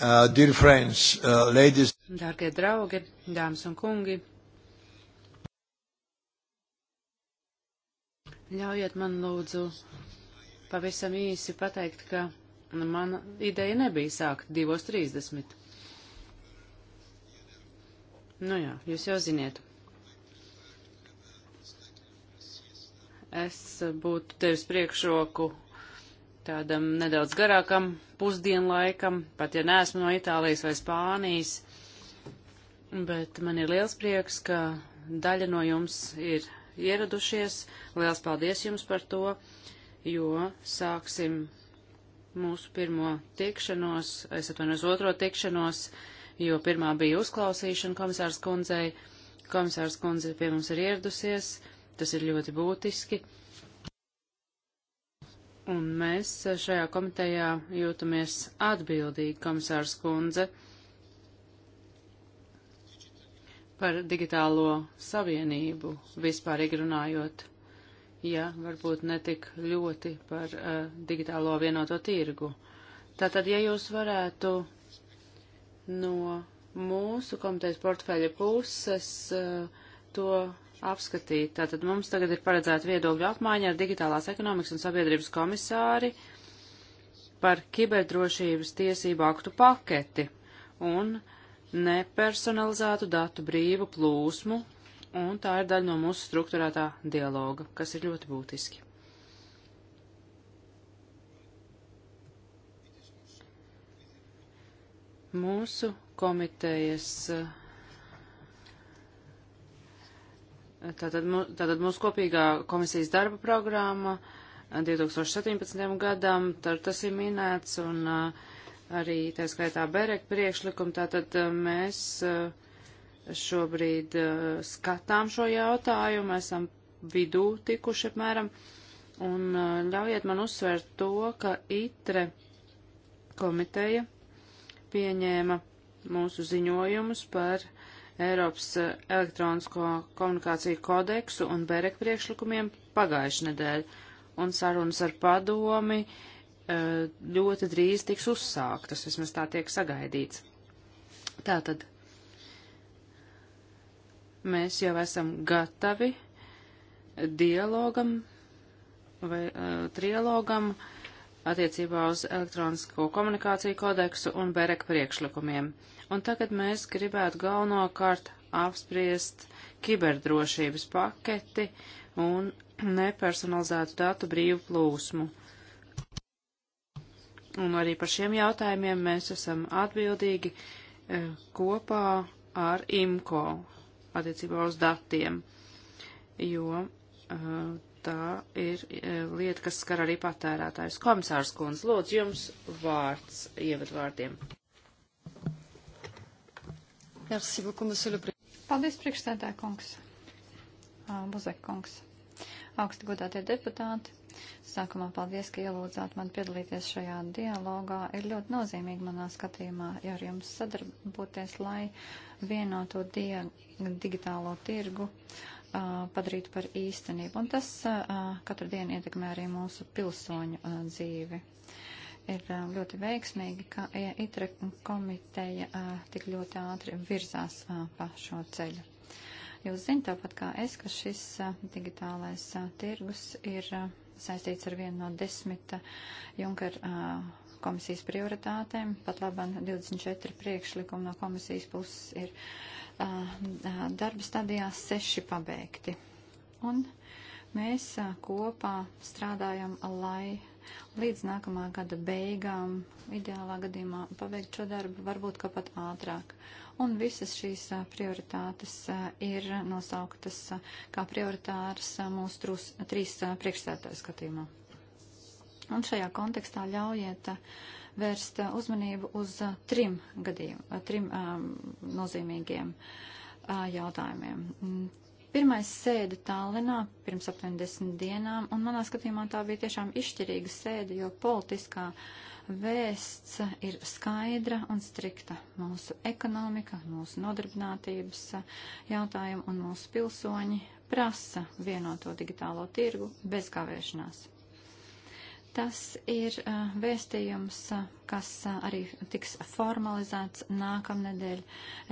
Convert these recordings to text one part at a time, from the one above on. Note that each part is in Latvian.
Uh, dear friends, uh, ladies. Dārgie draugi, dāmas un kungi, ļaujiet man lūdzu pavisam īsi pateikt, ka nu, mana ideja nebija sākt 2.30. Nu jā, jūs jau ziniet. Es būtu tevis priekšroku tādam nedaudz garākam pusdienlaikam, pat ja neesmu no Itālijas vai Spānijas, bet man ir liels prieks, ka daļa no jums ir ieradušies. Liels paldies jums par to, jo sāksim mūsu pirmo tikšanos, es atvainojos otro tikšanos, jo pirmā bija uzklausīšana komisārs kundzei. Komisārs kundze pie mums ir ieradusies, tas ir ļoti būtiski. Un mēs šajā komitejā jūtamies atbildīgi, komisārs kundze, par digitālo savienību vispārīgi runājot, ja varbūt netik ļoti par uh, digitālo vienoto tirgu. Tātad, ja jūs varētu no mūsu komitejas portfeļa puses uh, to apskatīt. Tātad mums tagad ir paredzēta viedokļu apmaiņa ar digitālās ekonomikas un sabiedrības komisāri par kiberdrošības tiesību aktu paketi un nepersonalizētu datu brīvu plūsmu, un tā ir daļa no mūsu struktūrētā dialoga, kas ir ļoti būtiski. Mūsu komitejas uh, Tātad, tātad mūsu kopīgā komisijas darba programma 2017. Eh, gadam, tad tas ir minēts, un eh, arī tā skaitā Berek priekšlikuma, tātad eh, mēs šobrīd skatām šo jautājumu, esam vidū tikuši apmēram, un ļaujiet man uzsvērt to, ka ITRE komiteja pieņēma mūsu ziņojumus par Eiropas eh, elektronisko komunikāciju kodeksu un BEREK priekšlikumiem pagājuši nedēļ, un sarunas ar padomi eh, ļoti drīz tiks uzsāktas, vismaz tā tiek sagaidīts. Tātad mēs jau esam gatavi dialogam vai uh, trialogam uh, attiecībā uz elektronisko komunikāciju kodeksu un berek priekšlikumiem. Un tagad mēs gribētu galvenokārt apspriest kiberdrošības paketi un nepersonalizētu datu brīvu plūsmu. Un arī par šiem jautājumiem mēs esam atbildīgi eh, kopā ar IMCO attiecībā uz datiem, jo eh, tā ir e, lieta, kas skar arī patērētājus. Komisārs Kunz, lūdzu, jums vārds ievadvārdiem. Merci beaucoup, monsieur le président. Paldies, priekšstādāja kungs. Buzek kungs. Augsti godātie deputāti. Sākumā paldies, ka ielūdzāt man piedalīties šajā dialogā. Ir ļoti nozīmīgi manā skatījumā, ja ar jums sadarboties, lai vienoto digitālo tirgu. Uh, padarītu par īstenību. Un tas katru dienu ietekmē arī mūsu pilsoņu dzīvi. Ir ļoti veiksmīgi, ka ITRE komiteja tik ļoti ātri virzās pa šo ceļu. Jūs zināt, tāpat kā es, ka šis digitālais tirgus ir saistīts ar vienu no desmit Junker komisijas prioritātēm. Pat labam 24 priekšlikumi no komisijas puses ir uh, darba stadijā, 6 pabeigti. Un mēs uh, kopā strādājam, lai līdz nākamā gada beigām, ideālā gadījumā, paveikt šo darbu, varbūt kā pat ātrāk. Un visas šīs a, prioritātes a, ir nosauktas a, kā prioritāras mūsu trus, trīs priekšstādāju skatījumā. Un šajā kontekstā ļaujiet eh, vērst eh, uzmanību uz eh, trim gadījumiem, trim um, nozīmīgiem uh, jautājumiem. Mm, pirmais sēde Tallinā pirms aptuveni desmit dienām, un manā skatījumā tā bija tiešām izšķirīga sēde, jo politiskā vēsts ir skaidra un strikta. Mūsu ekonomika, mūsu nodarbinātības jautājumi un mūsu pilsoņi prasa vienoto digitālo tirgu bez kavēšanās. Tas ir uh, vēstījums, uh, kas uh, arī tiks formalizēts nākamnedēļ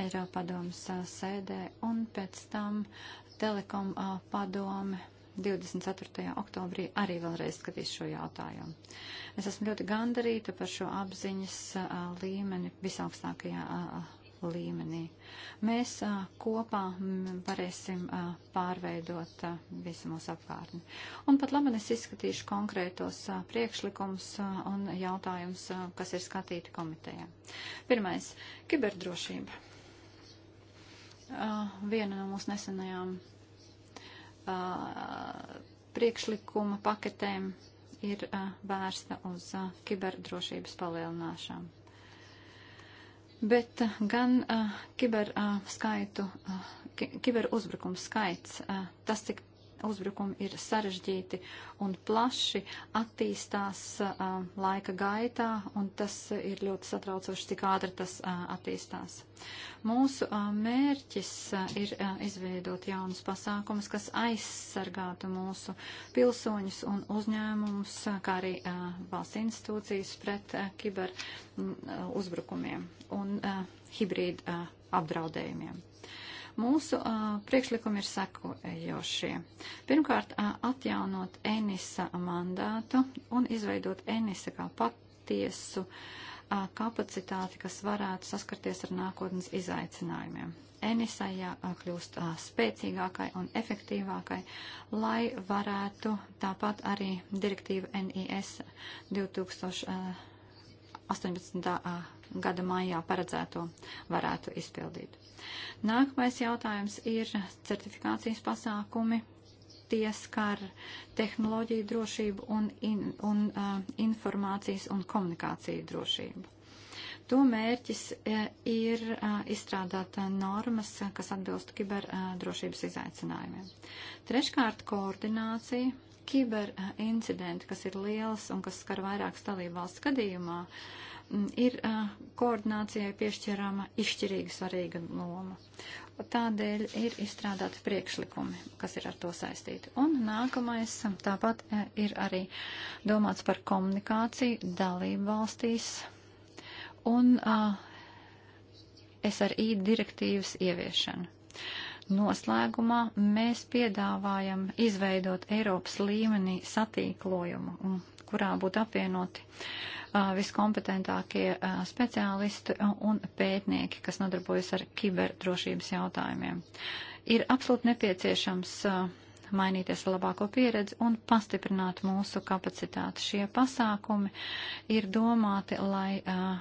Eiropadomas uh, sēdē un pēc tam Telekom uh, padome 24. oktobrī arī vēlreiz skatīs šo jautājumu. Es esmu ļoti gandarīta par šo apziņas uh, līmeni visaugstākajā uh, līmenī. Mēs a, kopā m, varēsim a, pārveidot a, visu mūsu apkārtni. Un pat labi es izskatīšu konkrētos priekšlikums un jautājums, kas ir skatīti komitejā. Pirmais - kiberdrošība. Viena no mūsu nesenajām priekšlikuma paketēm ir vērsta uz kiberdrošības palielināšanu bet eh, gan uh, kiber uh, skaitu, uh, kiber uzbrukums skaits, uh, tas, cik uzbrukumi ir sarežģīti un plaši, attīstās laika gaitā, un tas ir ļoti satraucoši, cik ātri tas attīstās. Mūsu mērķis ir izveidot jaunus pasākumus, kas aizsargātu mūsu pilsoņus un uzņēmumus, kā arī valsts institūcijas pret kiber uzbrukumiem un hibrīd apdraudējumiem. Mūsu a, priekšlikumi ir sekojošie. Pirmkārt, a, atjaunot Enisa mandātu un izveidot Enisa kā patiesu a, kapacitāti, kas varētu saskarties ar nākotnes izaicinājumiem. Enisai jākļūst spēcīgākai un efektīvākai, lai varētu tāpat arī direktīva NIS 2018 gada maijā paredzēto varētu izpildīt. Nākamais jautājums ir certifikācijas pasākumi. Tie skar tehnoloģiju drošību un, in, un uh, informācijas un komunikāciju drošību. To mērķis uh, ir uh, izstrādāt uh, normas, kas atbilst kiberdrošības uh, izaicinājumiem. Treškārt, koordinācija kiberincidentu, kas ir liels un kas skar vairākas dalībvalsts gadījumā, uh, Mm, ir koordinācijai piešķirama izšķirīga svarīga loma. Tādēļ ir izstrādāti priekšlikumi, kas ir ar to saistīti. Un nākamais tāpat ir arī domāts par komunikāciju dalību valstīs un uh, SRI direktīvas ieviešanu. Noslēgumā mēs piedāvājam izveidot Eiropas līmenī satīklojumu, kurā būtu apvienoti uh, viskompetentākie speciālisti un pētnieki, kas nodarbojas ar kiberdrošības jautājumiem. Ir absolūti nepieciešams mainīties ar labāko pieredzi un pastiprināt mūsu kapacitāti. Šie pasākumi ir domāti, lai uh,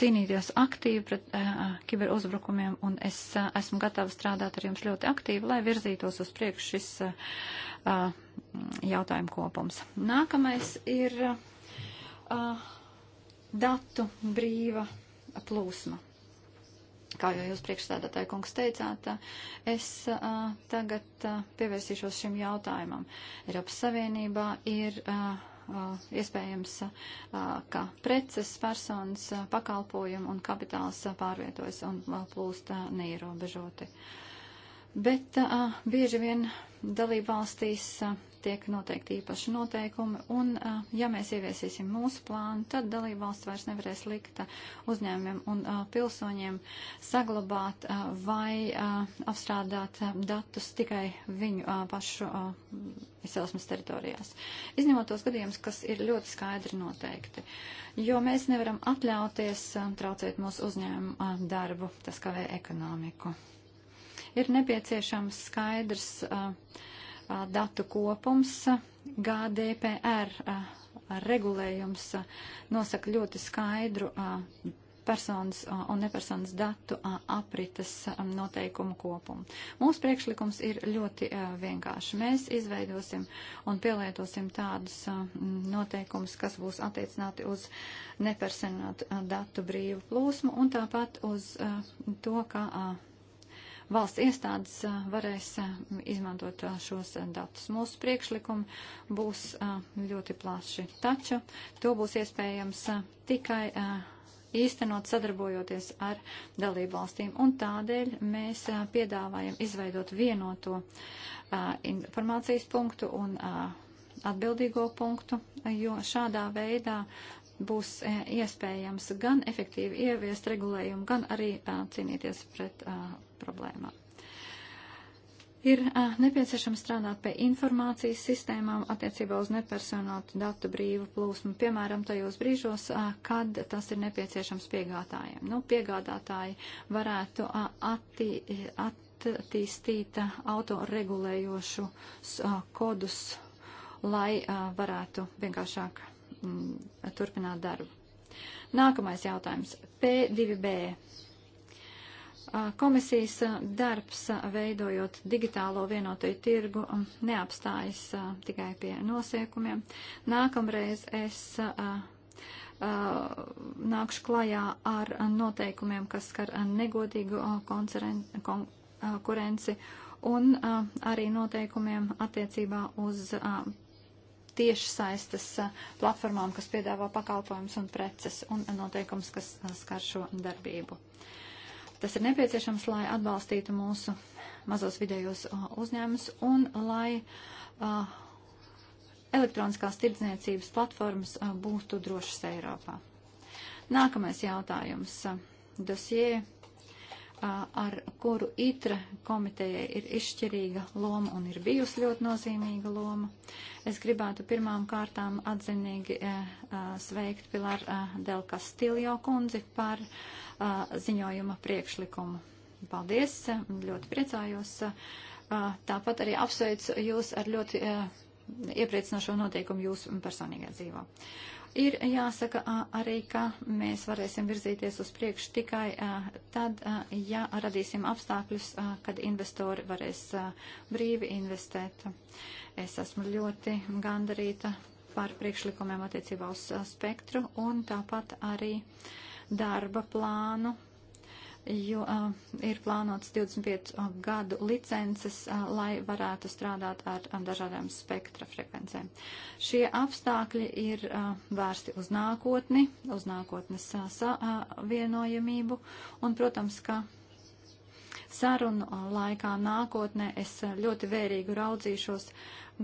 cīnīties aktīvi pret uh, kiberuzbrukumiem, un es uh, esmu gatava strādāt ar jums ļoti aktīvi, lai virzītos uz priekšu šis uh, jautājumu kopums. Nākamais ir. Uh, datu brīva plūsma. Kā jau jūs priekšstādātāji kungs teicāt, es a, tagad a, pievērsīšos šim jautājumam. Eiropas Savienībā ir a, a, iespējams, a, ka preces, personas, a, pakalpojumi un kapitāls a, pārvietojas un a, plūst a, neierobežoti. Bet a, bieži vien dalībvalstīs tiek noteikti īpaši noteikumi, un ja mēs ieviesīsim mūsu plānu, tad dalībvalsts vairs nevarēs likt uzņēmumiem un pilsoņiem saglabāt vai apstrādāt datus tikai viņu pašu izcelsmes teritorijās. Izņemot tos gadījumus, kas ir ļoti skaidri noteikti, jo mēs nevaram atļauties traucēt mūsu uzņēmumu darbu, tas kavē ekonomiku ir nepieciešams skaidrs uh, datu kopums. GDPR regulējums nosaka ļoti skaidru personas un nepersonas datu aprites noteikumu kopumu. Mūsu priekšlikums ir ļoti vienkārši. Mēs izveidosim un pielietosim tādus noteikumus, kas būs attiecināti uz nepersonātu datu brīvu plūsmu un tāpat uz to, kā valsts iestādes varēs izmantot šos datus. Mūsu priekšlikumi būs ļoti plaši, taču to būs iespējams tikai īstenot sadarbojoties ar dalību valstīm. Un tādēļ mēs piedāvājam izveidot vienoto informācijas punktu un atbildīgo punktu, jo šādā veidā būs iespējams gan efektīvi ieviest regulējumu, gan arī cīnīties pret problēmām. Ir uh, nepieciešams strādāt pie informācijas sistēmām attiecībā uz nepersonātu datu brīvu plūsmu, piemēram, tajos brīžos, uh, kad tas ir nepieciešams piegādājiem. Nu, piegādātāji varētu uh, atti, attīstīt uh, autoregulējošus uh, kodus, lai uh, varētu vienkāršāk mm, turpināt darbu. Nākamais jautājums. P2B Komisijas darbs, veidojot digitālo vienotoju tirgu, neapstājas tikai pie nosiekumiem. Nākamreiz es nākšu klajā ar noteikumiem, kas skar negodīgu konkurenci un arī noteikumiem attiecībā uz tieši saistas platformām, kas piedāvā pakalpojumus un preces un noteikums, kas skar šo darbību. Uh, Tas ir nepieciešams, lai atbalstītu mūsu mazos vidējos uzņēmumus un lai uh, elektroniskās tirdzniecības platformas uh, būtu drošas Eiropā. Nākamais jautājums. Dosie ar kuru ITRA komitejai ir izšķirīga loma un ir bijusi ļoti nozīmīga loma. Es gribētu pirmām kārtām atzinīgi e, sveikt Pilar Del Castillo kundzi par ziņojuma priekšlikumu. Paldies, e, ļoti priecājos. E, tāpat arī apsveicu jūs ar ļoti iepriecinošo noteikumu jūsu personīgā dzīvē. Ir jāsaka arī, ka mēs varēsim virzīties uz priekšu tikai tad, ja radīsim apstākļus, kad investori varēs brīvi investēt. Es esmu ļoti gandarīta par priekšlikumiem attiecībā uz spektru un tāpat arī darba plānu jo uh, ir plānotas 25 gadu licences, uh, lai varētu strādāt ar, ar dažādām spektra frekvencēm. Šie apstākļi ir uh, vērsti uz nākotni, uz nākotnes uh, savienojamību, uh, un, protams, ka sarunu laikā nākotnē es ļoti vērīgi raudzīšos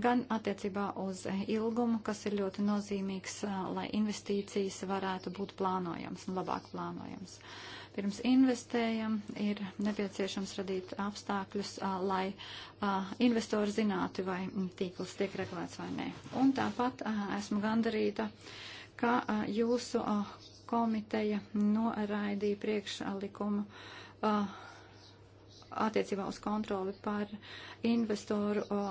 gan attiecībā uz ilgumu, kas ir ļoti nozīmīgs, lai investīcijas varētu būt plānojams un labāk plānojams. Uh, Pirms investējam, ir nepieciešams radīt apstākļus, a, lai a, investori zinātu, vai tīkls tiek regulēts vai nē. Un tāpat a, esmu gandarīta, ka a, jūsu a, komiteja noraidīja priekšlikumu. A, attiecībā uz kontroli par investoru a,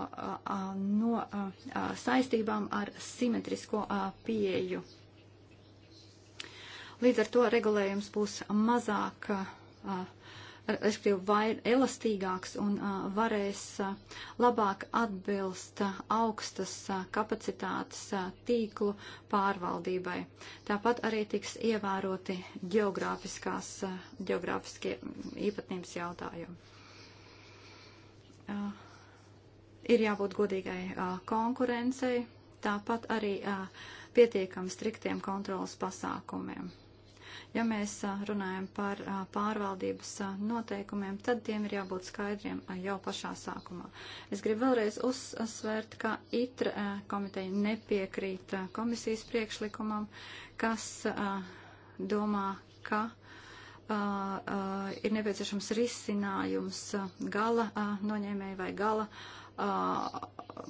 a, no a, saistībām ar simetrisko pieju. Līdz ar to regulējums būs mazāk, respektīvi, vai elastīgāks un varēs labāk atbilst augstas kapacitātes tīklu pārvaldībai. Tāpat arī tiks ievēroti geogrāfiskās, geogrāfiskie īpatnības jautājumi. Uh, ir jābūt godīgai uh, konkurencei, tāpat arī uh, pietiekami striktiem kontrolas pasākumiem. Ja mēs runājam par pārvaldības noteikumiem, tad tiem ir jābūt skaidriem jau pašā sākumā. Es gribu vēlreiz uzsvērt, ka ITRA komiteja nepiekrīt komisijas priekšlikumam, kas domā, ka. Uh, uh, ir nepieciešams risinājums uh, gala uh, noņēmēji vai gala uh,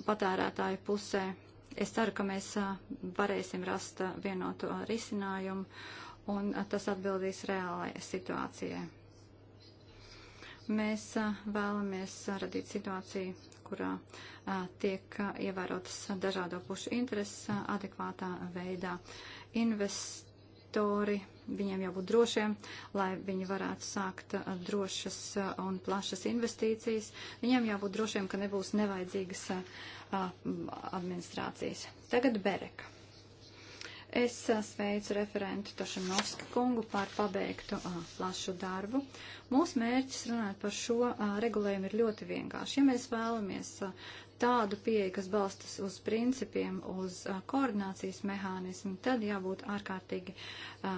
patērētāju pusē. Es ceru, ka mēs uh, varēsim rast uh, vienotu uh, risinājumu un tas atbildīs reālajai situācijai. Mēs vēlamies radīt situāciju, kurā tiek ievērotas dažādo pušu intereses adekvātā veidā. Investori viņiem jābūt drošiem, lai viņi varētu sākt drošas un plašas investīcijas. Viņiem jābūt drošiem, ka nebūs nevajadzīgas administrācijas. Tagad Bereka. Es sveicu referentu Tošanovska kungu par pabeigtu a, plašu darbu. Mūsu mērķis runāt par šo a, regulējumu ir ļoti vienkārši. Ja mēs vēlamies a, tādu pieeju, kas balstas uz principiem, uz a, koordinācijas mehānismu, tad jābūt ārkārtīgi a,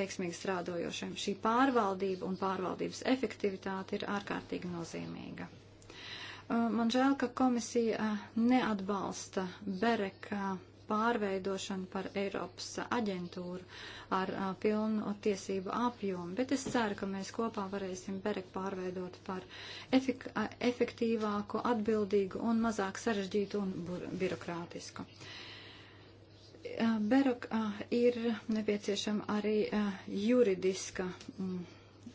veiksmīgi strādojošiem. Šī pārvaldība un pārvaldības efektivitāte ir ārkārtīgi nozīmīga. A, man žēl, ka komisija a, neatbalsta Bereka pārveidošanu par Eiropas aģentūru ar a, pilnu tiesību apjomu, bet es ceru, ka mēs kopā varēsim Berek pārveidot par efik a, efektīvāku, atbildīgu un mazāk sarežģītu un birokrātisku. Berok ir nepieciešama arī juridiska. M,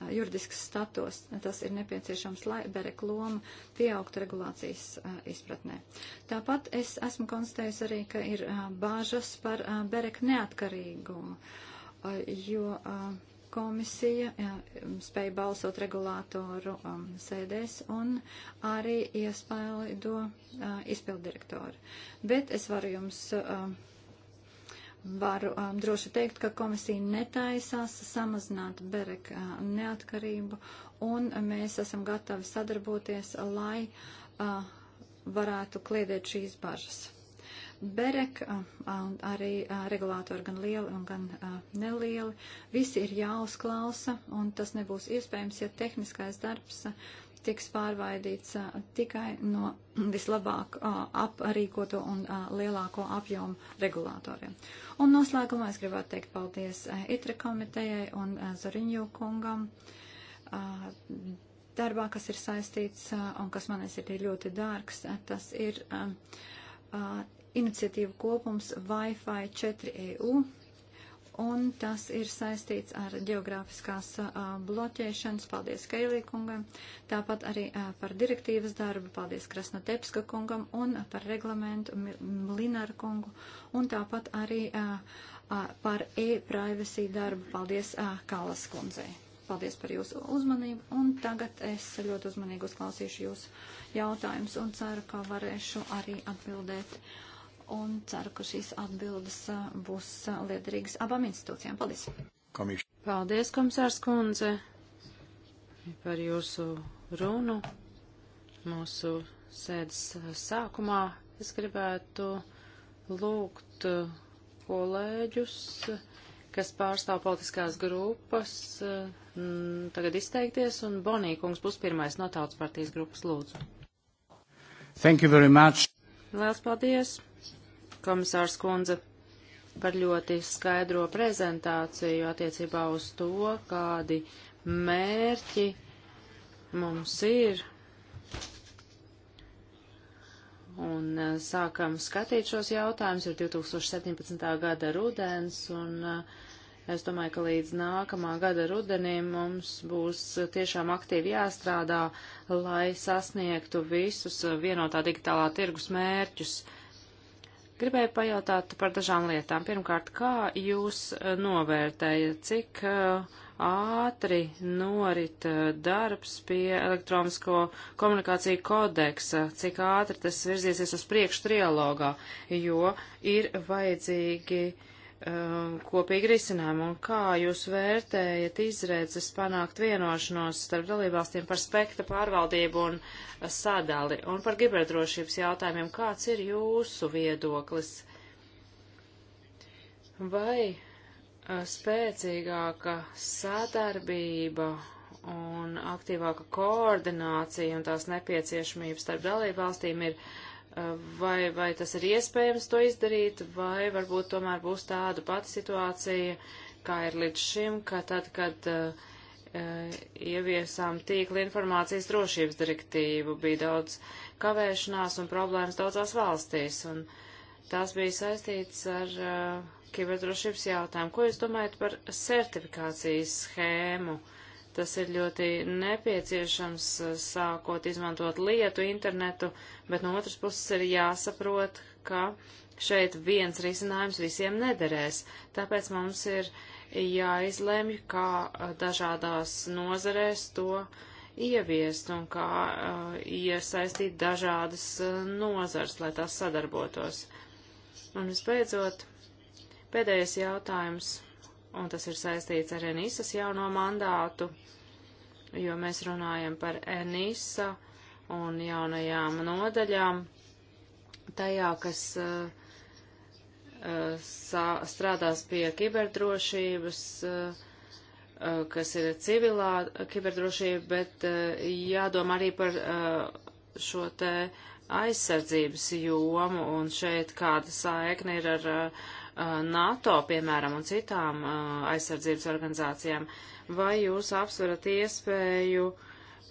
Uh, juridisks status. Tas ir nepieciešams, lai berek loma pieaugtu regulācijas a, uh, izpratnē. Tāpat es esmu konstatējusi arī, ka ir a, uh, bāžas par a, berek neatkarīgumu, jo komisija jā, spēja balsot regulātoru um, sēdēs un arī iespaido uh, izpildirektoru. Bet es varu jums uh, Varu um, droši teikt, ka komisija netaisās samazināt Bereka uh, neatkarību, un mēs esam gatavi sadarboties, lai uh, varētu kliedēt šīs bažas. Berek, uh, arī uh, regulātori gan lieli un gan uh, nelieli, visi ir jāuzklausa, un tas nebūs iespējams, ja tehniskais darbs tiks pārvaidīts a, tikai no vislabāk a, aprīkoto un a, lielāko apjomu regulātoriem. Un noslēgumā es gribētu teikt paldies ITRE komitejai un Zariņu kungam darbā, kas ir saistīts un kas manis ir ļoti dārgs. Tas ir iniciatīva kopums Wi-Fi 4 EU un tas ir saistīts ar geogrāfiskās bloķēšanas. Paldies Keilī kungam, tāpat arī par direktīvas darbu, paldies Krasna Tepska kungam un par reglamentu Linaru kungu, un tāpat arī par e-privacy darbu, paldies Kalas kundzei. Paldies par jūsu uzmanību, un tagad es ļoti uzmanīgi uzklausīšu jūsu jautājumus un ceru, ka varēšu arī atbildēt. Uh, un ceru, ka šīs atbildes būs liederīgas abām institūcijām. Paldies! Komisija. Paldies, komisārs kundze, par jūsu runu mūsu sēdes sākumā. Es gribētu lūgt kolēģus, kas pārstāv politiskās grupas, tagad izteikties, un Bonīkungs būs pirmais no tautas partijas grupas lūdzu. Thank you very much. Lielas paldies! komisārs kundze, par ļoti skaidro prezentāciju attiecībā uz to, kādi mērķi mums ir. Un eh, sākam skatīt šos jautājumus, ir 2017. gada rudens, un eh, es domāju, ka līdz nākamā gada rudenim mums būs tiešām aktīvi jāstrādā, lai sasniegtu visus eh, vienotā digitālā tirgus mērķus. Uh, Gribēju pajautāt par dažām lietām. Pirmkārt, kā jūs eh, novērtējat, cik eh, ātri norit eh, darbs pie elektronisko komunikāciju kodeksa, cik ātri tas virzīsies uz priekšu trialogā, jo ir vajadzīgi uh, Um, kopīgi risinājumu un kā jūs vērtējat izredzes panākt vienošanos starp dalībvalstīm par spekta pārvaldību un sadali un par kiberdrošības jautājumiem. Kāds ir jūsu viedoklis? Vai uh, spēcīgāka sadarbība un aktīvāka koordinācija un tās nepieciešamības starp dalībvalstīm ir uh, vai, vai tas ir iespējams to izdarīt, vai varbūt tomēr būs tāda pati situācija, kā ir līdz šim, ka tad, kad uh, uh ieviesām tīkla informācijas drošības direktīvu, bija daudz kavēšanās un problēmas daudzās valstīs, un tās bija saistīts ar uh, kiberdrošības jautājumu. Ko jūs domājat par certifikācijas schēmu? Uh, Tas ir ļoti nepieciešams eh, sākot izmantot lietu internetu, bet no otras puses ir jāsaprot, ka šeit viens risinājums visiem nederēs. Tāpēc mums ir jāizlemj, kā eh, dažādās nozarēs to ieviest un kā uh, iesaistīt dažādas uh, nozars, lai tās sadarbotos. Un visbeidzot, pēdējais jautājums un tas ir saistīts ar Enisas jauno mandātu, jo mēs runājam par Enisa un jaunajām nodaļām tajā, kas uh, eh, eh, sā, strādās pie kiberdrošības, eh, kas ir civilā kiberdrošība, bet jādomā arī par šo te aizsardzības jomu, un šeit kāda saikne ir ar NATO, piemēram, un citām aizsardzības organizācijām, vai jūs apsverat iespēju,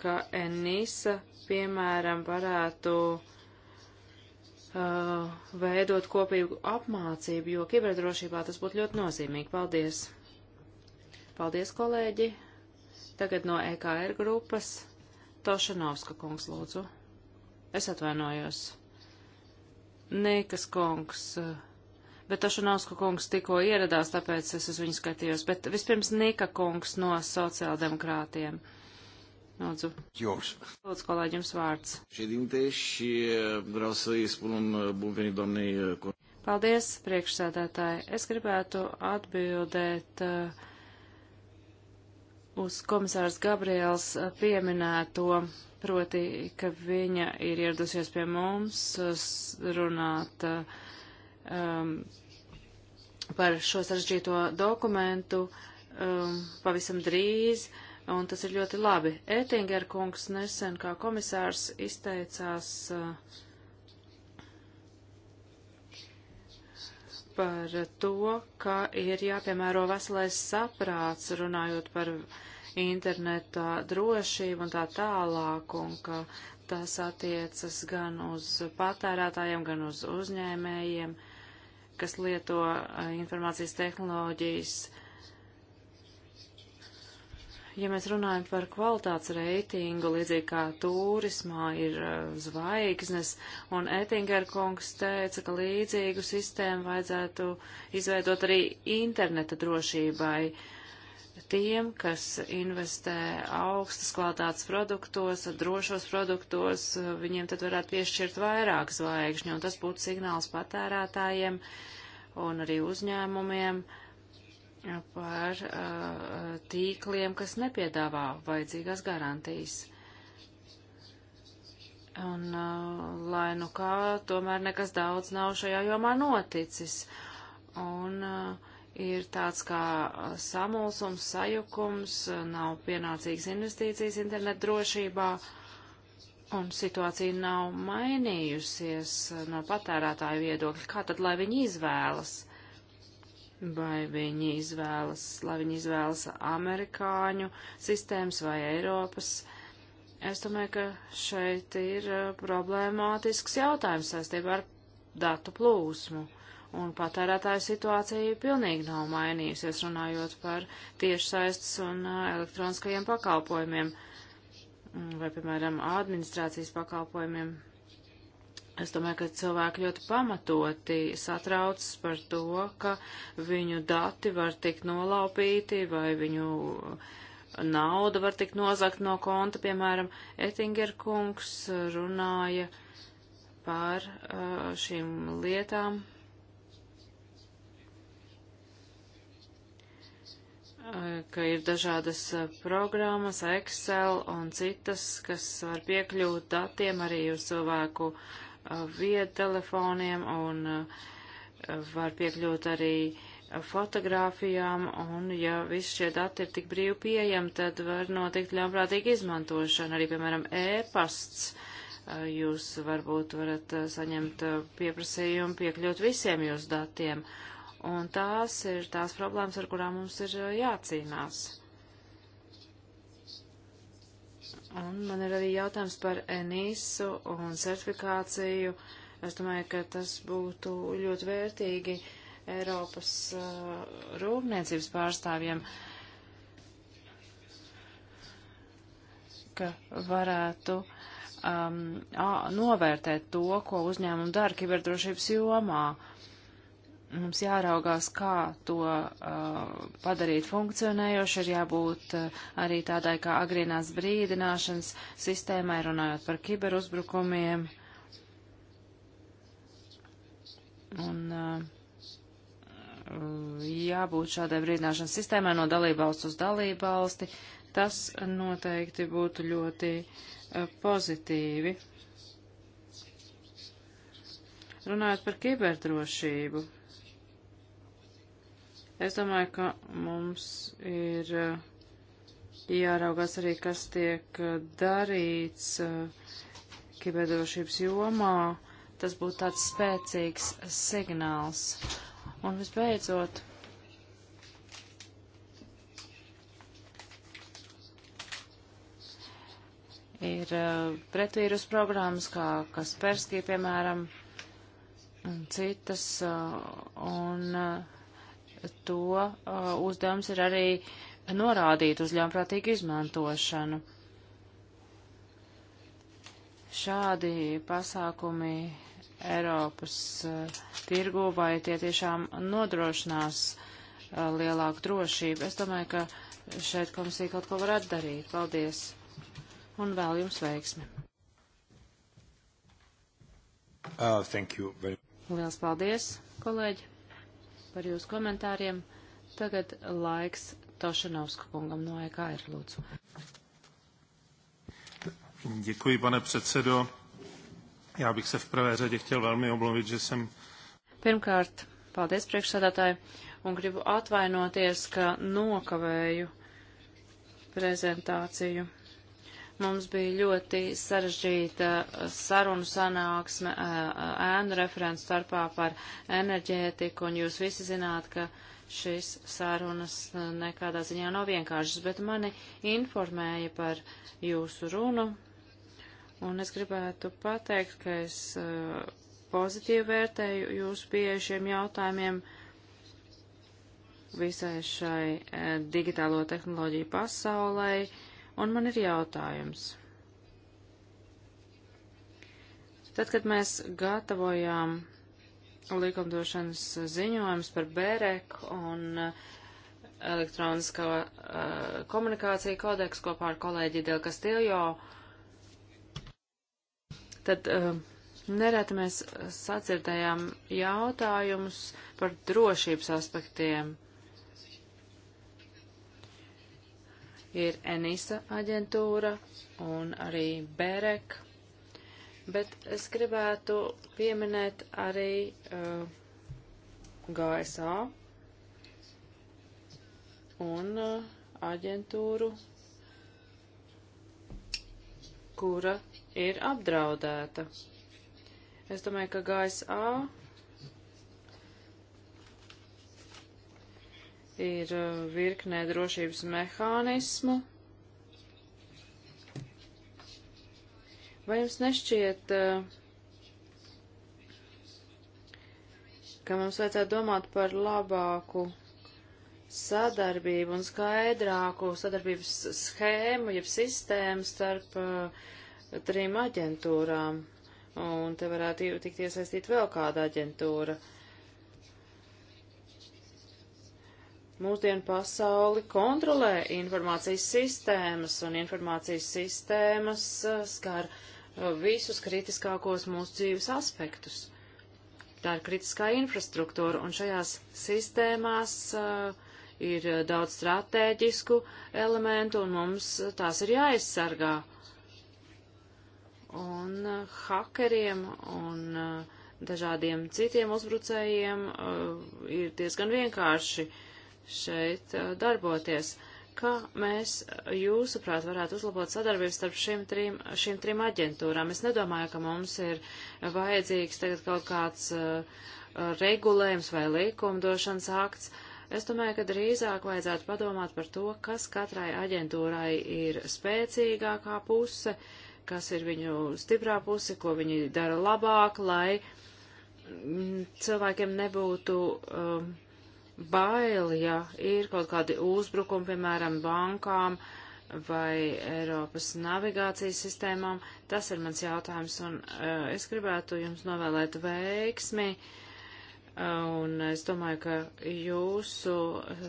ka NISA, piemēram, varētu uh, veidot kopīgu apmācību, jo kiberdrošībā tas būtu ļoti nozīmīgi. Paldies! Paldies, kolēģi! Tagad no EKR grupas Tošanovska kungs lūdzu. Es atvainojos. Nīkas kungs. Uh, bet Tošanovska kungs tikko ieradās, tāpēc es uz viņu skatījos. Bet vispirms Nika kungs no sociāldemokrātiem. Lūdzu. Jūs. Lūdzu, kolēģi, jums vārds. Ședinte și vreau să-i spun un bun venit doamnei. Paldies, priekšsēdētāji. Es gribētu atbildēt eh, uz komisārs Gabriels eh, pieminēto, proti, ka viņa ir ieradusies pie mums eh, runāt um, par šo sarežģīto dokumentu um, pavisam drīz, un tas ir ļoti labi. Ētinger kungs nesen kā komisārs izteicās uh, par to, ka ir jāpiemēro veselais saprāts, runājot par interneta drošību un tā tālāk, un ka tas attiecas gan uz patērētājiem, gan uz uzņēmējiem. Uh, kas lieto informācijas tehnoloģijas. Ja mēs runājam par kvalitātes reitingu, līdzīgi kā turismā ir zvaigznes, un Ettinger kungs teica, ka līdzīgu sistēmu vajadzētu izveidot arī interneta drošībai. Uh, tiem, kas investē augstas kvalitātes produktos, drošos produktos, viņiem tad varētu piešķirt vairāk zvaigžņu, un tas būtu signāls patērētājiem un arī uzņēmumiem par uh, tīkliem, kas nepiedāvā vajadzīgās garantijas. Un, uh, lai nu kā, tomēr nekas daudz nav šajā jomā noticis. Un, uh, ir tāds kā samulsums, sajukums, nav pienācīgas investīcijas internetu drošībā, un situācija nav mainījusies no patērētāju viedokļa. Kā tad, lai viņi izvēlas? Vai viņi izvēlas, lai viņi izvēlas amerikāņu sistēmas vai Eiropas? Es domāju, ka šeit ir problemātisks jautājums saistībā ar datu plūsmu. Uh, un patērētāja situācija pilnīgi nav mainījusies, runājot par tiešsaistes un elektroniskajiem pakalpojumiem mm, vai, piemēram, administrācijas pakalpojumiem. Es domāju, ka cilvēki ļoti pamatoti satraucas par to, ka viņu dati var tikt nolaupīti vai viņu nauda var tikt nozakt no konta. Piemēram, Ettinger kungs runāja par šīm lietām, ka ir dažādas programmas, Excel un citas, kas var piekļūt datiem arī uz cilvēku viedtelefoniem un var piekļūt arī fotogrāfijām, un ja visi šie dati ir tik brīvi pieejami, tad var notikt ļaunprātīga izmantošana. Arī, piemēram, e-pasts, jūs varbūt varat saņemt pieprasījumu piekļūt visiem jūsu datiem, Un tās ir tās problēmas, ar kurām mums ir jācīnās. Un man ir arī jautājums par enīsu un certifikāciju. Es domāju, ka tas būtu ļoti vērtīgi Eiropas uh, rūpniecības pārstāvjiem, ka varētu um, novērtēt to, ko uzņēmumi dara kiberdrošības jomā. Uh, mums jāraugās, kā to uh, padarīt funkcionējoši, ir jābūt uh, arī tādai kā agrīnās brīdināšanas sistēmai, runājot par kiberuzbrukumiem. Un uh, jābūt šādai brīdināšanas sistēmai no dalībvalsts uz dalībvalsti. Tas noteikti būtu ļoti uh, pozitīvi. Runājot par kiberdrošību Es domāju, ka mums ir eh, jāraugās arī, kas tiek eh, darīts eh, kiberdrošības jomā. Tas būtu tāds spēcīgs signāls. Un visbeidzot, ir pretvīrus programmas, kā Kasperskī, piemēram, un citas. Un, uh, to uh, uzdevums ir arī norādīt uz ļaunprātīgu izmantošanu. Šādi pasākumi Eiropas uh, tirgu vai tie tiešām nodrošinās uh, lielāku drošību. Es domāju, ka šeit komisija kaut ko varētu darīt. Paldies! Un vēl jums veiksmi! Uh, thank you very much. Liels paldies, kolēģi! par jūsu komentāriem. Tagad laiks Tošanovska kungam no EKR, lūdzu. Děkuji, pane předsedo. Já bych se v prvé řadě chtěl velmi omluvit, že jsem... Pirmkārt, paldies priekšsādātāji, un gribu atvainoties, ka nokavēju prezentāciju. Mums bija ļoti sarežģīta uh, sarunu sanāksme uh, uh, ēnu referents starpā par enerģētiku, un jūs visi zināt, ka šīs sarunas nekādā ziņā nav vienkāršas, bet mani informēja par jūsu runu, un es gribētu pateikt, ka es pozitīvi vērtēju jūsu pieejušiem jautājumiem visai šai digitālo tehnoloģiju pasaulē Un man ir jautājums. Tad, kad mēs gatavojām likumdošanas ziņojums par BEREK un elektroniskā uh, uh komunikācija kodeksu kopā ar kolēģi Del Castillo, tad uh, nereti mēs sacirdējām jautājumus par drošības aspektiem ir Enisa aģentūra un arī Berek, bet es gribētu pieminēt arī uh, GSA un uh, aģentūru, kura ir apdraudēta. Es domāju, ka GSA ir uh, virknē drošības mehānismu. Vai jums nešķiet, uh, ka mums vajadzētu domāt par labāku sadarbību un skaidrāku sadarbības schēmu, jeb sistēmu starp uh, trim aģentūrām? Un te varētu tikt iesaistīt vēl kāda aģentūra. Uh, mūsdienu pasauli kontrolē informācijas sistēmas, un informācijas sistēmas uh, skar uh, visus kritiskākos mūsu dzīves aspektus. Tā ir kritiskā infrastruktūra, un šajās sistēmās uh, ir uh, daudz strateģisku elementu, un mums tās ir jāaizsargā. Un uh, hakeriem un uh, dažādiem citiem uzbrucējiem ir diezgan vienkārši uh, šeit uh, darboties. Kā mēs, uh, jūsuprāt, varētu uzlabot sadarbību starp šīm trim, šīm trim aģentūrām? Es nedomāju, ka mums ir vajadzīgs tagad kaut kāds uh, regulējums vai likumdošanas akts. Es domāju, ka drīzāk vajadzētu padomāt par to, kas katrai aģentūrai ir spēcīgākā puse, kas ir viņu stiprā puse, ko viņi dara labāk, lai mm, cilvēkiem nebūtu. Um, uh, bail, ja ir kaut kādi uzbrukumi, piemēram, bankām vai Eiropas navigācijas sistēmām. Tas ir mans jautājums, un uh, es gribētu jums novēlēt veiksmi, uh, un es domāju, ka jūsu uh,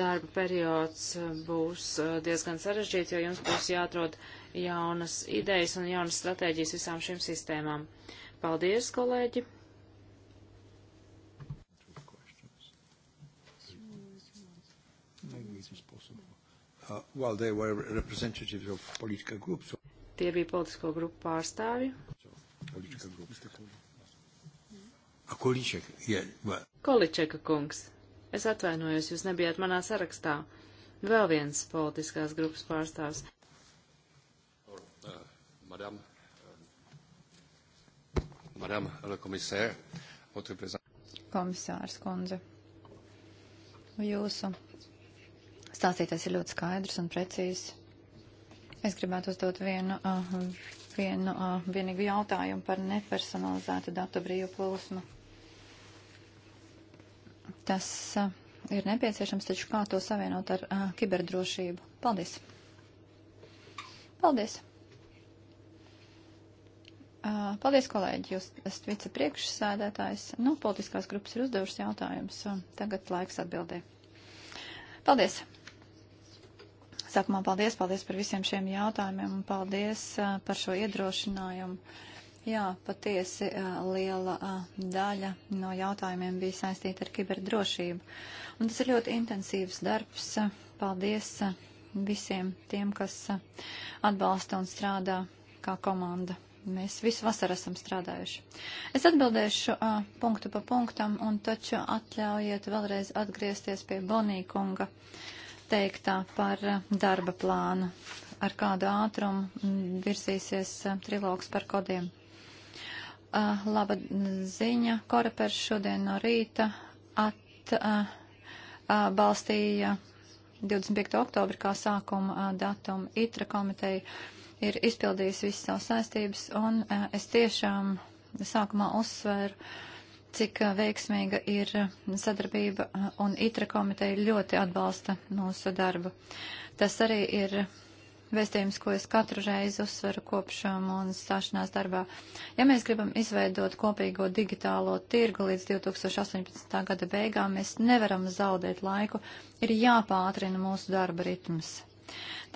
darba periods būs uh, diezgan sarežģīts, jo jums būs jāatrod jaunas idejas un jaunas stratēģijas visām šīm sistēmām. Paldies, kolēģi! uh, well, they were representatives of political groups. So. Tie bija politisko grupu pārstāvi. So, political groups. A, Količek, yeah, well. Količeka kungs. Es atvainojos, jūs nebijāt manā sarakstā. Vēl viens politiskās grupas pārstāvs. Oh, uh, madame, uh, madame, komisār, Komisārs kundze, jūsu stāstītais ir ļoti skaidrs un precīzs. Es gribētu uzdot vienu, uh, vienu uh, vienīgu jautājumu par nepersonalizētu datu brīvu plūsmu. Tas uh, ir nepieciešams, taču kā to savienot ar uh, kiberdrošību? Paldies! Paldies! Uh, paldies, kolēģi! Jūs esat vicepriekšsēdētājs. Nu, politiskās grupas ir uzdevušas jautājumus. Tagad laiks atbildē. Paldies! Sākumā paldies, paldies par visiem šiem jautājumiem un paldies uh, par šo iedrošinājumu. Jā, patiesi uh, liela uh, daļa no jautājumiem bija saistīta ar kiberdrošību. Un tas ir ļoti intensīvs darbs. Paldies uh, visiem tiem, kas uh, atbalsta un strādā kā komanda. Mēs visu vasaru esam strādājuši. Es atbildēšu uh, punktu pa punktam, un taču atļaujiet vēlreiz atgriezties pie Bonīkunga teiktā par uh, darba plānu, ar kādu ātrumu mm, virsīsies uh, trilogs par kodiem. Uh, laba ziņa, Korepers šodien no rīta atbalstīja 25. oktobra kā sākuma datumu ITRA komiteja ir izpildījusi visas savas saistības, un es tiešām sākumā uzsvēru, cik veiksmīga ir sadarbība, un ITRA komiteja ļoti atbalsta mūsu darbu. Tas arī ir vēstījums, ko es katru reizi uzsveru kopš mūsu stāšanās darbā. Ja mēs gribam izveidot kopīgo digitālo tirgu līdz 2018. gada beigām, mēs nevaram zaudēt laiku, ir jāpātrina mūsu darba ritms.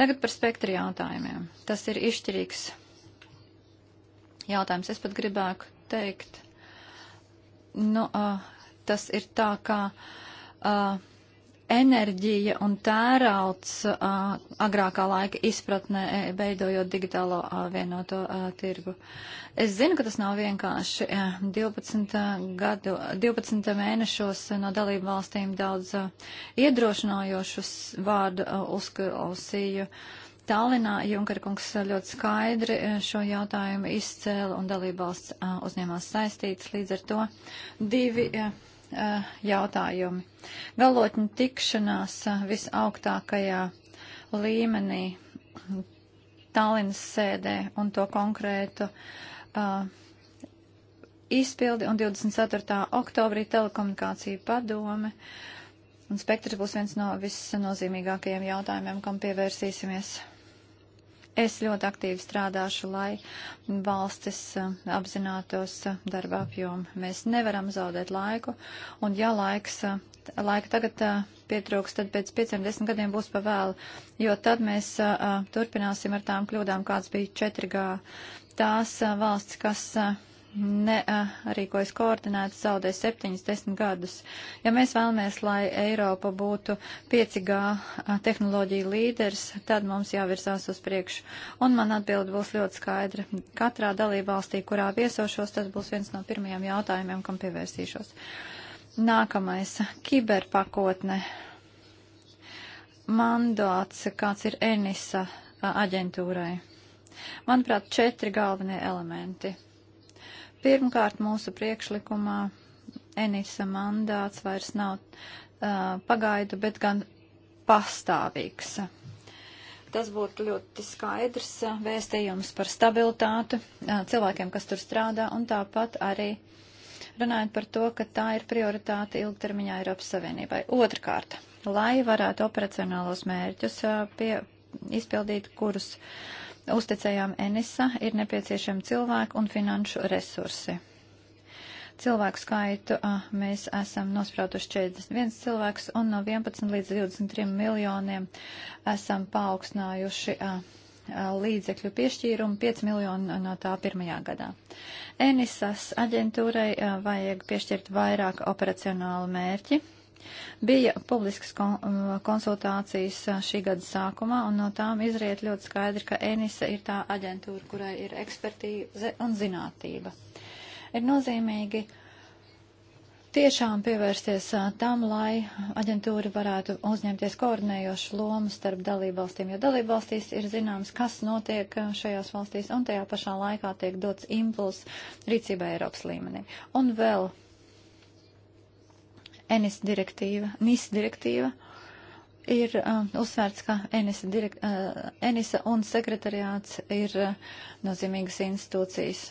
Tagad par spektru jautājumiem. Tas ir izšķirīgs jautājums. Es pat gribētu teikt nu, uh, tas ir tā kā uh, enerģija un tērauds uh, agrākā laika izpratnē, beidojot digitālo uh, vienoto uh, tirgu. Es zinu, ka tas nav vienkārši. 12, gadu, 12 mēnešos no dalību valstīm daudz uh, iedrošinājošus vārdu uh, uzklausīju. Uh, Tallinā Junkara kungs ļoti skaidri eh, šo jautājumu izcēla un dalībvalsts eh, uzņēmās saistītas līdz ar to divi eh, jautājumi. Galotņu tikšanās visaugtākajā līmenī Tallinas sēdē un to konkrētu izpildi un 24. oktobrī telekomunikācija padome. Un spektrs būs viens no visnozīmīgākajiem jautājumiem, kam pievērsīsimies. Es ļoti aktīvi strādāšu, lai valstis eh, apzinātos eh, darba apjomu. Mēs nevaram zaudēt laiku, un ja laiks, eh, laika tagad pietrūks, tad pēc pieciem desmit gadiem būs pa vēlu, jo tad mēs turpināsim ar tām kļūdām, kāds bija 4G. Tās valsts, kas nerīkojas koordinēti, zaudē 7-10 gadus. Ja mēs vēlamies, lai Eiropa būtu 5G tehnoloģija līderis, tad mums jāvirzās uz priekšu. Un man atbildi būs ļoti skaidra. Katrā dalībvalstī, kurā viesošos, tas būs viens no pirmajiem jautājumiem, kam pievērsīšos. Nākamais - kiberpakotne. Mandāts, kāds ir Enisa aģentūrai. Manuprāt, četri galvenie elementi Pirmkārt, mūsu priekšlikumā Enisa mandāts vairs nav uh, pagaidu, bet gan pastāvīgs. Tas būtu ļoti skaidrs vēstījums par stabilitāti cilvēkiem, kas tur strādā, un tāpat arī runājot par to, ka tā ir prioritāte ilgtermiņā Eiropas Savienībai. Otrkārt, lai varētu operacionālos mērķus pie, izpildīt, kurus uh, uzticējām Enisa, ir nepieciešami cilvēku un finanšu resursi. Cilvēku skaitu a, mēs esam nosprautuši 41 cilvēks un no 11 līdz 23 miljoniem esam paaugstinājuši a, līdzekļu piešķīrumu 5 miljonu no tā pirmajā gadā. Enisas aģentūrai vajag piešķirt vairāk operacionālu mērķi, Bija publiskas uh, konsultācijas uh, šī gada sākumā, un no tām izriet ļoti skaidri, ka ENISA ir tā aģentūra, kurai ir ekspertīze un zinātība. Ir nozīmīgi tiešām pievērsties uh, tam, lai aģentūra varētu uzņemties koordinējošu lomu starp dalībvalstīm, jo dalībvalstīs ir zināms, kas notiek šajās valstīs, un tajā pašā laikā tiek dots impuls rīcībai Eiropas līmenī. Un vēl ENIS direktīva, NIS direktīva ir uh, uzsvērts, ka ENISA, direk, uh, ENISA un sekretariāts ir uh, nozīmīgas institūcijas.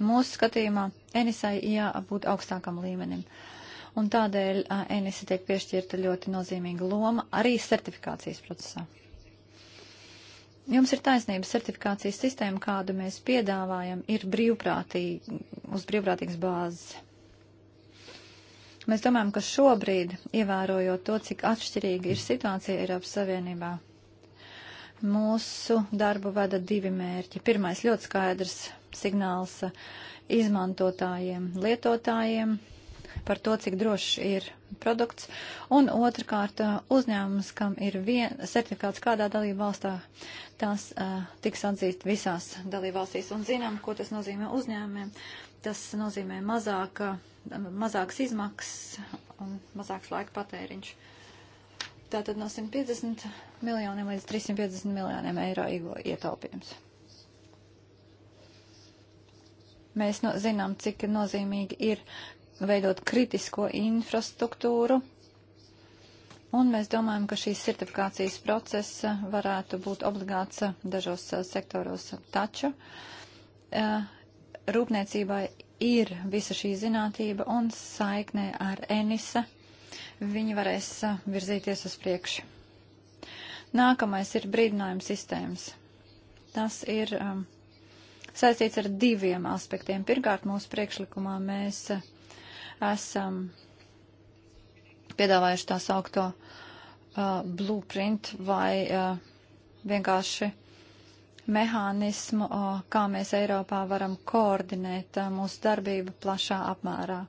Mūsu skatījumā ENISAI jābūt augstākam līmenim. Un tādēļ uh, ENISA tiek piešķirta ļoti nozīmīga loma arī certifikācijas procesā. Jums ir taisnība, certifikācijas sistēma, kādu mēs piedāvājam, ir brīvprātīgi, uz brīvprātīgas bāzes. Mēs domājam, ka šobrīd, ievērojot to, cik atšķirīga ir situācija Eiropas Savienībā, mūsu darbu vada divi mērķi. Pirmais ļoti skaidrs signāls izmantotājiem, lietotājiem par to, cik drošs ir produkts, un otrkārt uzņēmums, kam ir vien, certifikāts kādā dalību valstā, tās uh, eh, tiks atzīst visās dalību valstīs, un zinām, ko tas nozīmē uzņēmumiem. Uh, tas nozīmē mazāk, mazāks izmaksas un mazāks laika patēriņš. Tātad no 150 miljoniem līdz 350 miljoniem eiro ietaupījums. Mēs no, zinām, cik nozīmīgi ir veidot kritisko infrastruktūru, un mēs domājam, ka šīs certifikācijas process varētu būt obligāts dažos eh, sektoros. Taču eh, rūpniecībai ir visa šī zinātība un saiknē ar Enisa. Viņi varēs virzīties uz priekšu. Nākamais ir brīdinājuma sistēmas. Tas ir um, saistīts ar diviem aspektiem. Pirmkārt, mūsu priekšlikumā mēs uh, esam piedāvājuši tā saukto uh, blueprint vai uh, vienkārši mehānismu, kā mēs Eiropā varam koordinēt mūsu darbību plašā apmērā.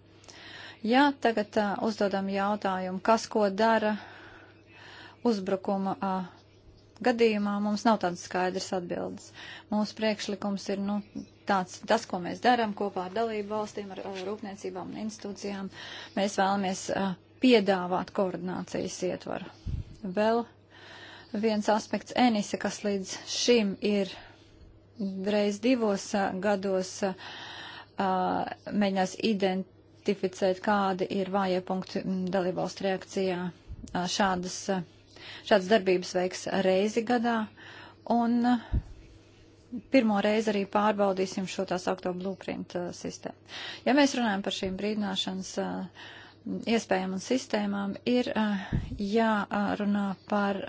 Ja tagad uzdodam jautājumu, kas ko dara uzbrukuma gadījumā, mums nav tādas skaidras atbildes. Mūsu priekšlikums ir, nu, tāds, tas, ko mēs darām kopā ar dalību valstīm, ar, ar rūpniecībām un institūcijām, mēs vēlamies a, piedāvāt koordinācijas ietvaru. Vēl viens aspekts Enisa, kas līdz šim ir reiz divos a, gados a, mēģinās identificēt, kādi ir vājie punkti dalībvalstu reakcijā. A, šādas, šādas darbības veiks reizi gadā. Un pirmo reizi arī pārbaudīsim šo tā saukto blueprint sistēmu. Ja mēs runājam par šīm brīdināšanas iespējām un sistēmām, ir jārunā par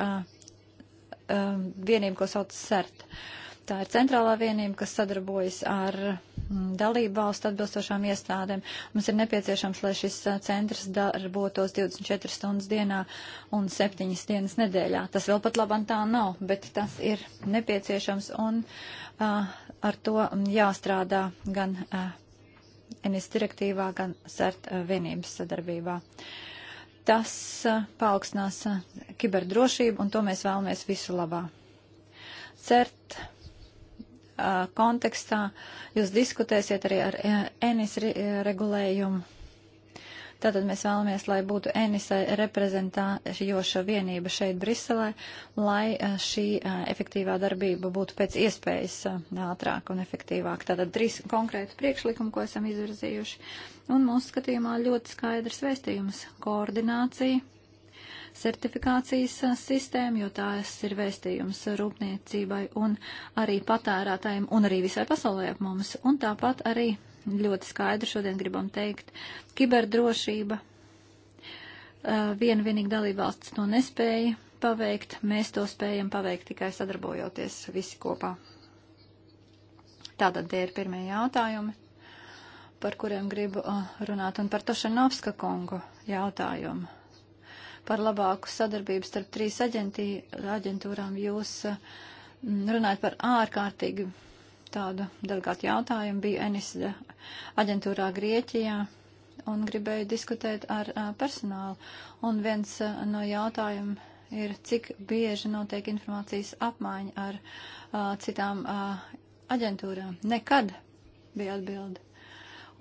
um, vienību, ko sauc CERT. Tā ir centrālā vienība, kas sadarbojas ar mm, dalību valstu atbilstošām iestādēm. Mums ir nepieciešams, lai šis uh, centrs darbotos 24 stundas dienā un 7 dienas nedēļā. Tas vēl pat labam tā nav, bet tas ir nepieciešams un uh, ar to jāstrādā gan uh, NS direktīvā, gan CERT uh, vienības sadarbībā. Uh, Tas eh, paaugstinās eh, kiberdrošību, un to mēs vēlamies visu labā. CERT eh, kontekstā jūs diskutēsiet arī ar ENIS regulējumu Tātad mēs vēlamies, lai būtu Enisai reprezentējoša vienība šeit Briselē, lai eh, šī eh, efektīvā darbība būtu pēc iespējas eh, ātrāk un efektīvāk. Tātad trīs konkrēti priekšlikumi, ko esam izvirzījuši. Un mūsu skatījumā ļoti skaidrs vēstījums - koordinācija sertifikācijas sistēmu, jo tās ir vēstījums rūpniecībai un arī patērētājiem un arī visai pasaulē ap mums. Un tāpat arī ļoti skaidri šodien gribam teikt. Kiberdrošība. Viena vienīga dalībvalsts to nespēja paveikt. Mēs to spējam paveikt tikai sadarbojoties visi kopā. Tātad tie ir pirmie jautājumi, par kuriem gribu runāt, un par Tošanovska kungu jautājumu. Par labāku sadarbību starp trīs aģentī, aģentūrām jūs runājat par ārkārtīgi tādu delegātu jautājumu biju Enisa aģentūrā Grieķijā un gribēju diskutēt ar personālu. Un viens no jautājumiem ir, cik bieži notiek informācijas apmaiņa ar a, citām a, aģentūrām. Nekad bija atbildi.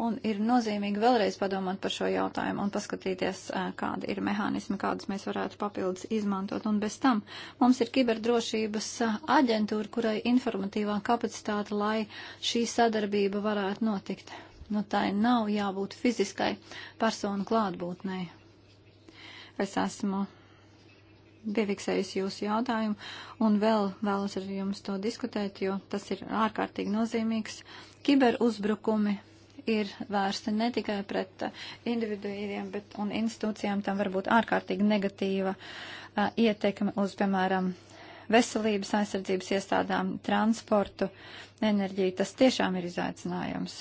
Un ir nozīmīgi vēlreiz padomāt par šo jautājumu un paskatīties, kādi ir mehānismi, kādus mēs varētu papildus izmantot. Un bez tam mums ir kiberdrošības aģentūra, kurai informatīvā kapacitāte, lai šī sadarbība varētu notikt. Nu, tā nav jābūt fiziskai personu klātbūtnei. Es esmu piefiksējusi jūsu jautājumu un vēl vēlos ar jums to diskutēt, jo tas ir ārkārtīgi nozīmīgs. Kiberuzbrukumi ir vērsta ne tikai pret uh, individuīviem, bet un institūcijām tam var būt ārkārtīgi negatīva uh, ietekme uz, piemēram, veselības aizsardzības iestādām, transportu, enerģiju. Tas tiešām ir izaicinājums.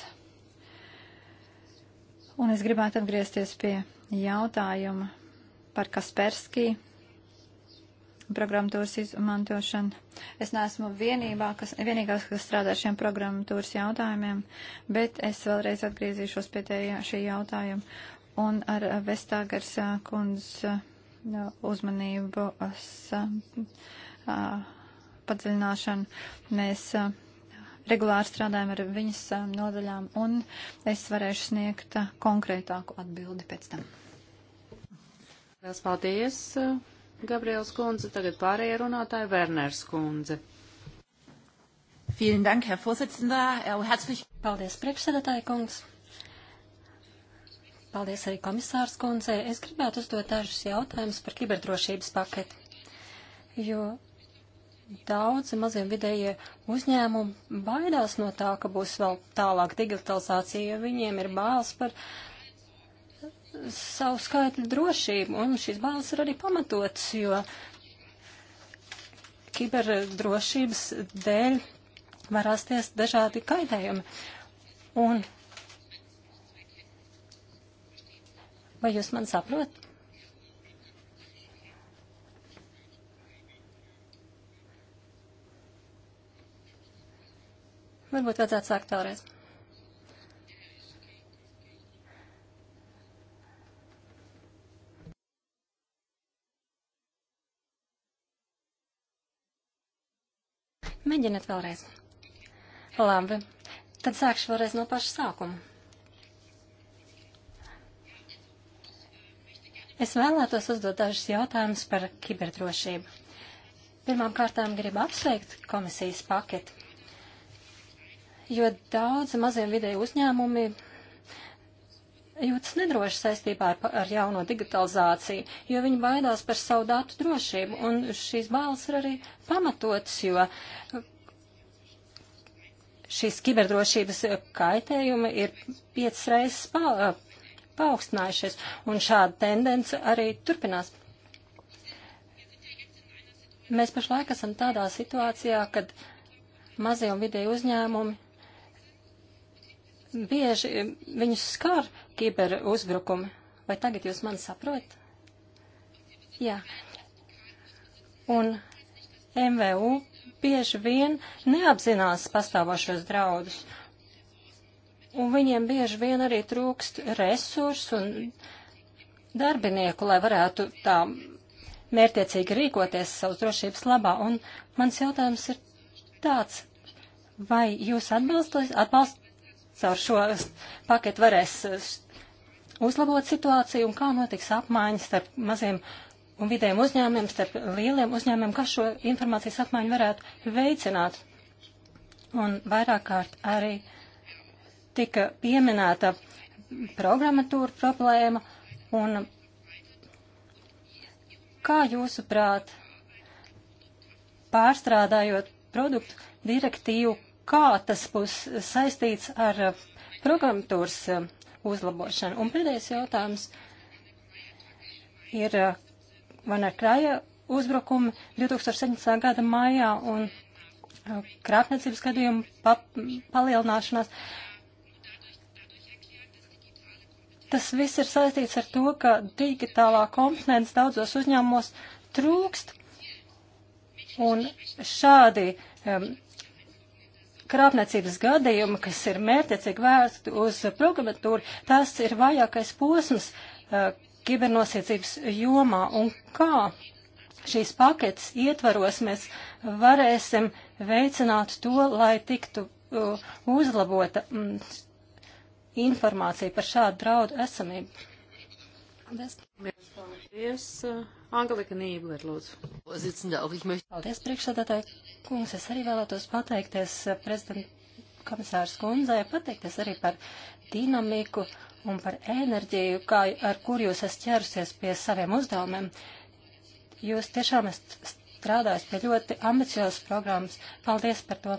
Un es gribētu atgriezties pie jautājuma par Kasperskiju programmatūras izmantošanu. Es neesmu vienībā, kas, vienīgās, kas strādā ar šiem programmatūras jautājumiem, bet es vēlreiz atgriezīšos pie te, šī jautājuma un ar Vestāgars kundz nu, uzmanību padziļināšanu mēs regulāri strādājam ar viņas nodaļām un es varēšu sniegt konkrētāku atbildi pēc tam. Lielas paldies! Gabriels kundze, tagad pārējie runātāji Werners kundze. Vielen Dank, Herr Vorsitzender. Äh, herzlich. Paldies, priekšsēdētāji kungs. Paldies arī komisārs kundze. Es gribētu uzdot dažus jautājumus par kiberdrošības paketi, jo daudzi maziem vidējie uzņēmumi baidās no tā, ka būs vēl tālāk digitalizācija, jo viņiem ir bāls par savu skaitļu drošību, un šīs bāles ir arī pamatotas, jo kiberdrošības dēļ var rasties dažādi kaitējumi. Un vai jūs man saprotat? Varbūt vajadzētu sākt vēlreiz. Mēģiniet vēlreiz. Labi. Tad sākšu vēlreiz no paša sākuma. Es vēlētos uzdot dažus jautājumus par kiberdrošību. Pirmām kārtām gribu apsveikt komisijas paketi, jo daudz maziem vidēju uzņēmumi jūtas nedroši saistībā ar, ar jauno digitalizāciju, jo viņi baidās par savu datu drošību, un šīs bailes ir arī pamatotas, jo šīs kiberdrošības kaitējumi ir piecas reizes pa, paaugstinājušies, un šāda tendence arī turpinās. Mēs pašlaik esam tādā situācijā, kad mazie un vidēji uzņēmumi bieži viņus skar kiber uzbrukumi. Vai tagad jūs mani saprotat? Jā. Un MVU bieži vien neapzinās pastāvošos draudus. Un viņiem bieži vien arī trūkst resursu un darbinieku, lai varētu tā mērtiecīgi rīkoties savas drošības labā. Un mans jautājums ir tāds, vai jūs atbalstos, atbalst, caur šo paketu varēs eh, uzlabot situāciju un kā notiks apmaiņas starp maziem un vidējiem uzņēmumiem, starp lieliem uzņēmumiem, kā šo informācijas apmaiņu varētu veicināt. Un vairāk kārt arī tika pieminēta programmatūra problēma un kā jūsuprāt, pārstrādājot produktu direktīvu, kā tas būs saistīts ar programmatūras uzlabošanu. Un pēdējais jautājums ir Vanakraja eh, uzbrukumi 2017. gada maijā un eh, krāpniecības gadījumu pa palielināšanās. Tas viss ir saistīts ar to, ka digitālā komponents daudzos uzņēmumos trūkst, un šādi um, krāpniecības gadījumi, kas ir mērķiecīgi vērsti uz programmatūru, tas ir vajākais posms uh, kibernosiecības jomā un kā šīs paketes ietvaros mēs varēsim veicināt to, lai tiktu uh, uzlabota um, informācija par šādu draudu esamību. Paldies. Paldies, Angelika Nībler, lūdzu. Paldies, priekšsādātāji. Kungs, es arī vēlētos pateikties eh, prezidenta komisārs kundzei, pateikties arī par dinamiku un par enerģiju, kā, ar kur jūs esat ķērusies pie saviem uzdevumiem. Jūs tiešām esat strādājis pie ļoti ambiciozas programmas. Paldies par to.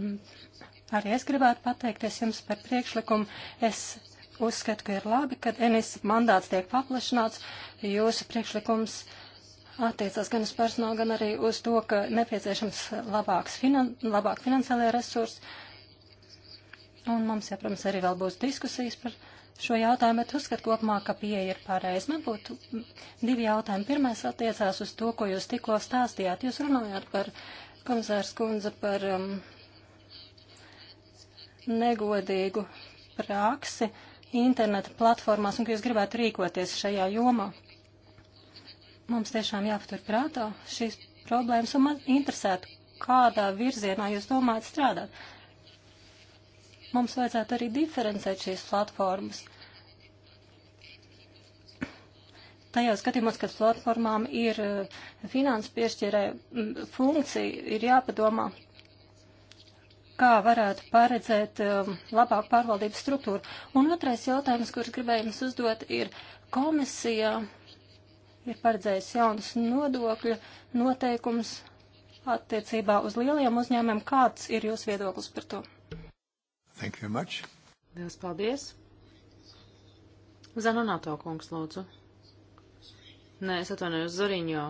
Mm, arī es gribētu pateikties jums par priekšlikumu. Es uzskatu, ka ir labi, ka NS mandāts tiek paplašināts. Jūsu priekšlikums attiecās gan uz personālu, gan arī uz to, ka nepieciešams labāks finan labāk finansiālajie resursi. Un mums, ja, protams, arī vēl būs diskusijas par šo jautājumu, bet uzskat kopumā, ka pieeja ir pareizi. Man būtu divi jautājumi. Pirmais attiecās uz to, ko jūs tikko stāstījāt. Jūs runājāt par komisārs kundze par um, negodīgu praksi. Uh, interneta platformās un ka jūs gribētu rīkoties šajā jomā. Mums tiešām jāpatur prātā šīs problēmas un man interesētu, kādā virzienā jūs domājat strādāt. Mums vajadzētu arī diferencēt šīs platformas. Tajos gadījumos, kad platformām ir eh, finanses piešķirē funkcija, ir jāpadomā kā varētu paredzēt um, labāku pārvaldības struktūru. Un otrais jautājums, kurus gribēju jums uzdot, ir komisija ir paredzējusi jaunas nodokļu noteikums attiecībā uz lieliem uzņēmumiem. Kāds ir jūsu viedoklis par to? Thank you very much. Lielas paldies. Zanonato kungs, lūdzu. Nē, es atvainojos Zoriņo.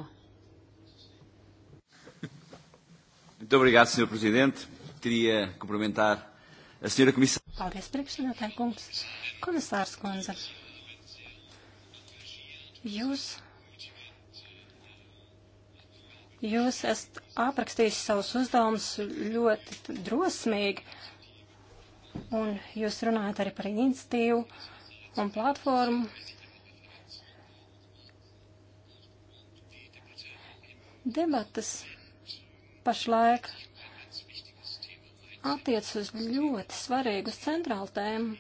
Muito obrigado, Sr. Presidente queria cumprimentar a senhora comissária. Paldies, priekšsēdētāji kungs. Komisārs kundze, jūs, jūs esat aprakstījis savus uzdevumus ļoti drosmīgi, un jūs runājat arī par iniciatīvu un platformu. Debatas pašlaik attiec uz ļoti svarīgu centrālu tēmu,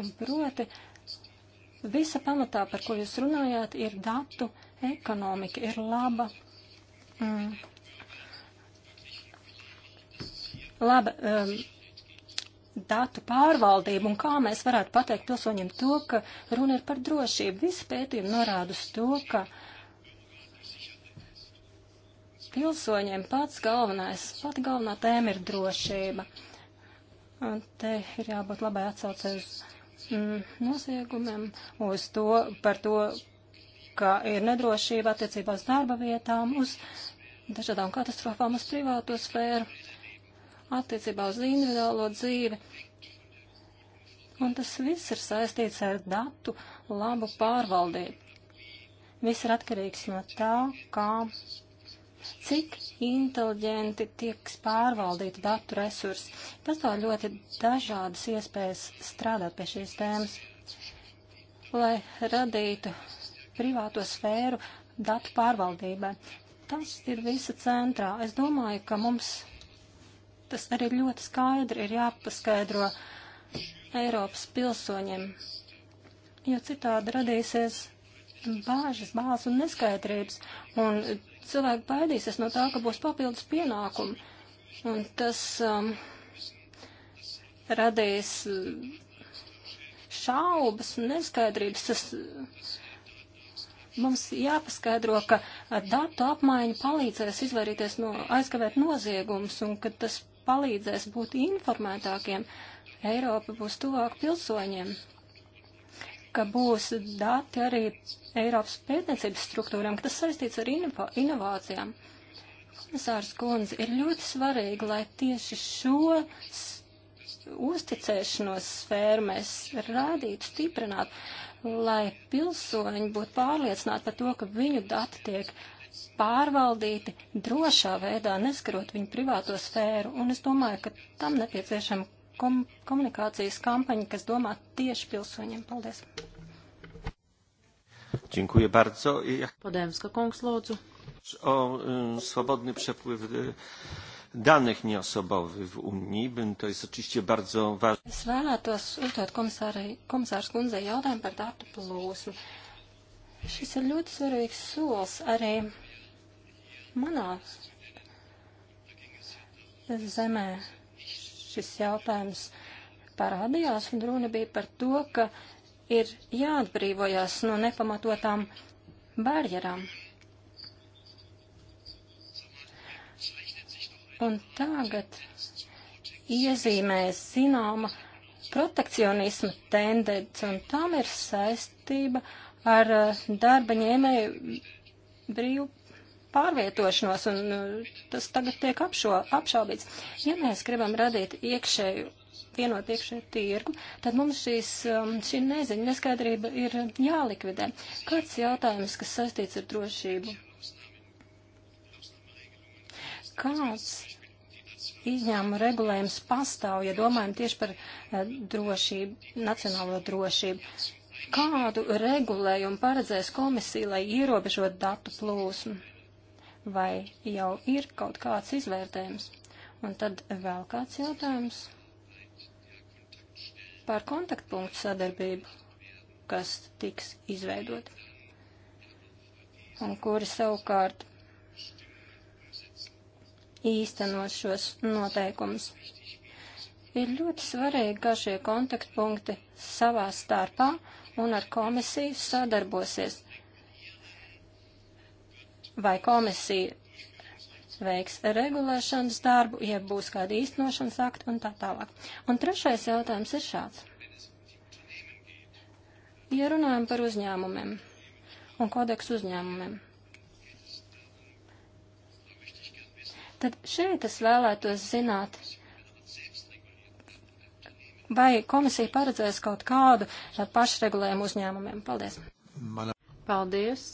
un proti visa pamatā, par ko jūs runājāt, ir datu ekonomika, ir laba, mm, laba um, datu pārvaldība un kā mēs varētu pateikt pilsoņiem to, ka runa ir par drošību. Visi pētījumi norāda uz to, ka pilsoņiem pats galvenais, pati galvenā tēma ir drošība. Un te ir jābūt labai atsaucē uz mm, noziegumiem, uz to, par to, ka ir nedrošība attiecībā uz darba vietām, uz dažādām katastrofām, uz privāto sfēru, attiecībā uz individuālo dzīvi. Un tas viss ir saistīts ar datu labu pārvaldību. Viss ir atkarīgs no tā, kā cik inteliģenti tiek pārvaldīti datu resursi. Pastāv ļoti dažādas iespējas strādāt pie šīs tēmas, lai radītu privāto sfēru datu pārvaldībai. Tas ir visa centrā. Es domāju, ka mums tas arī ļoti skaidri ir jāpaskaidro Eiropas pilsoņiem, jo citādi radīsies bāžas, bāzes un neskaidrības, un cilvēki baidīsies no tā, ka būs papildus pienākumi. Un tas um, radīs mm, šaubas un neskaidrības. Tas, mm, mums jāpaskaidro, ka datu apmaiņa palīdzēs izvairīties no aizkavēt noziegums un ka tas palīdzēs būt informētākiem. Eiropa būs tuvāk pilsoņiem, ka būs dati arī Eiropas pētniecības struktūram, kas saistīts ar inova inovācijām. Komisārs Kunze, ir ļoti svarīgi, lai tieši šo uzticēšanos sfēru mēs rādītu, stiprinātu, lai pilsoņi būtu pārliecināti par to, ka viņu dati tiek pārvaldīti drošā veidā, neskarot viņu privāto sfēru. Un es domāju, ka tam nepieciešama kom komunikācijas kampaņa, kas domā tieši pilsoņiem. Paldies! Dziękuję bardzo. Podemska kungs, lūdzu. O swobodny przepływ danych nieosobowych w Unii. To jest oczywiście bardzo ważne. Es vēlētos uzdot komisārs kundzei jautājumu par datu plūsmu. Šis ir ļoti svarīgs solis arī manā zemē. Šis jautājums parādījās, un runa bija par to, ka uh, ir jāatbrīvojas no nepamatotām barjerām. Un tagad iezīmēs zināma protekcionisma tendence, un tam ir saistība ar eh, darba ņēmēju brīvu pārvietošanos, un eh, tas tagad tiek apšo, apšaubīts. Ja mēs gribam radīt iekšēju vienot iekšēju tirgu, tad mums šīs, um, šī neziņa, neskaidrība ir jālikvidē. Kāds jautājums, kas saistīts ar drošību? Kāds izņēmuma regulējums pastāv, ja domājam tieši par eh, drošību, nacionālo drošību? Kādu regulējumu paredzēs komisija, lai ierobežot datu plūsmu? Vai jau ir kaut kāds izvērtējums? Un tad vēl kāds jautājums par kontaktpunktu sadarbību, kas tiks izveidot, un kuri savukārt īstenos šos noteikumus. Ir ļoti svarīgi, ka šie kontaktpunkti savā starpā un ar komisiju sadarbosies. Vai komisija veiks regulēšanas darbu, ja būs kāda īstenošanas akta un tā tālāk. Un trešais jautājums ir šāds. Ja runājam par uzņēmumiem un kodeksu uzņēmumiem, tad šeit es vēlētos zināt, vai komisija paredzēs kaut kādu pašregulējumu uzņēmumiem. Paldies! Paldies,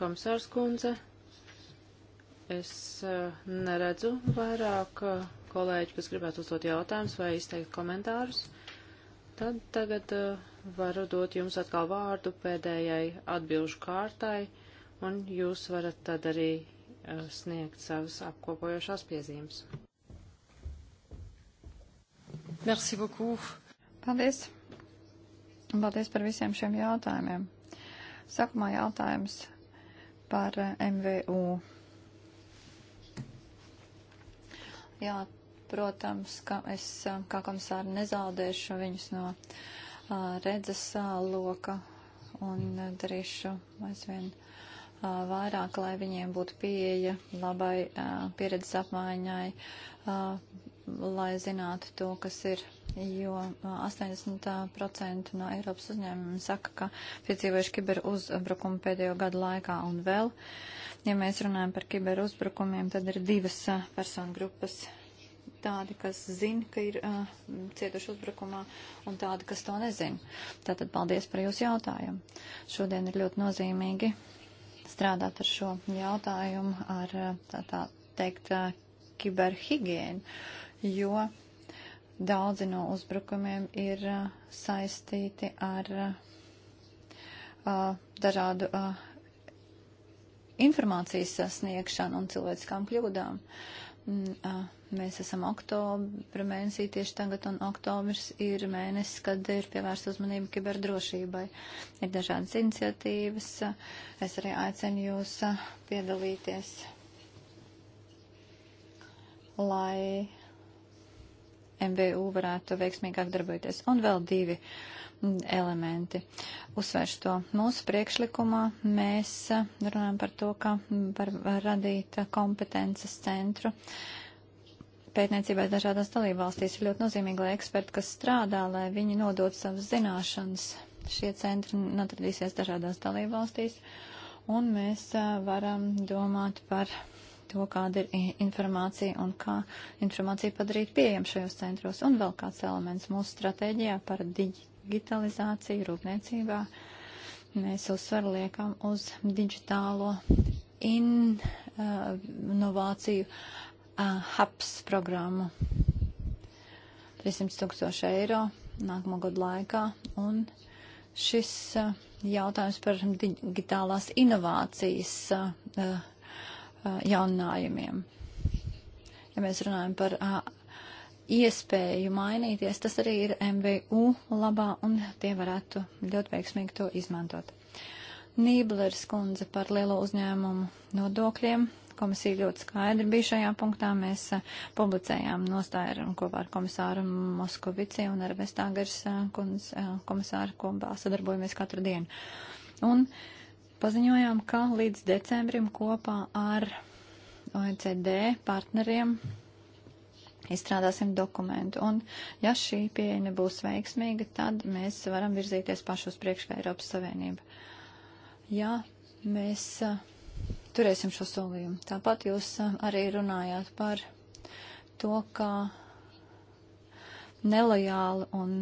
komisārs kundze! Es uh, neredzu vairāk uh, kolēģi, kas gribētu uzdot jautājumus vai izteikt komentārus. Tad tagad uh, varu dot jums atkal vārdu pēdējai atbilžu kārtai, un jūs varat tad arī sniegt savas apkopojošās piezīmes. Merci beaucoup. Paldies. Paldies par visiem šiem jautājumiem. Sākumā jautājums par MVU Jā, protams, ka es kā komisāri nezaudēšu viņus no redzes loka un darīšu aizvien vairāk, lai viņiem būtu pieeja labai pieredzes apmaiņai, lai zinātu to, kas ir, jo 80% no Eiropas uzņēmumiem saka, ka piedzīvojuši kiberuzbrukumu pēdējo gadu laikā un vēl. Uh, Ja mēs runājam par kiberuzbrukumiem, tad ir divas uh, personu grupas. Tādi, kas zina, ka ir uh, cietuši uzbrukumā, un tādi, kas to nezina. Tātad paldies par jūsu jautājumu. Šodien ir ļoti nozīmīgi strādāt ar šo jautājumu, ar tā, tā teikt, kiberhigienu, jo daudzi no uzbrukumiem ir saistīti ar uh, dažādu uh, informācijas sniegšanu un cilvēciskām kļūdām. Mm, mēs esam oktobra mēnesī tieši tagad, un oktobrs ir mēnesis, kad ir pievērsta uzmanība kiberdrošībai. Ir dažādas iniciatīvas. Es arī aicinu jūs piedalīties, lai MVU varētu veiksmīgāk darboties. Un vēl divi uh, elementi. Uzsvēršu to. Mūsu priekšlikumā mēs eh, runājam par to, ka var, var radīt eh, kompetences centru. Pētniecībai dažādās dalībvalstīs ir ļoti nozīmīgi, lai eksperti, kas strādā, lai viņi nodod savas zināšanas. Šie centri atradīsies dažādās dalībvalstīs, un mēs eh, varam domāt par to, kāda ir informācija un kā informāciju padarīt pieejam šajos centros. Un vēl kāds elements mūsu stratēģijā par digitālu digitalizāciju rūpniecībā. Mēs uzsvaru liekam uz digitālo inovāciju uh, HAPS uh, programmu. 300 tūkstoši eiro nākamo gadu laikā. Un šis uh, jautājums par digitālās inovācijas jauninājumiem. Ja mēs runājam par iespēju mainīties, tas arī ir MVU labā un tie varētu ļoti veiksmīgi to izmantot. Nīblers kundze par lielo uzņēmumu nodokļiem. Komisija ļoti skaidri bija šajā punktā. Mēs a, eh, publicējām nostāju kopā ar komisāru Moskovici un ar Vestāgars eh, kundze eh, komisāru, kopā sadarbojamies katru dienu. Un paziņojām, ka līdz decembrim kopā ar OECD partneriem izstrādāsim dokumentu. Un, ja šī pieeja nebūs veiksmīga, tad mēs varam virzīties pašu uz priekšu kā Eiropas Savienība. Jā, mēs a, turēsim šo solījumu. Tāpat jūs a, arī runājāt par to, kā nelojāli un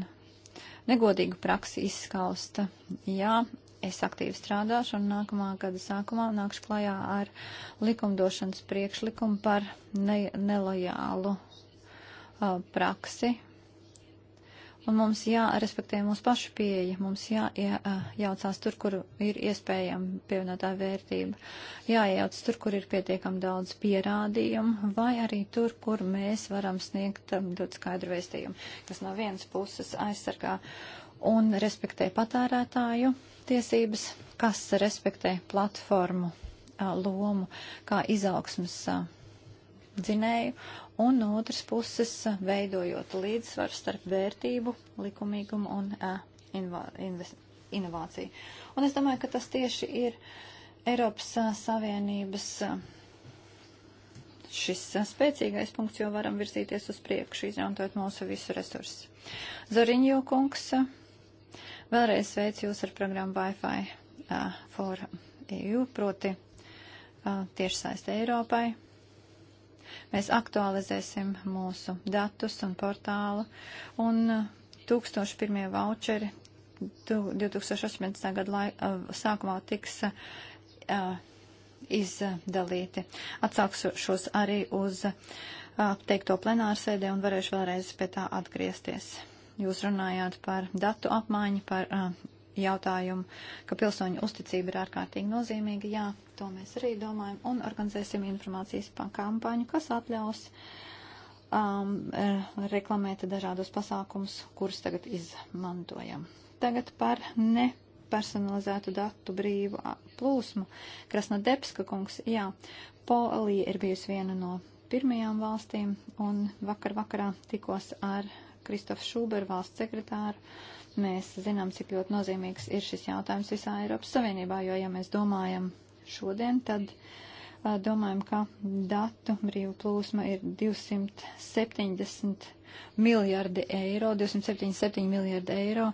negodīgu praksi izskausta. Jā, es aktīvi strādāšu un nākamā gada sākumā nākšu klajā ar likumdošanas priekšlikumu par ne nelojālu praksi. Un mums jārespektē mūsu pašu pieeja, mums jāiejaucās tur, kur ir iespējama pievienotā vērtība, jāiejauc tur, kur ir pietiekami daudz pierādījumu, vai arī tur, kur mēs varam sniegt ļoti skaidru vēstījumu, kas no vienas puses aizsargā un respektē patērētāju tiesības, kas respektē platformu lomu kā izaugsmas. A, dzinēju, un no otras puses veidojot līdzsvaru starp vērtību, likumīgumu un uh, inva, invest, inovāciju. Un es domāju, ka tas tieši ir Eiropas uh, Savienības uh, šis uh, spēcīgais punkts, jo varam virzīties uz priekšu, izmantojot mūsu visu resursu. Zoriņo kungs, uh, vēlreiz sveicu jūs ar programmu Wi-Fi uh, for EU, proti tiešsaiste Eiropai. Mēs aktualizēsim mūsu datus un portālu, un 1001. Uh, voucheri 2018. gada lai, uh, sākumā tiks uh, uh izdalīti. Atsaukšos arī uz uh, teikto plenārsēdē un varēšu vēlreiz pie tā atgriezties. Jūs runājāt par datu apmaiņu, par uh, jautājumu, ka pilsoņu uzticība ir ārkārtīgi nozīmīga. Jā, to mēs arī domājam un organizēsim informācijas kampaņu, kas atļaus um, reklamēt dažādus pasākumus, kurus tagad izmantojam. Tagad par ne personalizētu datu brīvu plūsmu. Krasnodebska kungs, jā, Polija ir bijusi viena no pirmajām valstīm, un vakar vakarā tikos ar Kristofu Šūberu valsts sekretāru Mēs zinām, cik ļoti nozīmīgs ir šis jautājums visā Eiropas Savienībā, jo, ja mēs domājam šodien, tad uh, domājam, ka datu brīva plūsma ir 270 miljardi eiro, 277 miljardi eiro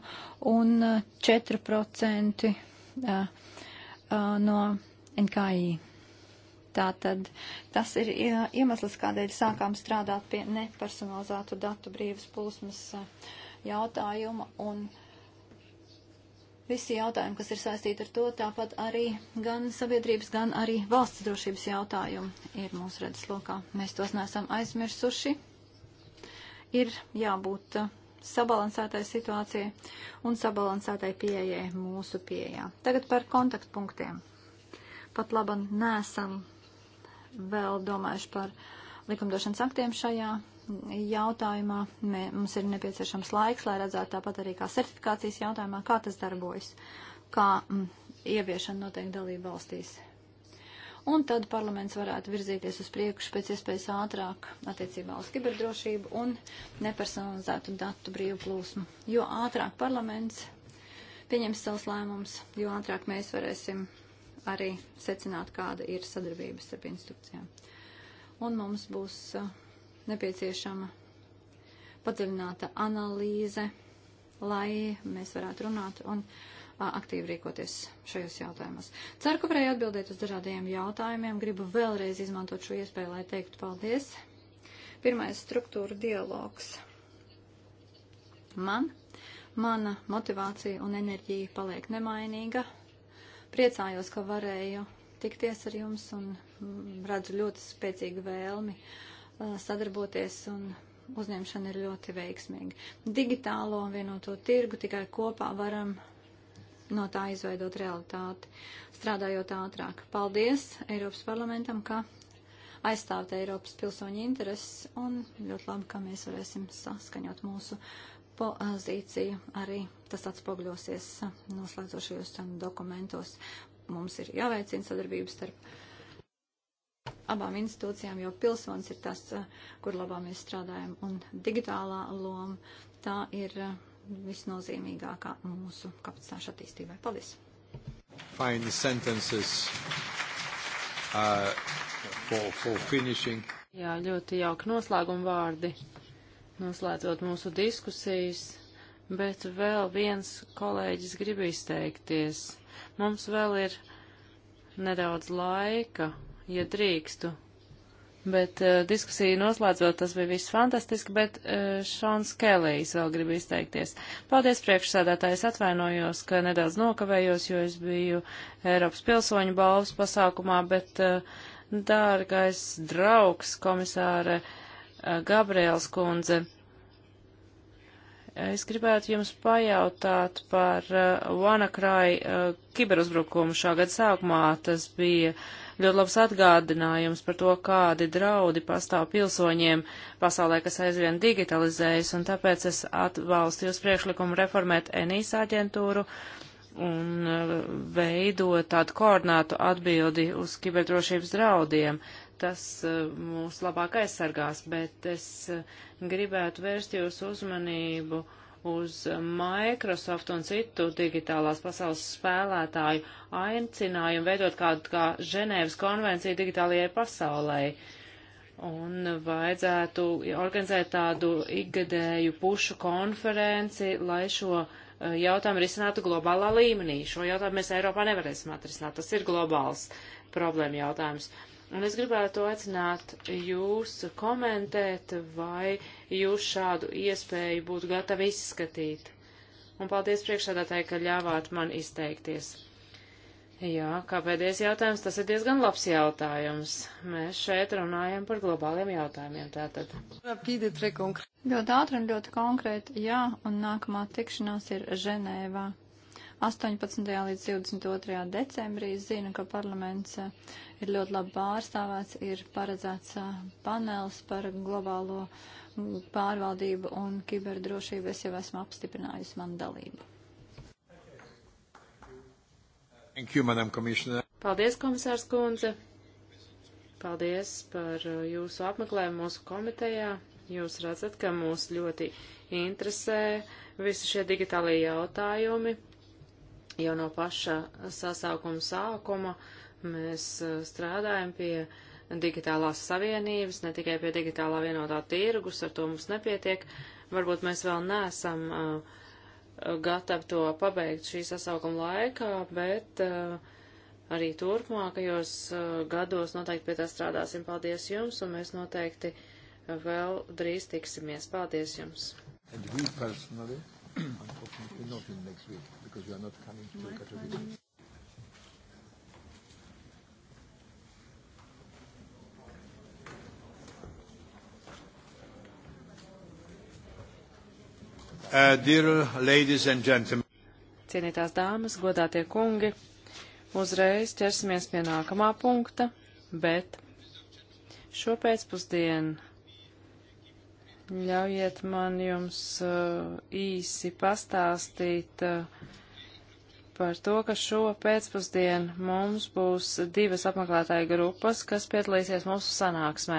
un uh, 4% uh, no NKI. Tātad tas ir iemesls, kādēļ sākām strādāt pie nepersonalizētu datu brīvas plūsmas. Uh, jautājuma un visi jautājumi, kas ir saistīti ar to, tāpat arī gan sabiedrības, gan arī valsts drošības jautājumi ir mūsu redzes lokā. Mēs tos neesam aizmirsuši. Ir jābūt uh, sabalansētai situācijai un sabalansētai pieejai mūsu pieejā. Tagad par kontaktpunktiem. Pat labam nesam vēl domājuši par likumdošanas aktiem šajā jautājumā mē, mums ir nepieciešams laiks, lai redzētu tāpat arī kā certifikācijas jautājumā, kā tas darbojas, kā m, mm, ieviešana notiek dalība valstīs. Un tad parlaments varētu virzīties uz priekšu pēc iespējas ātrāk attiecībā uz kiberdrošību un nepersonalizētu datu brīvu plūsmu. Jo ātrāk parlaments pieņems savus lēmumus, jo ātrāk mēs varēsim arī secināt, kāda ir sadarbības starp institūcijām. Un mums būs uh, nepieciešama padziļināta analīze, lai mēs varētu runāt un a, aktīvi rīkoties šajos jautājumos. Ceru, ka varēju atbildēt uz dažādiem jautājumiem. Gribu vēlreiz izmantot šo iespēju, lai teiktu paldies. Pirmais struktūra dialogs. Man, mana motivācija un enerģija paliek nemainīga. Priecājos, ka varēju tikties ar jums un redzu ļoti spēcīgu vēlmi. Uh, sadarboties un uzņemšana ir ļoti veiksmīga. Digitālo un vienoto tirgu tikai kopā varam no tā izveidot realitāti, strādājot ātrāk. Paldies Eiropas parlamentam, ka aizstāvot Eiropas pilsoņu intereses un ļoti labi, ka mēs varēsim saskaņot mūsu pozīciju. Arī tas atspogļosies noslēdzošajos dokumentos. Mums ir jāveicina sadarbības starp abām institūcijām, jo pilsonis ir tas, eh, kur labā mēs strādājam, un digitālā loma tā ir eh, visnozīmīgākā mūsu kapacitāšu attīstībai. Paldies! Fine sentences uh, for, for finishing. Jā, ļoti jauki noslēguma vārdi, noslēdzot mūsu diskusijas, bet vēl viens kolēģis grib izteikties. Mums vēl ir nedaudz laika, ja drīkstu. Bet uh, eh, diskusiju noslēdzot, tas bija viss fantastiski, bet uh, Šons Kelijs vēl grib izteikties. Paldies priekšsēdētājs, atvainojos, ka nedaudz nokavējos, jo es biju Eiropas pilsoņu balvas pasākumā, bet, uh, dārgais draugs, komisāre uh, Gabriels kundze, es gribētu jums pajautāt par uh, WannaCry uh, kiberuzbrukumu šā gada sākumā. Tas bija. Uh, ļoti labs atgādinājums par to, kādi draudi pastāv pilsoņiem pasaulē, kas aizvien digitalizējas, un tāpēc es atbalstu jūs priekšlikumu reformēt ENIS aģentūru un uh, veidot tādu koordinātu atbildi uz kiberdrošības draudiem tas uh, mūs labāk aizsargās, bet es uh, gribētu vērst jūsu uzmanību uz Microsoft un citu digitālās pasaules spēlētāju aicinājumu veidot kādu kā Ženēvas konvenciju digitālajai pasaulē. Un vajadzētu organizēt tādu ikgadēju pušu konferenci, lai šo eh, jautājumu risinātu globālā līmenī. Šo jautājumu mēs Eiropā nevarēsim atrisināt. Tas ir globāls problēma jautājums. Uh, Un es gribētu aicināt jūs komentēt, vai jūs šādu iespēju būtu gatavi izskatīt. Un paldies priekšsādātāji, ka ļāvāt man izteikties. Jā, kā pēdējais jautājums, tas ir diezgan labs jautājums. Mēs šeit runājam par globāliem jautājumiem tātad. Ļoti ātri un ļoti konkrēti, jā, un nākamā tikšanās ir Ženēvā. 18. līdz 22. decembrī. Zinu, ka parlaments eh, ir ļoti labi pārstāvēts, ir paredzēts eh, panels par globālo mm, pārvaldību un kiberdrošību. Es jau esmu apstiprinājusi manu dalību. Thank you, Madam Commissioner. Paldies, komisārs Kundze. Paldies par eh, jūsu apmeklējumu mūsu komitejā. Jūs redzat, ka mūs ļoti interesē visi šie digitālie jautājumi. Jau no paša sasaukuma sākuma mēs eh, strādājam pie digitālās savienības, ne tikai pie digitālā vienotā tirgus, ar to mums nepietiek. Varbūt mēs vēl neesam uh, gatavi to pabeigt šī sasaukuma laikā, bet uh, arī turpmākajos uh, gados noteikti pie tā strādāsim. Paldies jums, un mēs noteikti vēl drīz tiksimies. Paldies jums! And we personally Unfortunately, not in next week because you are not coming to Katowice. Uh, dear ladies and gentlemen. Cienītās dāmas, godātie kungi, uzreiz ķersimies pie nākamā punkta, bet šo pēcpusdienu Ļaujiet man jums uh, īsi pastāstīt uh, par to, ka šo pēcpusdienu mums būs divas apmeklētāju grupas, kas piedalīsies mūsu sanāksmē.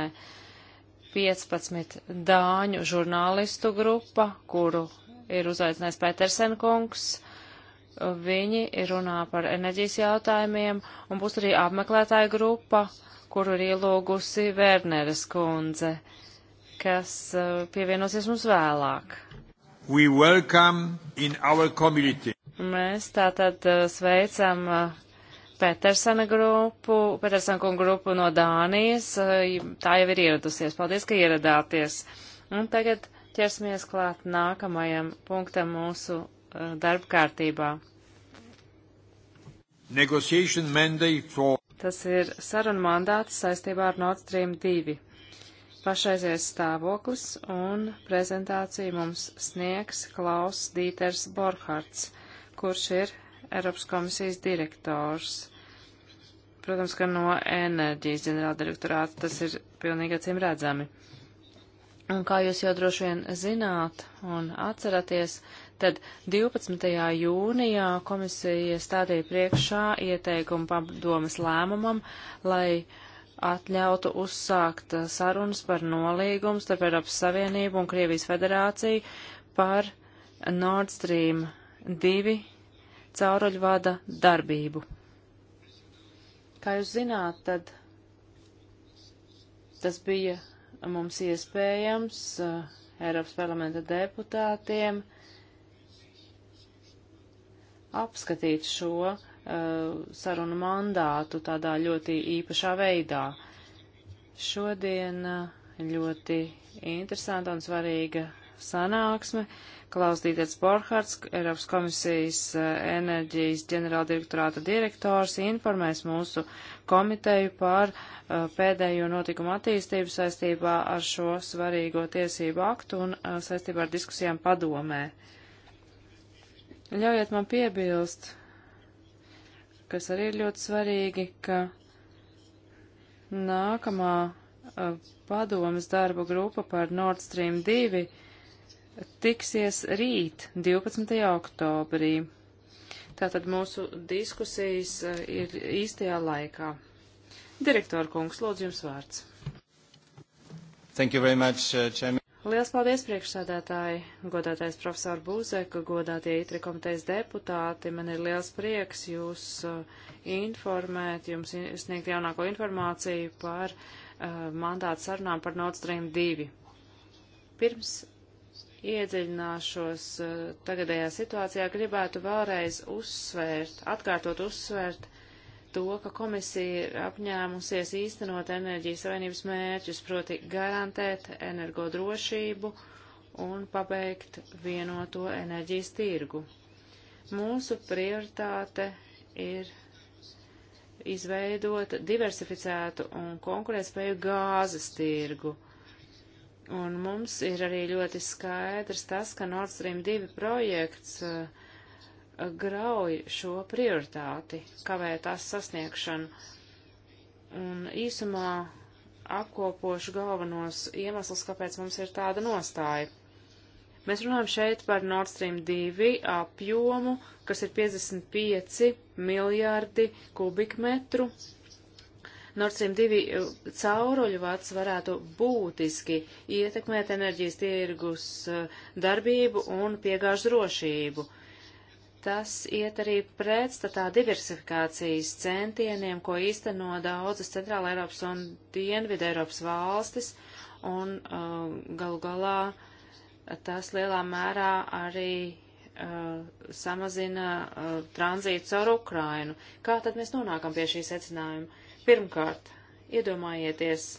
15 dāņu žurnālistu grupa, kuru ir uzaicinājis Petersen kungs. Viņi runā par enerģijas jautājumiem, un būs arī apmeklētāja grupa, kuru ir ielūgusi Werneres kundze kas eh, pievienosies mums vēlāk. Mēs tātad eh, sveicam eh, Petersena grupu, Petersena kungu grupu no Dānijas. Tā jau ir ieradusies. Paldies, ka ieradāties. Un tagad ķersimies klāt nākamajam punktam mūsu darba kārtībā. For... Tas ir saruna mandāts saistībā ar Nord Stream 2 pašreizējais stāvoklis un prezentāciju mums sniegs Klaus Dīters Borhards, kurš ir Eiropas komisijas direktors. Protams, ka no enerģijas ģenerāldirektorāta tas ir pilnīgi acīm redzami. Un kā jūs jau droši vien zināt un atceraties, tad 12. jūnijā komisija stādīja priekšā ieteikumu padomas lēmumam, lai uh, atļautu uzsākt uh, sarunas par nolīgumu starp Eiropas Savienību un Krievijas federāciju par Nord Stream 2 cauruļvada darbību. Kā jūs zināt, tad tas bija mums iespējams uh, Eiropas parlamenta deputātiem apskatīt šo uh, Uh, sarunu mandātu tādā ļoti īpašā veidā. Šodien uh, ļoti interesanta un svarīga sanāksme. Klaus Dītets Borhards, Eiropas komisijas uh, enerģijas ģenerāldirektorāta direktors, informēs mūsu komiteju par uh, pēdējo notikumu attīstību saistībā ar šo svarīgo tiesību aktu un uh, saistībā ar diskusijām padomē. Ļaujiet man piebilst, kas arī ir ļoti svarīgi, ka nākamā padomas darba grupa par Nord Stream 2 tiksies rīt, 12. oktobrī. Tātad mūsu diskusijas ir īstajā laikā. Direktora kungs, lūdzu jums vārds. Thank you very much, uh, Chairman. Liels paldies priekšsādātāji, godātais profesori Būzeka, godātie itri komitejas deputāti. Man ir liels prieks jūs uh, informēt, jums sniegt jaunāko informāciju par uh, mandātu sarunām par Nord Stream 2. Pirms iedziļināšos uh, tagadējā situācijā, gribētu vēlreiz uzsvērt, atkārtot uzsvērt to, ka komisija ir apņēmusies īstenot enerģijas savienības mērķus, proti garantēt energodrošību un pabeigt vienoto enerģijas tirgu. Mūsu prioritāte ir izveidot diversificētu un konkurētspēju gāzes tirgu. Un mums ir arī ļoti skaidrs tas, ka Nord Stream 2 projekts uh, grauj šo prioritāti, kavē tās sasniegšanu. Un īsumā apkopošu galvenos iemeslus, kāpēc mums ir tāda nostāja. Mēs runājam šeit par Nord Stream 2 apjomu, kas ir 55 miljārdi kubikmetru. Nord Stream 2 eh, cauruļu vats varētu būtiski ietekmēt enerģijas tirgus eh, darbību un piegāžu drošību. Tas iet arī pretstatā diversifikācijas centieniem, ko īsteno daudzas Centrāla Eiropas un Dienvidē Eiropas valstis, un uh, galu galā tas lielā mērā arī uh, samazina uh, tranzītu caur Ukrainu. Kā tad mēs nonākam pie šī secinājuma? Pirmkārt, iedomājieties,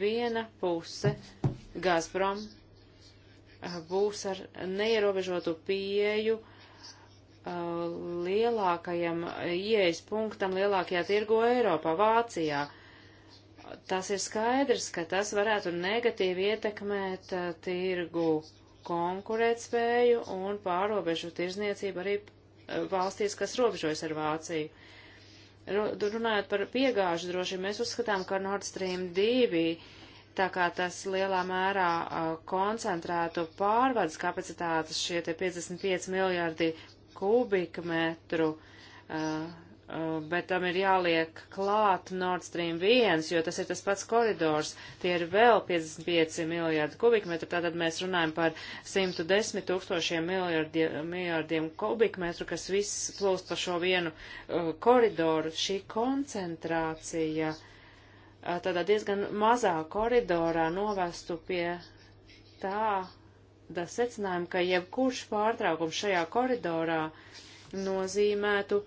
viena puse Gazprom uh, būs ar neierobežotu pieju uh, Uh, lielākajam ieejas punktam lielākajā tirgo Eiropā, Vācijā. Tas ir skaidrs, ka tas varētu negatīvi ietekmēt uh, tirgu konkurētspēju un pārobežu tirzniecību arī uh, valstīs, kas robežojas ar Vāciju. Runājot par piegāžu drošību, mēs uzskatām, ka Nord Stream 2, tā kā tas lielā mērā koncentrētu pārvades kapacitātes, šie te 55 miljardi kubikmetru, uh, uh, bet tam ir jāliek klāt Nord Stream 1, jo tas ir tas pats koridors. Tie ir vēl 55 miljardi kubikmetru, tātad mēs runājam par 110 tūkstošiem miljardiem, miljardiem kubikmetru, kas viss plūst pa šo vienu uh, koridoru. Šī koncentrācija tādā diezgan mazā koridorā novestu pie tā, da secinājumu, ka jebkurš pārtraukums šajā koridorā nozīmētu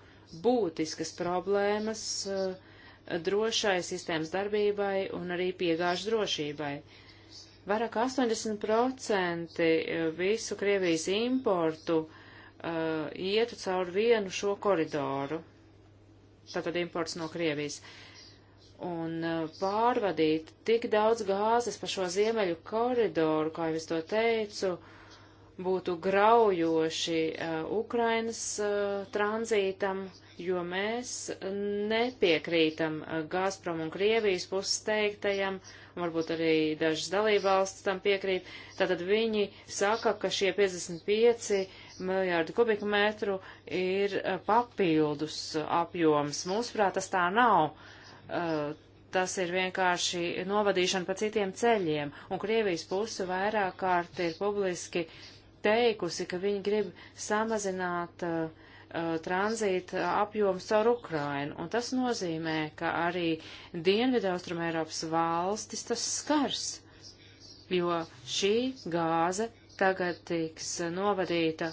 būtiskas problēmas eh, drošai sistēmas darbībai un arī piegāžu drošībai. Vairāk 80% eh, visu Krievijas importu uh, ietu caur vienu šo koridoru. Tātad imports no Krievijas. Uh, un eh, pārvadīt tik daudz gāzes pa šo ziemeļu koridoru, kā jau es to teicu, būtu graujoši uh, Ukrainas uh, tranzītam, jo mēs nepiekrītam uh, Gazprom un Krievijas puses teiktajam, un varbūt arī dažas dalībvalstis tam piekrīt. Tātad viņi saka, ka šie 55 miljārdu kubikmetru ir papildus apjoms. Mūsuprāt, tas tā nav. Uh, Eh, tas ir vienkārši novadīšana pa citiem ceļiem, un Krievijas puse vairāk kārt ir publiski teikusi, ka viņi grib samazināt uh, eh, eh, tranzīta apjoms caur Ukrainu, un tas nozīmē, ka arī Dienvidaustrum Eiropas valstis tas skars, jo šī gāze tagad tiks novadīta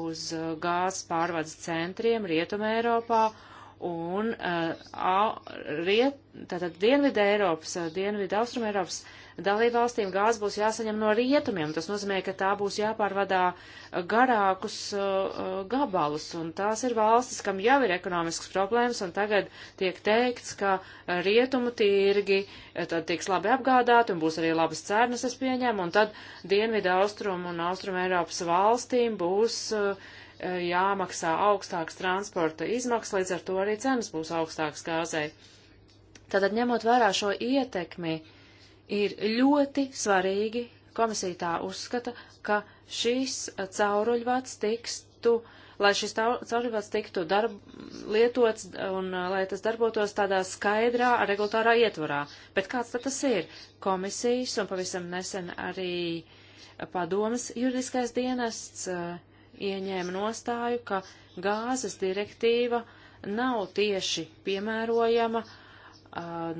uz gāzes pārvades centriem Rietum Eiropā, uh, un uh, riet, tātad Dienvidu Eiropas, uh, Dienvidu Austrum Eiropas dalībvalstīm gāze būs jāsaņem no rietumiem. Tas nozīmē, ka tā būs jāpārvadā uh, garākus uh, uh, gabalus, un tās ir valstis, kam jau ir ekonomiskas problēmas, un tagad tiek teikts, ka rietumu tirgi tad tiks labi apgādāti, un būs arī labas cernas, es pieņemu, un tad Dienvidu Austrum un Austrum Eiropas valstīm būs uh, Eh, jāmaksā augstāks transporta izmaksas, līdz ar to arī cenas būs augstākas gāzei. Tātad, ņemot vērā šo ietekmi, ir ļoti svarīgi, komisija tā uzskata, ka šīs eh, cauruļvats tikstu, lai šis cauruļvats tiktu darb, lietots un eh, lai tas darbotos tādā skaidrā regulārā ietvarā. Bet kāds tad tas ir? Komisijas un pavisam nesen arī padomas juridiskais dienests uh, ieņēma nostāju, ka gāzes direktīva nav tieši piemērojama uh,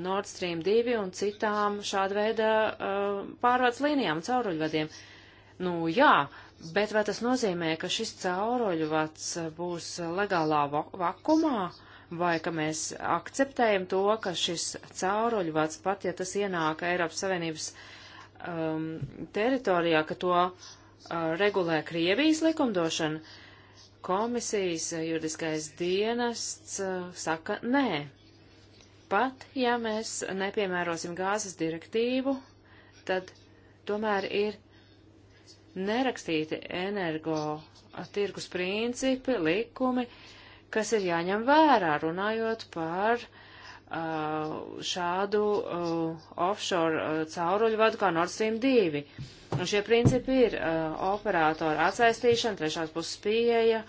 Nord Stream 2 un citām šāda veida uh, pārvades līnijām un cauruļvadiem. Nu jā, bet vai tas nozīmē, ka šis cauruļvads uh, būs legālā vakumā? vai ka mēs akceptējam to, ka šis cauruļvats, pat ja tas ienāk Eiropas Savienības um, teritorijā, ka to Uh, regulē Krievijas likumdošana, komisijas uh, juridiskais dienests uh, saka nē. Pat, ja mēs nepiemērosim gāzes direktīvu, tad tomēr ir nerakstīti energo tirgus principi, likumi, kas ir jāņem vērā, runājot par uh, šādu uh, offshore uh, cauruļu vadu kā Nord Stream 2. Uh, Un šie principi ir uh, operātora atsaistīšana, trešās puses pieeja,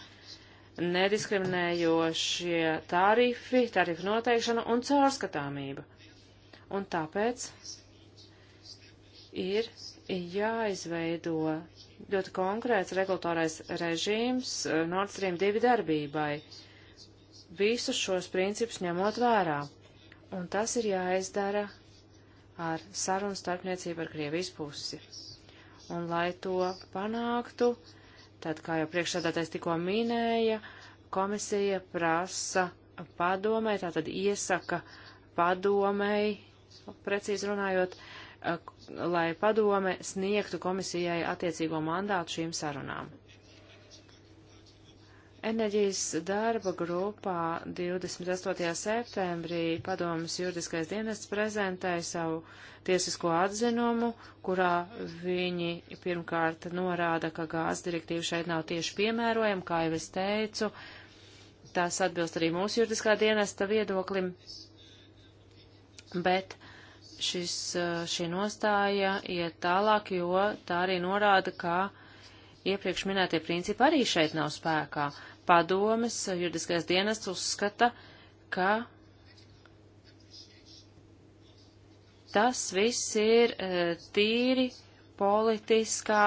nediskriminējošie tarifi, tarifu noteikšana un caurskatāmība. Un tāpēc ir jāizveido ļoti konkrēts regulatorais režīms uh, Nord Stream 2 darbībai, visus šos principus ņemot vērā. Un tas ir jāizdara ar sarunu starpniecību ar Krievijas pusi. Un, lai to panāktu, tad, kā jau priekšsēdētais tikko minēja, komisija prasa padomē, tātad iesaka padomēji, precīzi runājot, eh, lai padome sniegtu komisijai attiecīgo mandātu šīm sarunām. Enerģijas darba grupā 28. septembrī padomas juridiskais dienests prezentēja savu tiesisko atzinumu, kurā viņi pirmkārt norāda, ka gāzes direktīva šeit nav tieši piemērojama, kā jau es teicu, tas atbilst arī mūsu juridiskā dienesta viedoklim, bet šis, šī nostāja iet tālāk, jo tā arī norāda, ka iepriekš minētie principi arī šeit nav spēkā padomes juridiskais dienests uzskata, ka tas viss ir e, tīri politiskā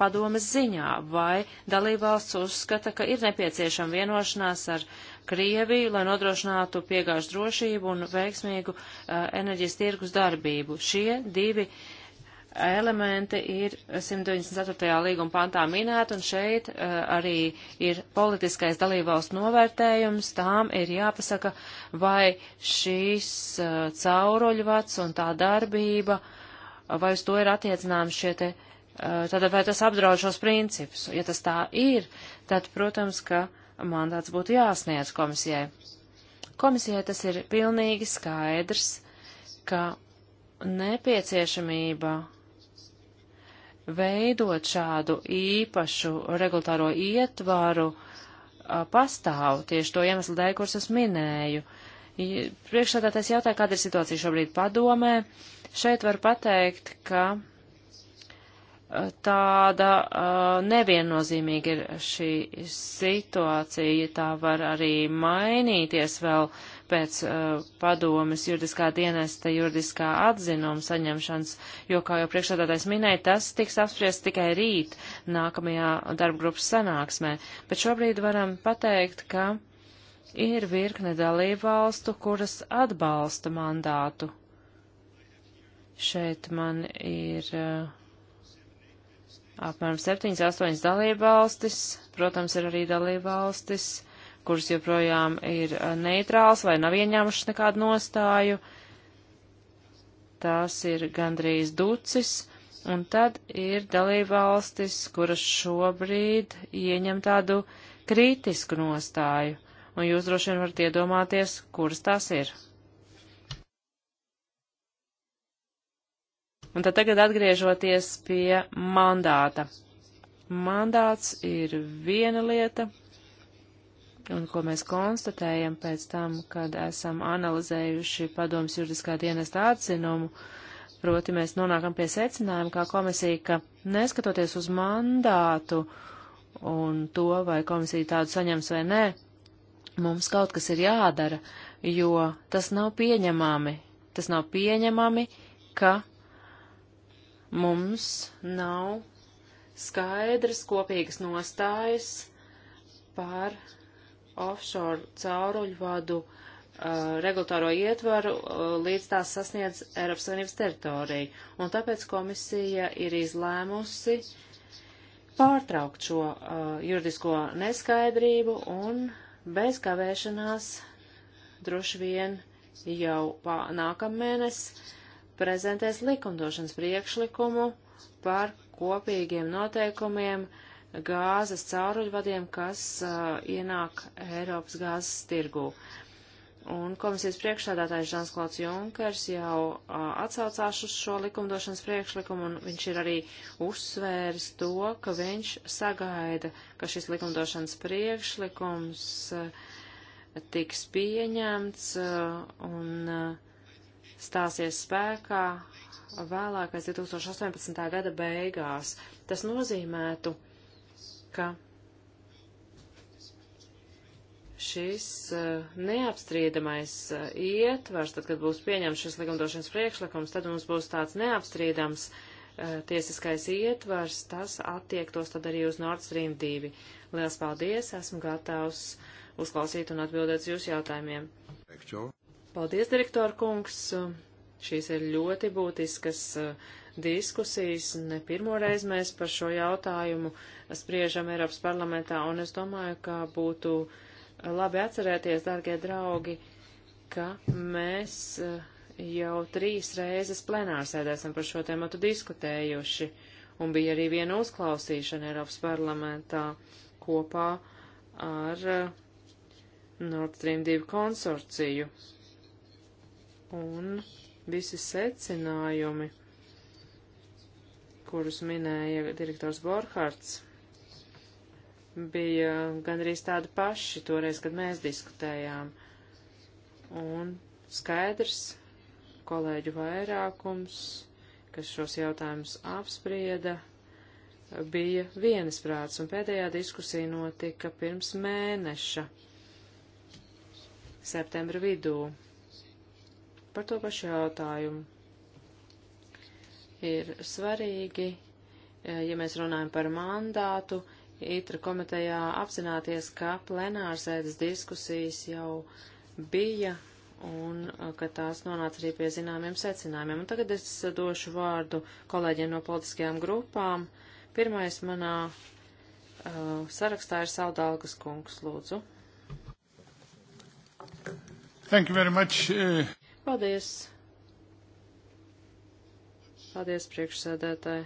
padomes ziņā, vai dalībvalsts uzskata, ka ir nepieciešama vienošanās ar Krieviju, lai nodrošinātu piegāžu drošību un veiksmīgu uh, enerģijas tirgus darbību. Šie divi uh, elementi ir 194. līguma pantā minēti, un šeit uh, arī ir politiskais dalībvalsts novērtējums. Tām ir jāpasaka, vai šīs uh, eh, cauroļvats un tā darbība, vai uz to ir attiecināms šie te, uh, eh, tad vai tas apdraud šos principus. Ja tas tā ir, tad, protams, ka mandāts būtu jāsniedz komisijai. Komisijai tas ir pilnīgi skaidrs, ka nepieciešamība veidot šādu īpašu regulāro ietvaru a, pastāv tieši to iemeslu dēļ, kurus es minēju. Priekšsādātais jautāja, kāda ir situācija šobrīd padomē. Šeit var pateikt, ka tāda uh, neviennozīmīga ir šī situācija, tā var arī mainīties vēl pēc uh, padomes juridiskā dienesta juridiskā atzinuma saņemšanas, jo, kā jau priekšsādātais minēja, tas tiks apspriests tikai rīt nākamajā darbgrupas sanāksmē. Bet šobrīd varam pateikt, ka ir virkne dalību valstu, kuras atbalsta mandātu. Šeit man ir uh, apmēram 7-8 dalību valstis, protams, ir arī dalību valstis kuras joprojām ir eh, neitrāls vai nav ieņēmušas nekādu nostāju. Tās ir gandrīz ducis, un tad ir dalībvalstis, kuras šobrīd ieņem tādu kritisku nostāju, un jūs droši vien varat iedomāties, kuras tās ir. Un tad tagad atgriežoties pie mandāta. Mandāts ir viena lieta, un ko mēs konstatējam pēc tam, kad esam analizējuši padomus juridiskā dienesta atzinumu, proti mēs nonākam pie secinājuma kā komisija, ka neskatoties uz mandātu un to, vai komisija tādu saņems vai nē, mums kaut kas ir jādara, jo tas nav pieņemami. Tas nav pieņemami, ka mums nav skaidras kopīgas nostājas par offshore cauruļvadu uh, regulatāro ietvaru, uh, līdz tās sasniedz Eiropas Savienības teritoriju. Un tāpēc komisija ir izlēmusi pārtraukt šo uh, juridisko neskaidrību un bez kavēšanās droši vien jau nākamēnes prezentēs likumdošanas priekšlikumu par kopīgiem noteikumiem uh, gāzes cauruļvadiem, kas uh, ienāk Eiropas gāzes tirgū. Un komisijas priekšsādātājs Žans Klauds Junkers jau uh, atsaucās uz šo likumdošanas priekšlikumu, un viņš ir arī uzsvēris to, ka viņš sagaida, ka šis likumdošanas priekšlikums uh, tiks pieņemts un stāsies spēkā vēlākais 2018. gada beigās. Tas nozīmētu, ka šis uh, neapstrīdamais uh, ietvars, tad, kad būs pieņemts šis likumdošanas priekšlikums, tad mums būs tāds neapstrīdams uh, tiesiskais ietvars, tas attiektos tad arī uz Nord Stream 2. Liels paldies, esmu gatavs uzklausīt un atbildēt uz jūsu jautājumiem. Paldies, direktor kungs! Šīs ir ļoti būtiskas uh, diskusijas. Ne pirmoreiz mēs par šo jautājumu spriežam Eiropas parlamentā, un es domāju, ka būtu labi atcerēties, dārgie draugi, ka mēs eh, jau trīs reizes plenārsēdēsim par šo tēmatu diskutējuši, un bija arī viena uzklausīšana Eiropas parlamentā kopā ar eh, Nord Stream 2 konsorciju. Un visi secinājumi kurus minēja direktors Borhards, bija gandrīz tādi paši toreiz, kad mēs diskutējām. Un skaidrs, kolēģu vairākums, kas šos jautājumus apsprieda, bija vienisprāts, un pēdējā diskusija notika pirms mēneša, septembra vidū, par to pašu jautājumu ir svarīgi, eh, ja mēs runājam par mandātu, ITRA komitejā apzināties, ka plenārsēdes diskusijas jau bija un eh, ka tās nonāca arī pie zināmiem secinājumiem. Un tagad es došu vārdu kolēģiem no politiskajām grupām. Pirmais manā uh, sarakstā ir Saudālgas kungs, lūdzu. Thank you very much. Paldies. Paldies, priekšsēdētāji.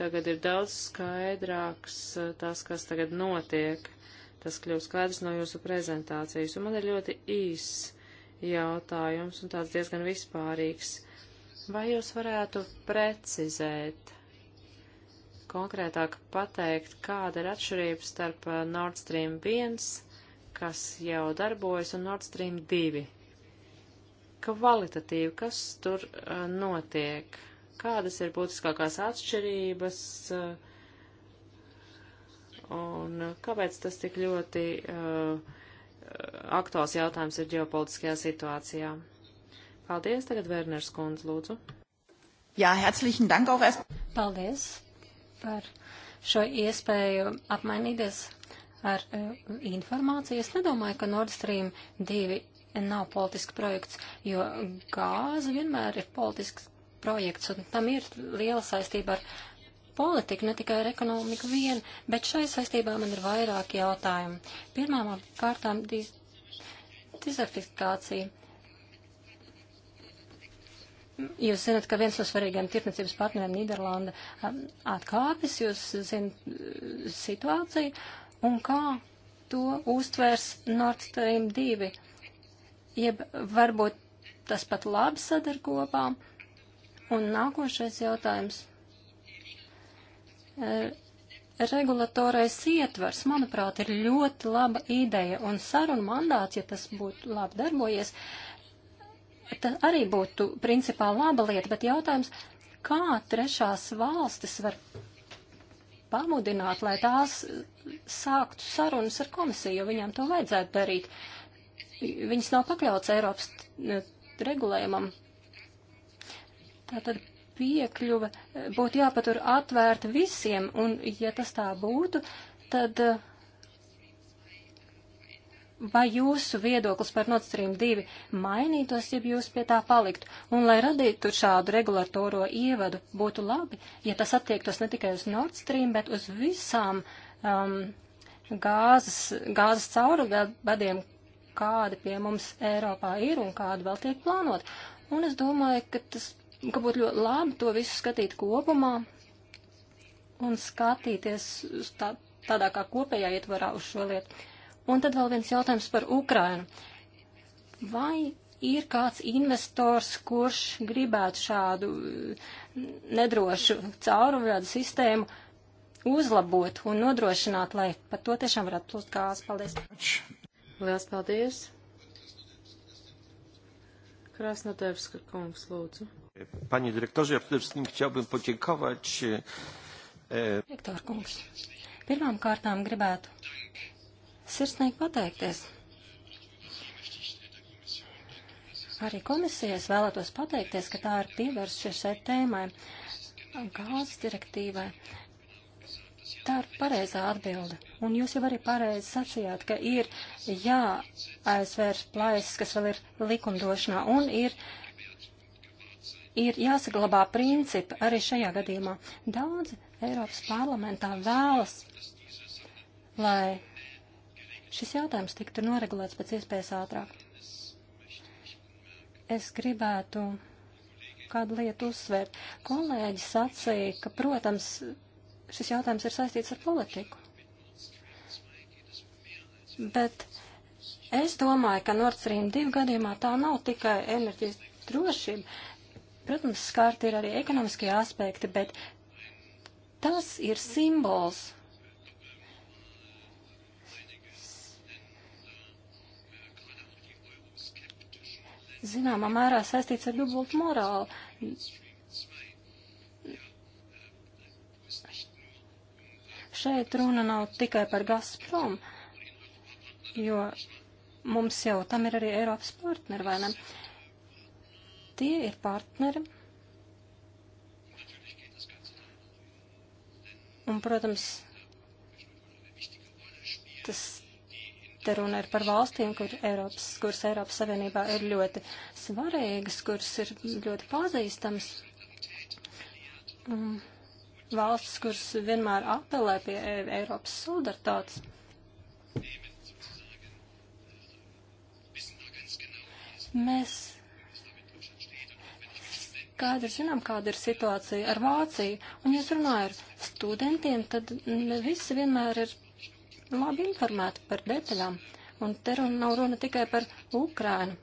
Tagad ir daudz skaidrāks eh, tas, kas tagad notiek. Tas kļūst skaidrs no jūsu prezentācijas, un man ir ļoti īss jautājums un tāds diezgan vispārīgs. Vai jūs varētu precizēt, konkrētāk pateikt, kāda ir atšķirība starp eh, Nord Stream 1, kas jau darbojas, un Nord Stream 2? kvalitatīvi, kas tur uh, notiek, kādas ir būtiskākās atšķirības uh, un kāpēc tas tik ļoti uh, aktuāls jautājums ir ģeopolitiskajā situācijā. Paldies, tagad Vērners kundze, lūdzu. Jā, herzlichen dank auch erst. Paldies par šo iespēju apmainīties ar uh, informāciju. Es nedomāju, ka Nord Stream 2 nav politisks projekts, jo gāze vienmēr ir politisks projekts, un tam ir liela saistība ar politiku, ne tikai ar ekonomiku vien, bet šai saistībā man ir vairāki jautājumi. Pirmām kārtām diz, dizertifikācija. Jūs zināt, ka viens no svarīgiem tirpniecības partneriem Nīderlanda um, atkāpjas, jūs zināt situāciju un kā to uztvers Nord Stream 2 jeb varbūt tas pat labi sadar kopā. Un nākošais jautājums. Regulatorais ietvers, manuprāt, ir ļoti laba ideja, un saruna mandāts, ja tas būtu labi darbojies, tas arī būtu principā laba lieta, bet jautājums, kā trešās valstis var pamudināt, lai tās sāktu sarunas ar komisiju, jo viņām to vajadzētu darīt. Uh, viņas nav pakļauts Eiropas eh, regulējumam. Tātad piekļuve eh, būtu jāpatur atvērta visiem, un ja tas tā būtu, tad eh, vai jūsu viedoklis par Nord Stream 2 mainītos, ja jūs pie tā paliktu? Un lai radītu šādu regulatoro ievadu, būtu labi, ja tas attiektos ne tikai uz Nord Stream, bet uz visām um, gāzes, gāzes caurvadiem, kādi pie mums Eiropā ir un kādi vēl tiek plānot. Un es domāju, ka tas, ka būtu ļoti labi to visu skatīt kopumā un skatīties tā, tādā kā kopējā ietvarā uz šo lietu. Un tad vēl viens jautājums par Ukrainu. Vai ir kāds investors, kurš gribētu šādu mm, nedrošu caurumrādu sistēmu uzlabot un nodrošināt, lai par to tiešām varētu plūst gāzi. Paldies. Liels paldies! Krasnodevska kungs, lūdzu. Panie dyrektorze, ja przede wszystkim chciałbym podziękować. E... e Direktor kungs, pirmām kārtām gribētu sirsnīgi pateikties. Arī komisijas vēlētos pateikties, ka tā ir pievērsusies šai tēmai, gāzes direktīvai. Uh, Tā ir pareizā atbilde. Un jūs jau arī pareizi sacījāt, ka ir jāaizvērš plaisas, kas vēl ir likumdošanā, un ir, ir jāsaglabā principi arī šajā gadījumā. Daudz Eiropas parlamentā vēlas, lai šis jautājums tiktu noregulēts pēc iespējas ātrāk. Es gribētu kādu lietu uzsvērt. Kolēģi sacīja, ka, protams, šis jautājums ir saistīts ar politiku. Bet es domāju, ka Nord Stream 2 gadījumā tā nav tikai enerģijas drošība. Protams, skārti ir arī ekonomiskie aspekti, bet tas ir simbols. Zināmā mērā saistīts ar dubultu morālu šeit runa nav tikai par Gazprom, jo mums jau tam ir arī Eiropas partneri, vai ne? Tie ir partneri. Un, protams, tas te runa ir par valstīm, kur Eiropas, kuras Eiropas Savienībā ir ļoti svarīgas, kuras ir ļoti pazīstamas. Um, valstis, kuras vienmēr apelē pie e, Eiropas solidaritātes. Mēs skaidri zinām, kāda ir situācija ar Vāciju. Un, ja es runāju ar studentiem, tad visi vienmēr ir labi informēti par detaļām. Un te runa nav runa tikai par Ukrainu.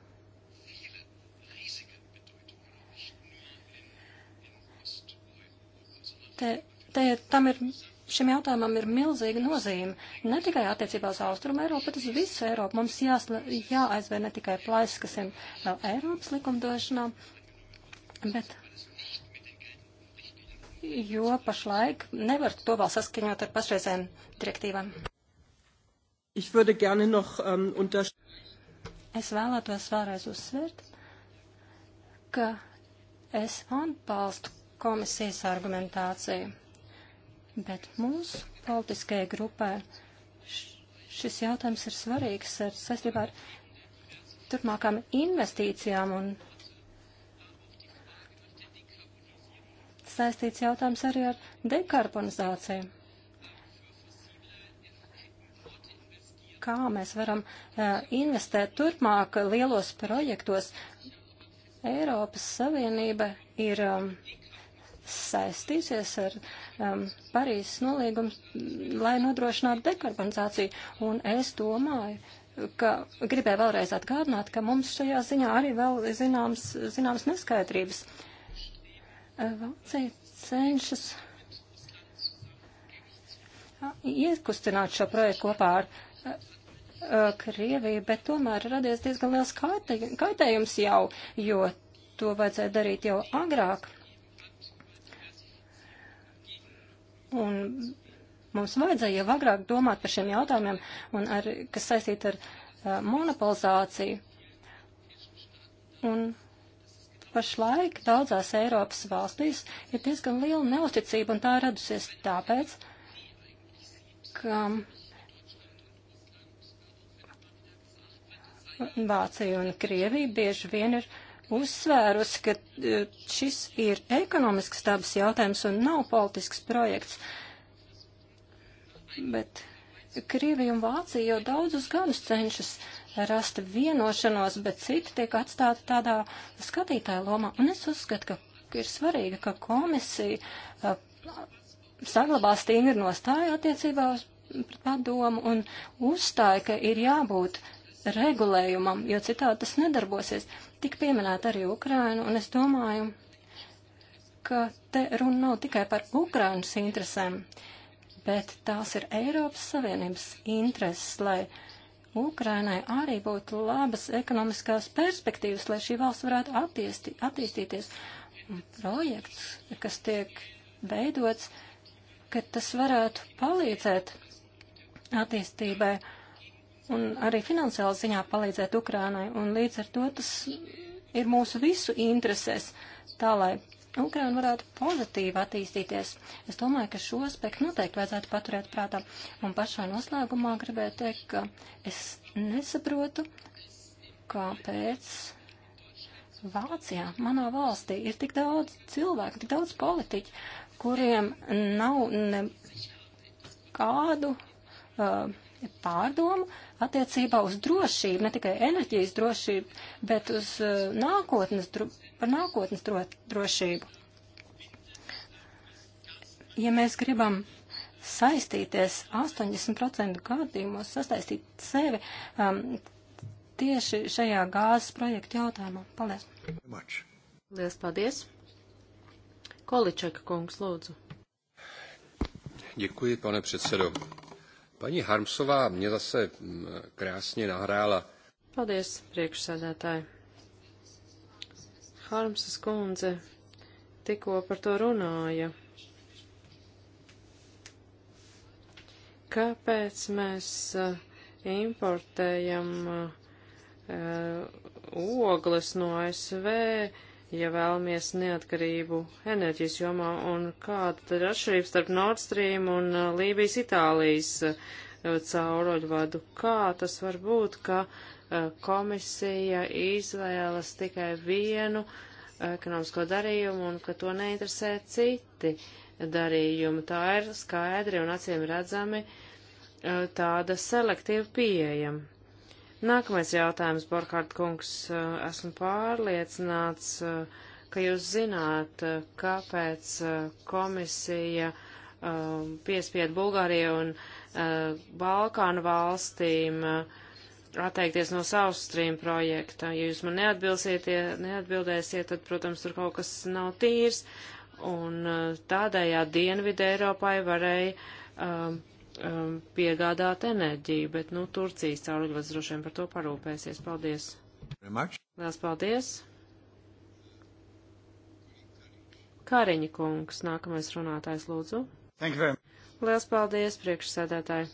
Te, te, tam ir šim jautājumam ir milzīga nozīme. Ne tikai attiecībā uz Austrumu Eiropu, bet uz visu Eiropu. Mums jāsla, jāaizvēr ne tikai plaisas, kas ir vēl Eiropas likumdošanā, bet. Jo pašlaik nevar to vēl saskaņot ar pašreizējām direktīvām. Noch, um, unter... Es vēlētos vēlreiz uzsvērt, ka es atbalstu komisijas argumentāciju. Bet mūsu politiskajai grupai šis jautājums ir svarīgs ar saistībā ar turpmākām investīcijām un saistīts jautājums arī ar dekarbonizāciju. Kā mēs varam uh, investēt turpmāk lielos projektos? Eiropas Savienība ir um, saistīsies ar um, Parīzes nolīgumu, lai nodrošinātu dekarbonizāciju. Un es domāju, ka gribēju vēlreiz atgādināt, ka mums šajā ziņā arī vēl zināms, zināms neskaidrības. Uh, Vācija cenšas uh, iekustināt šo projektu kopā ar uh, uh, Krieviju, bet tomēr radies diezgan liels kaitējums jau, jo to vajadzēja darīt jau agrāk. Un mums vajadzēja jau agrāk domāt par šiem jautājumiem, un ar, kas saistīti ar uh, monopolizāciju. Un pašlaik daudzās Eiropas valstīs ir diezgan liela neusticība, un tā radusies tāpēc, ka Vācija un Krievija bieži vien ir uh, uzsvērusi, ka e, šis ir ekonomisks stabas jautājums un nav politisks projekts. Bet Krievija un Vācija jau daudzus gadus cenšas rast vienošanos, bet citi tiek atstāti tādā skatītāja lomā. Un es uzskatu, ka ir svarīgi, ka komisija uh, saglabā stingri nostāju attiecībā uz padomu un uzstāja, ka ir jābūt regulējumam, jo citādi tas nedarbosies. Tik pieminēt arī Ukrainu, un es domāju, ka te runa nav tikai par Ukrainas interesēm, bet tās ir Eiropas Savienības intereses, lai Ukrainai arī būtu labas ekonomiskās perspektīvas, lai šī valsts varētu attiesti, attīstīties. Un projekts, kas tiek veidots, ka tas varētu palīdzēt attīstībai. Uh, un arī finansiāli ziņā palīdzēt Ukrānai, un līdz ar to tas ir mūsu visu interesēs, tā lai Ukraina varētu pozitīvi attīstīties. Es domāju, ka šo aspektu noteikti vajadzētu paturēt prātā. Un pašā noslēgumā gribēju teikt, ka es nesaprotu, kāpēc Vācijā, manā valstī, ir tik daudz cilvēku, tik daudz politiķu, kuriem nav nekādu uh, pārdomu attiecībā uz drošību, ne tikai enerģijas drošību, bet uz eh, nākotnes, par nākotnes drošību. Ja mēs gribam saistīties 80% gadījumos, sastaistīt sevi um, tieši šajā gāzes projekta jautājumā. Paldies! Lielas paldies! Količeka kungs, lūdzu. Děkuji, pane předsedo. Paņi Harmsová mě zase mm, krásně nahrála. Paldies, priekšsēdētāji. Harmsas kundze tikko par to runāja. Kāpēc mēs eh, importējam uh, ogles no ASV? Uh, ja vēlamies neatkarību enerģijas jomā, un kāda tad ir atšķirība starp Nord Stream un uh, Lībijas Itālijas uh, cauroļvadu? Kā tas var būt, ka uh, komisija izvēlas tikai vienu ekonomisko darījumu un ka to neinteresē citi darījumi? Tā ir skaidri un acīm redzami tāda selektīva pieejama. Nākamais jautājums, Borkārt kungs, eh, esmu pārliecināts, eh, ka jūs zināt, eh, kāpēc komisija piespied Bulgāriju un Balkānu valstīm atteikties no South Stream projekta. Ja jūs man neatbildēsiet, tad, protams, tur kaut kas nav tīrs. Un tādējā Dienvidē Eiropai varēja um, um, piegādāt enerģiju, bet, nu, Turcijas cauruļvads droši vien par to parūpēsies. Paldies! Lielas paldies! Kāriņa kungs, nākamais runātājs, lūdzu. Lielas paldies, priekšsēdētāji!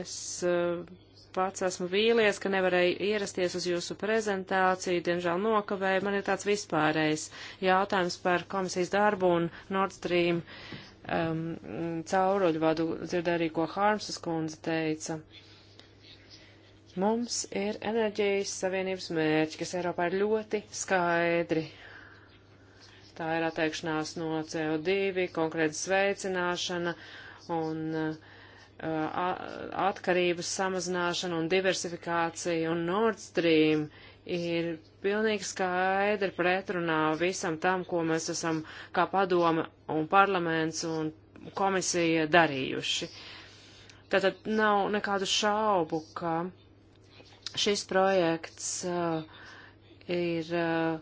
Es uh, pats esmu vīlies, ka nevarēju ierasties uz jūsu prezentāciju, diemžēl nokavēju. Man ir tāds vispārējs jautājums par komisijas darbu un Nord Stream um, cauruļvadu. Dzirdēju arī, ko Harmsas kundze teica. Mums ir enerģijas savienības mērķi, kas Eiropā ir ļoti skaidri. Tā ir atteikšanās no CO2, konkrēta sveicināšana un uh, atkarības samazināšana un diversifikācija un Nord Stream ir pilnīgi skaidri pretrunā visam tam, ko mēs esam kā padoma un parlaments un komisija darījuši. Tātad nav nekādu šaubu, ka šis projekts uh, ir uh,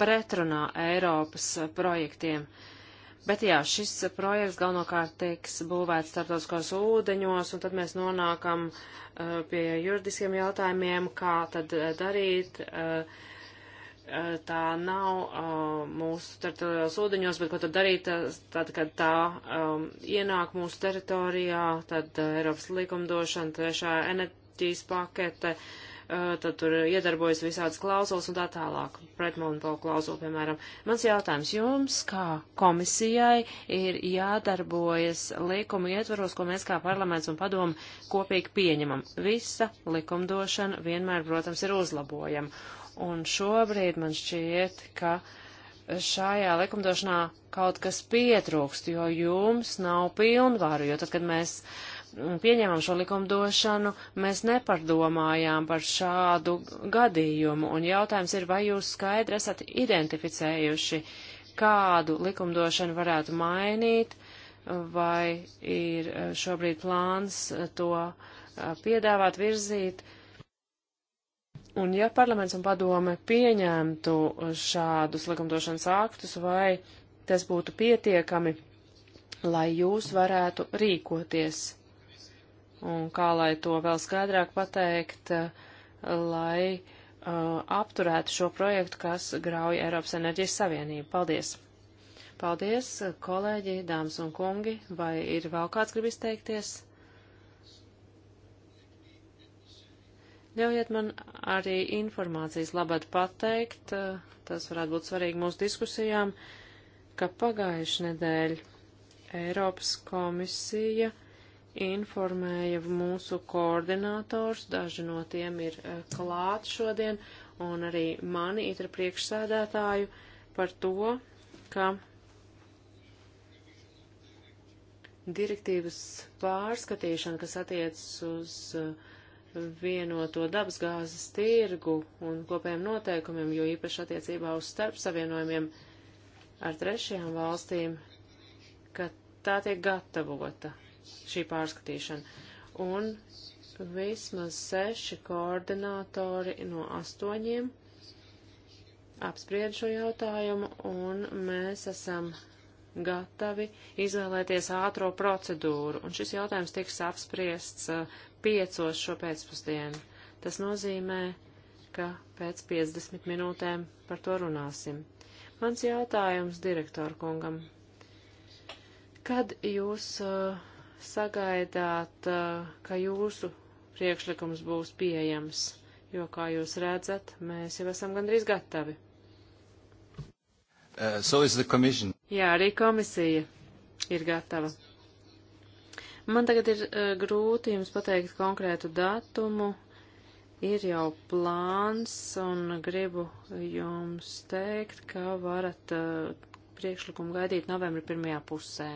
pretrunā Eiropas projektiem. Uh, Bet jā, šis projekts galvenokārt tiks būvēts starptautiskos ūdeņos, un tad mēs nonākam uh, pie juridiskiem jautājumiem, kā tad uh, darīt. Uh, uh, tā nav uh, mūsu teritorijos ūdeņos, bet ko tad darīt, tad, kad tā um, ienāk mūsu teritorijā, tad uh, Eiropas likumdošana, trešā enerģijas pakete, uh, tad tur iedarbojas visādas klauzulas un tā tālāk, pretmonopolu klauzulu, piemēram. Mans jautājums jums, kā komisijai, ir jādarbojas likuma ietvaros, ko mēs kā parlaments un padomu kopīgi pieņemam. Visa likumdošana vienmēr, protams, ir uzlabojama. Un šobrīd man šķiet, ka šajā likumdošanā kaut kas pietrūkst, jo jums nav pilnvaru, jo tad, kad mēs uh, pieņēmām šo likumdošanu, mēs nepardomājām par šādu gadījumu, un jautājums ir, vai jūs skaidri esat identificējuši, kādu likumdošanu varētu mainīt, vai ir eh, šobrīd plāns eh, to eh, piedāvāt, virzīt. Un ja parlaments un padome pieņemtu šādus likumdošanas aktus, vai tas būtu pietiekami, lai jūs varētu rīkoties? Un kā lai to vēl skaidrāk pateikt, lai uh, apturētu šo projektu, kas grauj Eiropas enerģijas savienību. Paldies! Paldies, kolēģi, dāmas un kungi! Vai ir vēl kāds grib izteikties? Ļaujiet man arī informācijas labad pateikt, tas varētu būt svarīgi mūsu diskusijām, ka pagājuši nedēļ Eiropas komisija informēja mūsu koordinators, daži no tiem ir eh, klāt šodien, un arī mani itra priekšsēdētāju par to, ka direktīvas pārskatīšana, kas attiecas uz eh, vienoto dabasgāzes tirgu un kopējiem noteikumiem, jo īpaši attiecībā uz starpsavienojumiem ar trešajām valstīm, ka tā tiek gatavota šī pārskatīšana. Un vismaz seši koordinātori no astoņiem apspried šo jautājumu, un mēs esam gatavi izvēlēties ātro procedūru, un šis jautājums tiks apspriests uh, piecos šo pēcpusdienu. Tas nozīmē, ka pēc 50 minūtēm par to runāsim. Mans jautājums direktoru kungam. Kad jūs uh, sagaidāt, ka jūsu priekšlikums būs pieejams, jo, kā jūs redzat, mēs jau esam gandrīz gatavi. Uh, so Jā, arī komisija ir gatava. Man tagad ir uh, grūti jums pateikt konkrētu datumu. Ir jau plāns un gribu jums teikt, ka varat uh, priekšlikumu gaidīt novembra pirmajā pusē.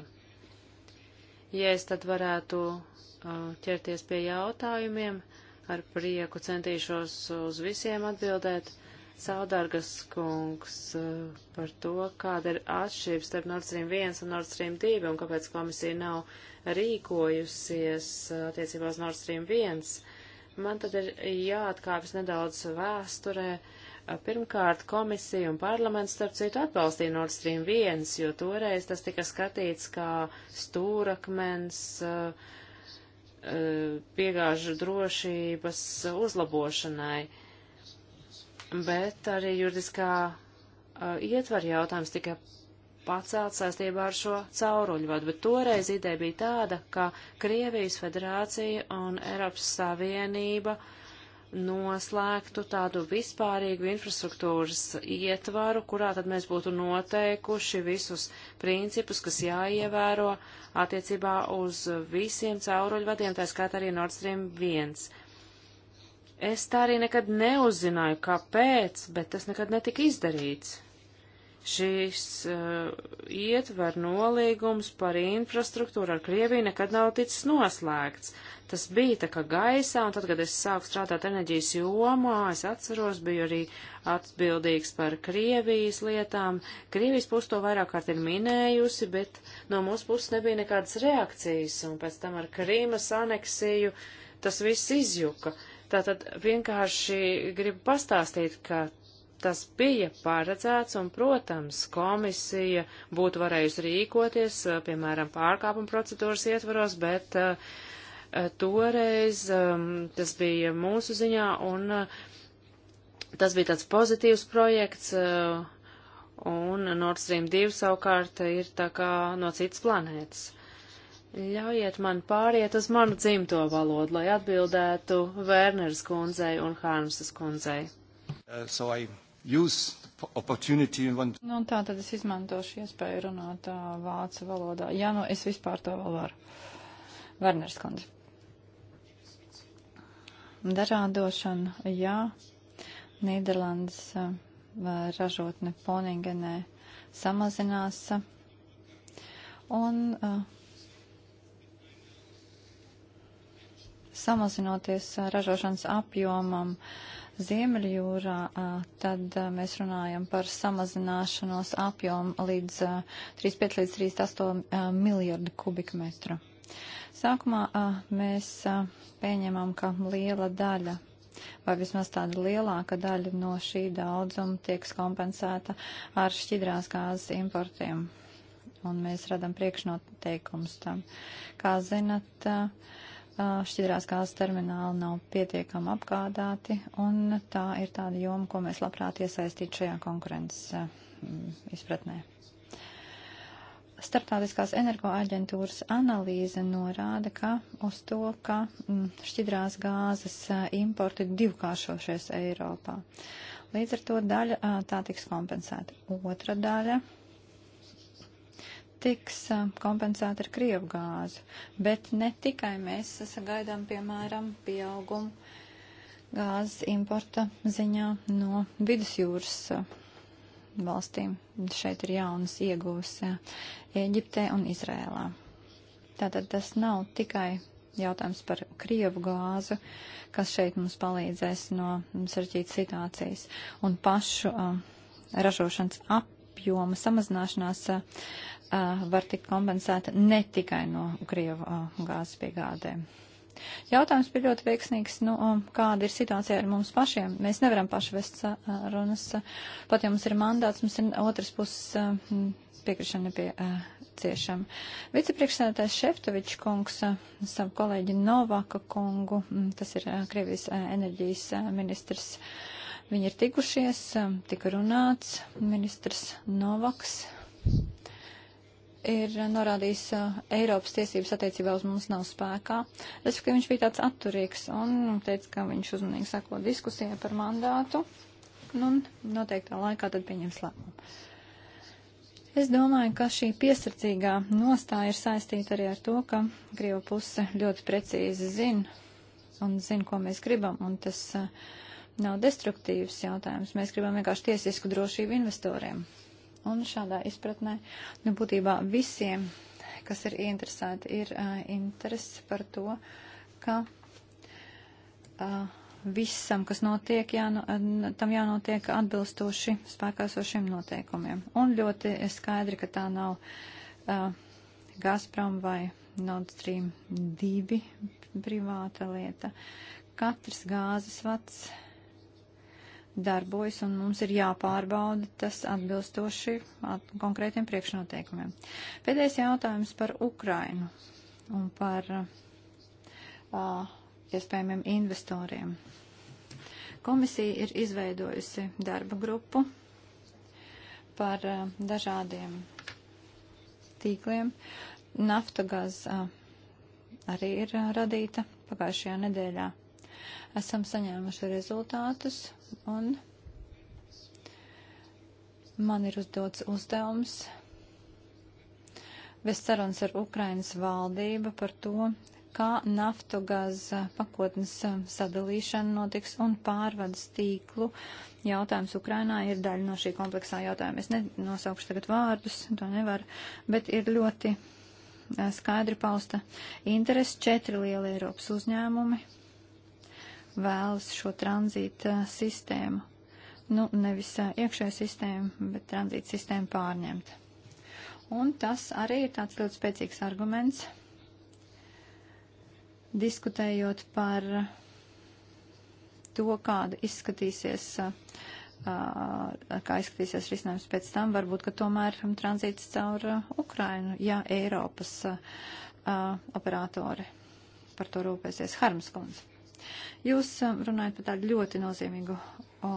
Ja es tad varētu ķerties pie jautājumiem, ar prieku centīšos uz visiem atbildēt. Saudārgas kungs par to, kāda ir atšķirība starp Nord Stream 1 un Nord Stream 2 un kāpēc komisija nav rīkojusies attiecībā uz Nord Stream 1. Man tad ir jāatkāpjas nedaudz vēsturē. Uh, Pirmkārt, komisija un parlaments, starp citu, atbalstīja Nord Stream 1, jo toreiz tas tika skatīts kā stūrakmens eh, eh, piegāžu drošības uzlabošanai. Bet arī juridiskā eh, ietvar jautājums tika pacēlts saistībā ar šo cauruļvadu, bet toreiz ideja bija tāda, ka Krievijas federācija un Eiropas Savienība uh, noslēgtu tādu vispārīgu infrastruktūras ietvaru, kurā tad mēs būtu noteikuši visus principus, kas jāievēro attiecībā uz visiem cauruļvadiem, tā skaitā arī Nord Stream 1. Es tā arī nekad neuzzināju, kāpēc, bet tas nekad netika izdarīts. Šis uh, ietver nolīgums par infrastruktūru ar Krieviju nekad nav ticis noslēgts. Tas bija tā kā gaisā, un tad, kad es sāku strādāt enerģijas jomā, es atceros, biju arī atbildīgs par Krievijas lietām. Krievijas puse to vairāk kārt ir minējusi, bet no mūsu puses nebija nekādas reakcijas, un pēc tam ar Krīmas aneksiju tas viss izjuka. Tātad vienkārši gribu pastāstīt, ka tas bija paredzēts, un, protams, komisija būtu varējusi rīkoties, eh, piemēram, pārkāpuma procedūras ietvaros, bet uh, toreiz um, tas bija mūsu ziņā, un uh, tas bija tāds pozitīvs projekts, uh, un Nord Stream 2 savukārt ir tā kā no citas planētas. Ļaujiet man pāriet uz manu dzimto valodu, lai atbildētu Vērneras kundzei un Hārmsas kundzei. Uh, so I use opportunity when... Nu, un tā tad es izmantošu iespēju runāt uh, vācu valodā. Ja nu es vispār to vēl varu. Werners kundze. Darādošana, jā. Nīderlandes uh, ražotne Poningenē samazinās. Un uh, samazinoties ražošanas apjomam, uh, Ziemeļjūrā, tad mēs runājam par samazināšanos apjomu līdz 35 līdz 38 miljardu kubikmetru. Sākumā mēs pieņemam, ka liela daļa vai vismaz tāda lielāka daļa no šī daudzuma tieks kompensēta ar šķidrās gāzes importiem. Un mēs radam priekšnoteikumus tam. Kā zinat, uh, šķidrās gāzes termināli nav pietiekami apgādāti, un tā ir tāda joma, ko mēs labprāt iesaistītu šajā konkurences mm, izpratnē. Startautiskās energoaģentūras analīze norāda, ka uz to, ka mm, šķidrās gāzes importi divkāršošies Eiropā. Līdz ar to daļa tā tiks kompensēta. Otra daļa tiks kompensēta ar Krievu gāzi. Bet ne tikai mēs sagaidām, piemēram, pieaugumu gāzes importa ziņā no vidusjūras valstīm. Šeit ir jaunas iegūs Ēģiptē un Izrēlā. Tātad tas nav tikai jautājums par Krievu gāzu, kas šeit mums palīdzēs no sarežģītas situācijas un pašu uh, ražošanas ap apjoma samazināšanās eh, eh, var tikt kompensēta ne tikai no Krievu eh, gāzes piegādēm. Jautājums bija ļoti veiksmīgs, nu, um, kāda ir situācija ar mums pašiem. Mēs nevaram paši vest runas, pat ja mums ir mandāts, mums ir otras puses piekrišana nepieciešama. Vicepriekšsēdētājs Šeftovičs kungs, savu kolēģi Novaka kungu, mm, tas ir Krievijas enerģijas ministrs, uh, Viņi ir tikušies, um, tika runāts, ministrs Novaks ir uh, norādījis uh, Eiropas tiesības attiecībā uz mums nav spēkā. Es domāju, ka viņš bija tāds atturīgs un teica, ka viņš uzmanīgi sako diskusijai par mandātu nu, un noteiktā laikā tad pieņems lēmumu. Es domāju, ka šī piesardzīgā nostāja ir saistīta arī ar to, ka Krieva puse ļoti precīzi zina un zina, ko mēs gribam, un tas uh, nav destruktīvs jautājums. Mēs gribam vienkārši tiesisku drošību investoriem. Un šādā izpratnē, nu, būtībā visiem, kas ir interesēti, ir uh, interesi par to, ka uh, visam, kas notiek, jāno, tam jānotiek atbilstoši spēkāsošiem noteikumiem. Un ļoti skaidri, ka tā nav uh, Gazprom vai Nord Stream 2 privāta lieta. Katrs gāzes vats darbojas, un mums ir jāpārbauda tas atbilstoši at konkrētiem priekšnoteikumiem. Pēdējais jautājums par Ukrainu un par uh, iespējamiem investoriem. Komisija ir izveidojusi darba grupu par uh, dažādiem tīkliem. Naftagaz uh, arī ir uh, radīta pagājušajā nedēļā Esam saņēmuši rezultātus un man ir uzdots uzdevums vest sarunas ar Ukrainas valdību par to, kā naftogāza pakotnes sadalīšana notiks un pārvades tīklu. Jautājums Ukrainā ir daļa no šī kompleksā jautājuma. Es nenosaukšu tagad vārdus, to nevar, bet ir ļoti eh, skaidri pausta interesi četri lieli Eiropas uzņēmumi vēlas šo tranzīta eh, sistēmu, nu, nevis eh, iekšēju sistēmu, bet tranzīta sistēmu pārņemt. Un tas arī ir tāds ļoti spēcīgs arguments, diskutējot par to, kāda izskatīsies uh, kā izskatīsies risinājums pēc tam, varbūt, ka tomēr tranzīts caur Ukrainu, ja Eiropas uh, operatori par to rūpēsies Harms kundze. Jūs eh, runājat par tādu ļoti nozīmīgu o,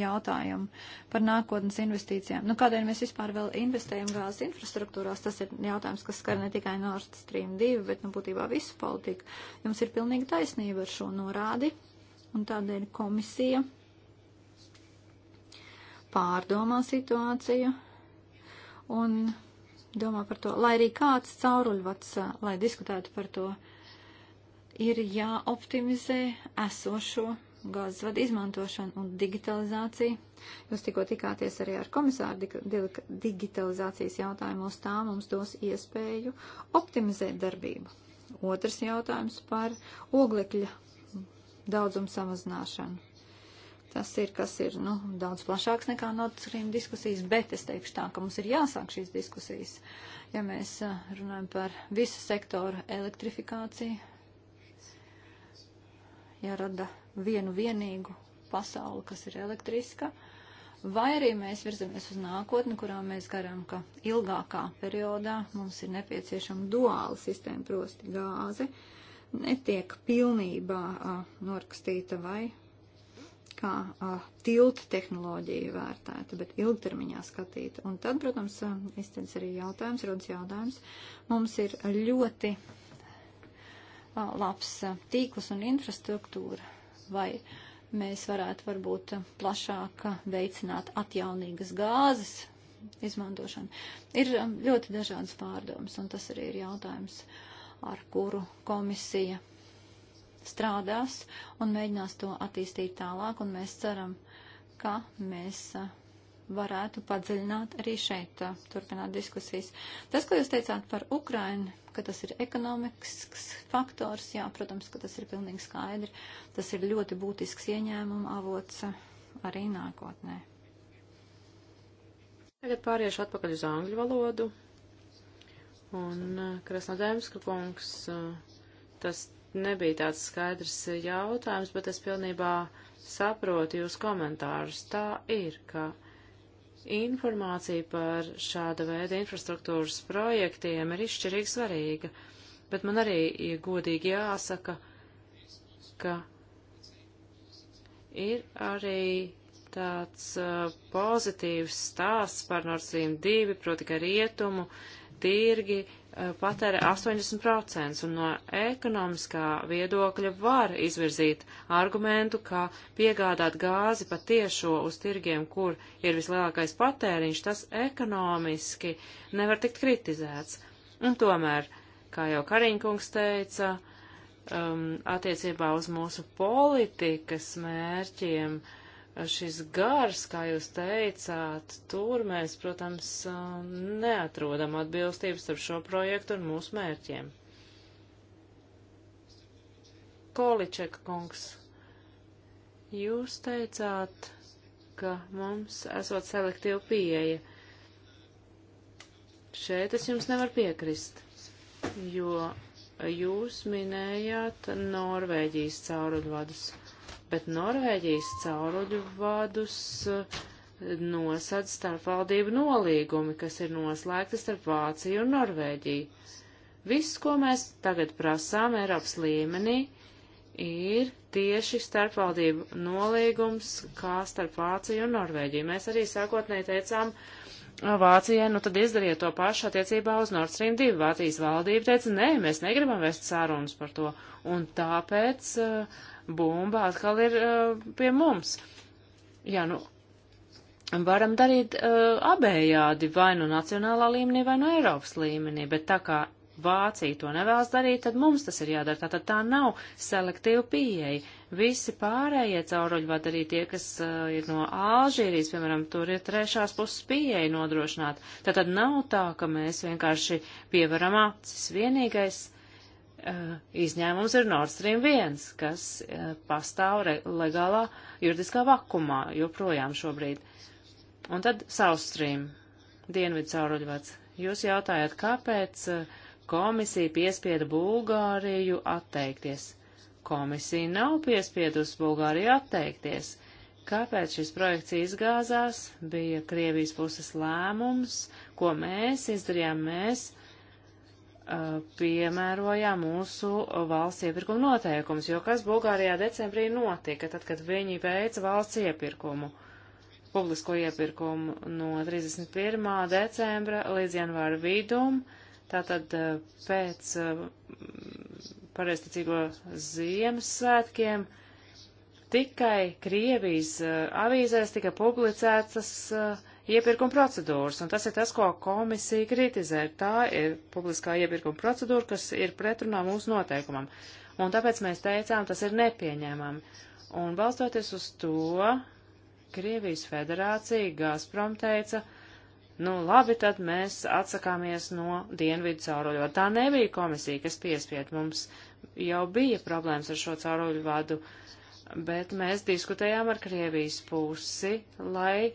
jautājumu par nākotnes investīcijām. Nu, kādēļ mēs vispār vēl investējam gāzes infrastruktūrās? Tas ir jautājums, kas skar ne tikai Nord Stream 2, bet, nu, būtībā visu politiku. Jums ir pilnīga taisnība ar šo norādi, un tādēļ komisija pārdomā situāciju un domā par to, lai arī kāds cauruļvats, eh, lai diskutētu par to. Uh, ir jāoptimizē esošo gāzesvadu izmantošanu un digitalizāciju. Jūs tikko tikāties arī ar komisāru digitalizācijas jautājumos, tā mums dos iespēju optimizēt darbību. Otrs jautājums par oglekļa daudzumu samazināšanu. Tas ir, kas ir, nu, daudz plašāks nekā notikrījuma diskusijas, bet es teikšu tā, ka mums ir jāsāk šīs diskusijas. Ja mēs eh, runājam par visu sektoru elektrifikāciju, jārada vienu vienīgu pasauli, kas ir elektriska, vai arī mēs virzamies uz nākotni, kurā mēs garam, ka ilgākā periodā mums ir nepieciešama duāla sistēma, prosti gāze, netiek pilnībā a, norakstīta vai kā a, tilta tehnoloģija vērtēta, bet ilgtermiņā skatīta. Un tad, protams, izceļas arī jautājums, rodas jautājums. Mums ir ļoti labs tīkls un infrastruktūra, vai mēs varētu varbūt plašāk veicināt atjaunīgas gāzes izmantošanu. Ir ļoti dažādas pārdomas, un tas arī ir jautājums, ar kuru komisija strādās un mēģinās to attīstīt tālāk, un mēs ceram, ka mēs varētu padziļināt arī šeit, turpināt diskusijas. Tas, ko jūs teicāt par Ukrainu, ka tas ir ekonomisks faktors, jā, protams, ka tas ir pilnīgi skaidri. Tas ir ļoti būtisks ieņēmuma avots arī nākotnē. Tagad pāriešu atpakaļ uz angļu valodu. Un uh, Krasnodēmska kungs, uh, tas nebija tāds skaidrs jautājums, bet es pilnībā saprotu jūs komentārus. Tā ir, ka Informācija par šāda veida infrastruktūras projektiem ir izšķirīgi svarīga, bet man arī godīgi jāsaka, ka ir arī tāds uh, pozitīvs stāsts par Nord Stream 2, proti, ka rietumu tirgi Eh, patērē 80%, un no ekonomiskā viedokļa var izvirzīt argumentu, ka piegādāt gāzi patiešo uz tirgiem, kur ir vislielākais patēriņš, tas ekonomiski nevar tikt kritizēts. Un tomēr, kā jau Kariņkungs teica, um, attiecībā uz mūsu politikas mērķiem, uh, šis gars, kā jūs teicāt, tur mēs, protams, neatrodam atbilstības starp šo projektu un mūsu mērķiem. Količeka kungs, jūs teicāt, ka mums esot selektīva pieeja. Šeit es jums nevaru piekrist, jo jūs minējāt Norvēģijas cauruļvadus. vadus bet Norvēģijas cauruļu vadus eh, nosadz starpvaldību nolīgumi, kas ir noslēgti starp Vāciju un Norvēģiju. Viss, ko mēs tagad prasām Eiropas līmenī, ir tieši starpvaldību nolīgums, kā starp Vāciju un Norvēģiju. Mēs arī sākotnēji teicām, Vācijai, nu tad izdariet to pašu attiecībā uz Nord Stream 2. Vācijas valdība teica, nē, mēs negribam vēst sārunas par to. Un tāpēc uh, bumba atkal ir uh, pie mums. Jā, nu, varam darīt uh, abējādi, vai nu nacionālā līmenī, vai nu Eiropas līmenī, bet tā kā Vācija to nevēlas darīt, tad mums tas ir jādara. Tātad tā nav selektīva pieeja. Visi pārējie cauruļvadi arī tie, kas uh, ir no Alžīrijas, piemēram, tur ir trešās puses pieeja nodrošināta. Tātad nav tā, ka mēs vienkārši pievaram acis. Vienīgais Eh, izņēmums ir Nord Stream 1, kas eh, pastāv legālā juridiskā vakumā joprojām šobrīd. Un tad South Stream, dienvidu cauruļvads. Jūs jautājat, kāpēc eh, komisija piespieda Bulgāriju atteikties? Komisija nav piespiedusi Bulgāriju atteikties. Kāpēc šis projekts izgāzās, bija Krievijas puses lēmums, ko mēs izdarījām mēs, uh, piemērojām mūsu valsts iepirkuma noteikumus, jo kas Bulgārijā decembrī notika, tad, kad viņi veica valsts iepirkumu, publisko iepirkumu no 31. decembra līdz janvāra vidum, tātad eh, pēc eh, pareizticīgo Ziemassvētkiem, tikai Krievijas eh, avīzēs tika publicētas uh, iepirkuma procedūras, un tas ir tas, ko komisija kritizē. Tā ir publiskā iepirkuma procedūra, kas ir pretrunā mūsu noteikumam, un tāpēc mēs teicām, tas ir nepieņēmami. Un balstoties uz to, Krievijas federācija Gazprom teica, nu labi, tad mēs atsakāmies no dienvidu cauruļu. Tā nebija komisija, kas piespied mums, jau bija problēmas ar šo cauruļu vadu bet mēs diskutējām ar Krievijas pusi, lai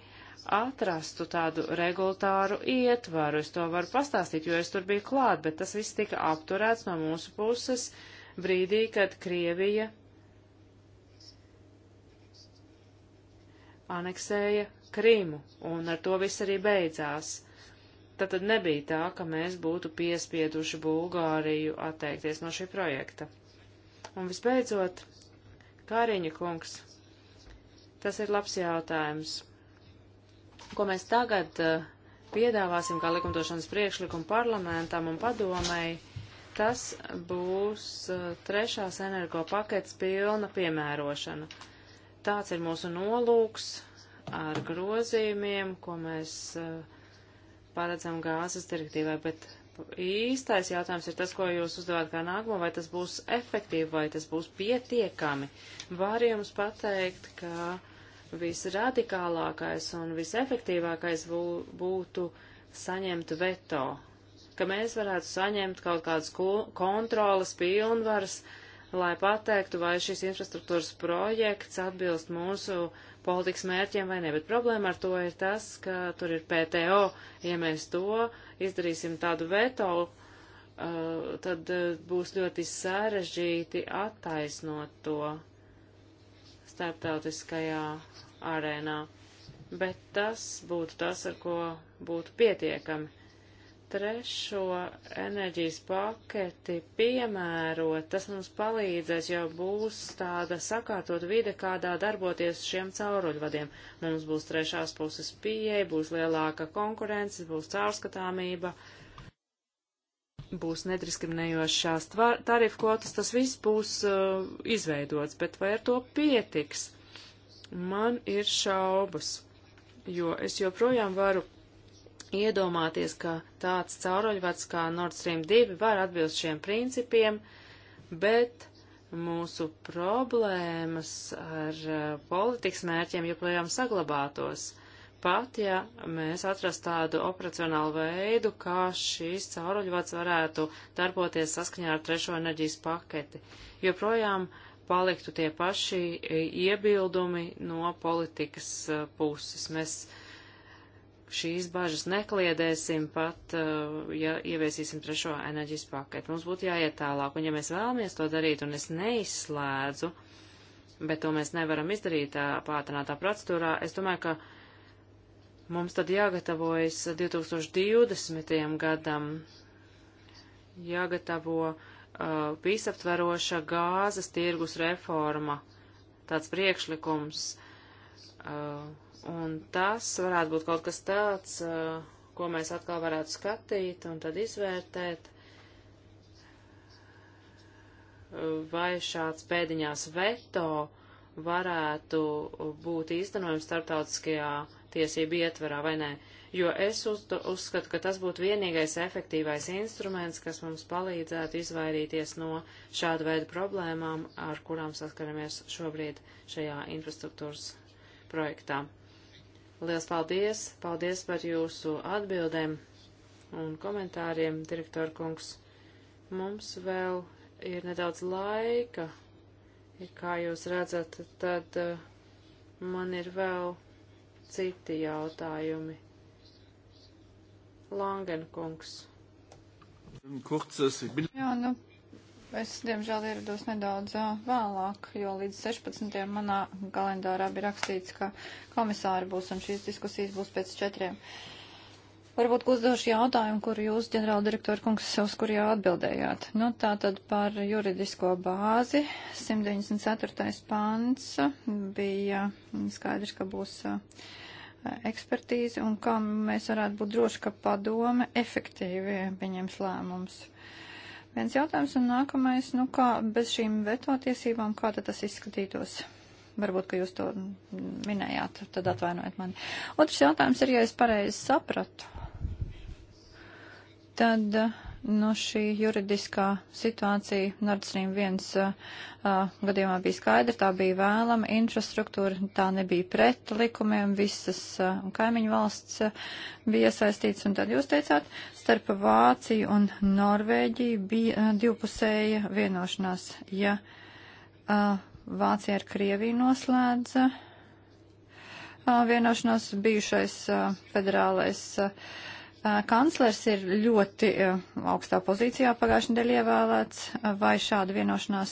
atrastu tādu regulāru ietvaru. Es to varu pastāstīt, jo es tur biju klāt, bet tas viss tika apturēts no mūsu puses brīdī, kad Krievija aneksēja Krimu, un ar to viss arī beidzās. Tātad nebija tā, ka mēs būtu piespieduši Bulgāriju atteikties no šī projekta. Un visbeidzot, Kāriņa kungs, tas ir labs jautājums ko mēs tagad uh, piedāvāsim kā likumdošanas priekšlikumu parlamentam un padomēji, tas būs uh, trešās energo paketes pilna piemērošana. Tāds ir mūsu nolūks ar grozījumiem, ko mēs uh, paredzam gāzes direktīvai, bet īstais jautājums ir tas, ko jūs uzdevāt kā nākamo, vai tas būs efektīvi, vai tas būs pietiekami. Var jums pateikt, ka visradikālākais un visefektīvākais būtu saņemt veto, ka mēs varētu saņemt kaut kādas kontrolas pilnvaras, lai pateiktu, vai šis infrastruktūras projekts atbilst mūsu politikas mērķiem vai ne. Bet problēma ar to ir tas, ka tur ir PTO. Ja mēs to izdarīsim tādu veto, uh, tad uh, būs ļoti sarežģīti attaisnot to starptautiskajā arēnā, bet tas būtu tas, ar ko būtu pietiekami. Trešo enerģijas paketi piemērot, tas mums palīdzēs, jo būs tāda sakārtot vide, kādā darboties šiem cauruļvadiem. Mums būs trešās puses pieeja, būs lielāka konkurence, būs caurskatāmība. Uh, būs nediskriminējošās tarifu kvotas, tas viss būs uh, izveidots, bet vai ar to pietiks? Man ir šaubas, jo es joprojām varu iedomāties, ka tāds cauroļvats kā Nord Stream 2 var atbilst šiem principiem, bet mūsu problēmas ar uh, politikas mērķiem joprojām saglabātos pat ja mēs atrastu tādu operacionālu veidu, kā šīs cauruļvads varētu darboties saskaņā ar trešo enerģijas paketi, joprojām paliktu tie paši e, iebildumi no politikas e, puses. Mēs šīs bažas nekliedēsim pat, e, ja ieviesīsim trešo enerģijas paketu. Mums būtu jāiet tālāk, un ja mēs vēlamies to darīt, un es neizslēdzu, bet to mēs nevaram izdarīt pātrinātā procedūrā, es domāju, ka Mums tad jāgatavojas 2020. gadam, jāgatavo uh, visaptveroša gāzes tirgus reforma, tāds priekšlikums. Uh, un tas varētu būt kaut kas tāds, uh, ko mēs atkal varētu skatīt un tad izvērtēt, vai šāds pēdiņās veto varētu būt īstenojums starptautiskajā tiesību ietvarā, vai nē? Jo es uz, uzskatu, ka tas būtu vienīgais efektīvais instruments, kas mums palīdzētu izvairīties no šāda veida problēmām, ar kurām saskaramies šobrīd šajā infrastruktūras projektā. Lielas paldies! Paldies par jūsu atbildēm un komentāriem, direktora kungs. Mums vēl ir nedaudz laika, ja kā jūs redzat, tad uh, man ir vēl citi jautājumi. Langenkungs. Jā, nu, es diemžēl ierados nedaudz vēlāk, jo līdz 16. manā kalendārā bija rakstīts, ka komisāri būs un šīs diskusijas būs pēc četriem. Varbūt uzdošu jautājumu, kur jūs, ģenerāla direktora kungs, savs, kur jau atbildējāt. Nu, tā tad par juridisko bāzi. 194. pants bija skaidrs, ka būs uh, ekspertīzi un kā mēs varētu būt droši, ka padome efektīvi pieņems lēmums. Viens jautājums un nākamais, nu kā bez šīm veto tiesībām, kā tad tas izskatītos? Varbūt, ka jūs to minējāt, tad atvainojiet mani. Otrs jautājums ir, ja es pareizi sapratu, tad. Uh, nu, šī juridiskā situācija Nord Stream 1 uh, uh, gadījumā bija skaidra, tā bija vēlama infrastruktūra, tā nebija pret likumiem, visas uh, kaimiņu valsts uh, bija iesaistīts, un tad jūs teicāt, starp Vāciju un Norvēģiju bija uh, divpusēja vienošanās, ja uh, Vācija ar Krieviju noslēdza uh, vienošanos bijušais uh, federālais. Uh, Kanclers ir ļoti augstā pozīcijā pagājušajā nedēļ ievēlēts. Vai šāda vienošanās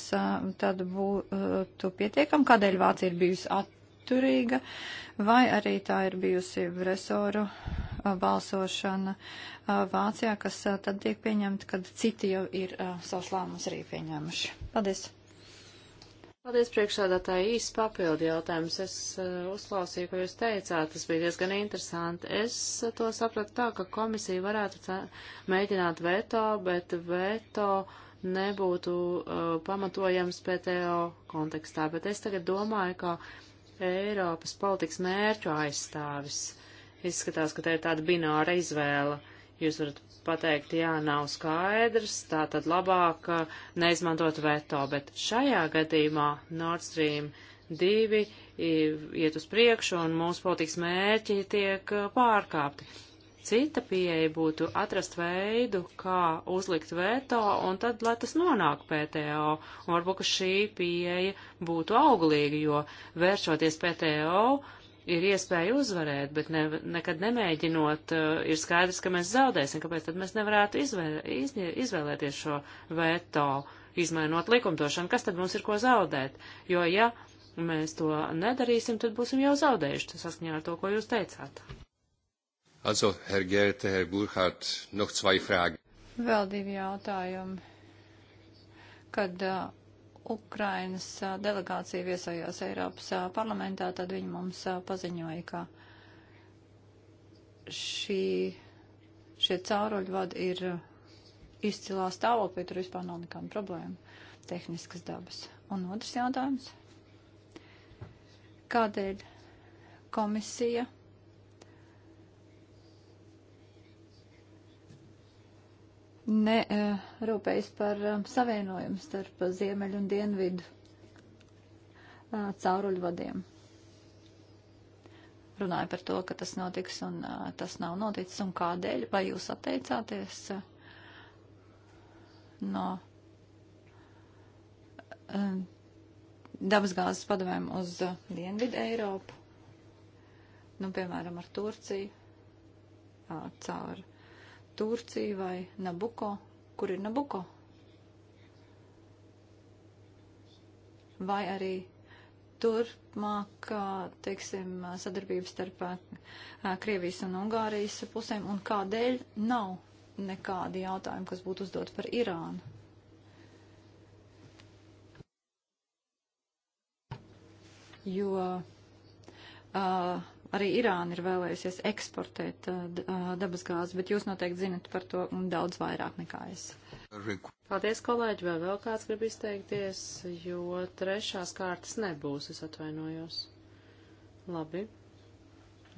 tad būtu pietiekama? Kādēļ Vācija ir bijusi atturīga? Vai arī tā ir bijusi resoru balsošana Vācijā, kas tad tiek pieņemta, kad citi jau ir savus lēmumus arī pieņēmuši? Paldies! Paldies, priekšsādātāji. Īsts papildu jautājums. Es uh, uzklausīju, ko jūs teicāt. Tas bija diezgan interesanti. Es uh, to sapratu tā, ka komisija varētu mēģināt veto, bet veto nebūtu uh, pamatojams PTO kontekstā. Bet es tagad domāju, ka Eiropas politikas mērķu aizstāvis. Izskatās, ka te ir tāda bināra izvēle. Jūs varat pateikt, jā, nav skaidrs, tā tad labāk uh, neizmantot veto, bet šajā gadījumā Nord Stream 2 iet uz priekšu un mūsu politikas mērķi tiek uh, pārkāpti. Cita pieeja būtu atrast veidu, kā uzlikt veto un tad, lai tas nonāk PTO. Un varbūt, ka šī pieeja būtu auglīga, jo vēršoties PTO, uh, ir iespēja uzvarēt, bet ne, nekad nemēģinot, uh, ir skaidrs, ka mēs zaudēsim, kāpēc tad mēs nevarētu izvēl, iz, izvēlēties šo veto, izmainot likumdošanu, kas tad mums ir ko zaudēt, jo ja mēs to nedarīsim, tad būsim jau zaudējuši, saskaņā ar to, ko jūs teicāt. Also, Herr Gerte, Herr Burkhardt, noch zwei Fragen. Vēl divi jautājumi. Kad uh, Ukrainas delegācija viesojās Eiropas parlamentā, tad viņi mums paziņoja, ka šī, šie cauruļvadi ir izcilā stāvoklī, tur vispār nav nekāda problēma tehniskas dabas. Un otrs jautājums. Kādēļ komisija nerūpējas par um, savienojumu starp ziemeļu un dienvidu uh, cauruļvadiem. Runāju par to, ka tas notiks un uh, tas nav noticis un kādēļ, vai jūs atteicāties uh, no dabasgāzes padovēm uz Dienvidu Eiropu, nu, piemēram, ar Turciju, caur Turcija vai Nabuko? Kur ir Nabuko? Vai arī turpmāk, teiksim, sadarbības starp Krievijas un Ungārijas pusēm un kādēļ nav nekādi jautājumi, kas būtu uzdot par Irānu? Jo uh, arī Irāna ir vēlējusies eksportēt uh, uh, dabasgāzi, bet jūs noteikti zinat par to daudz vairāk nekā es. Paldies, kolēģi, vai vēl kāds grib izteikties, jo trešās kārtas nebūs, es atvainojos. Labi.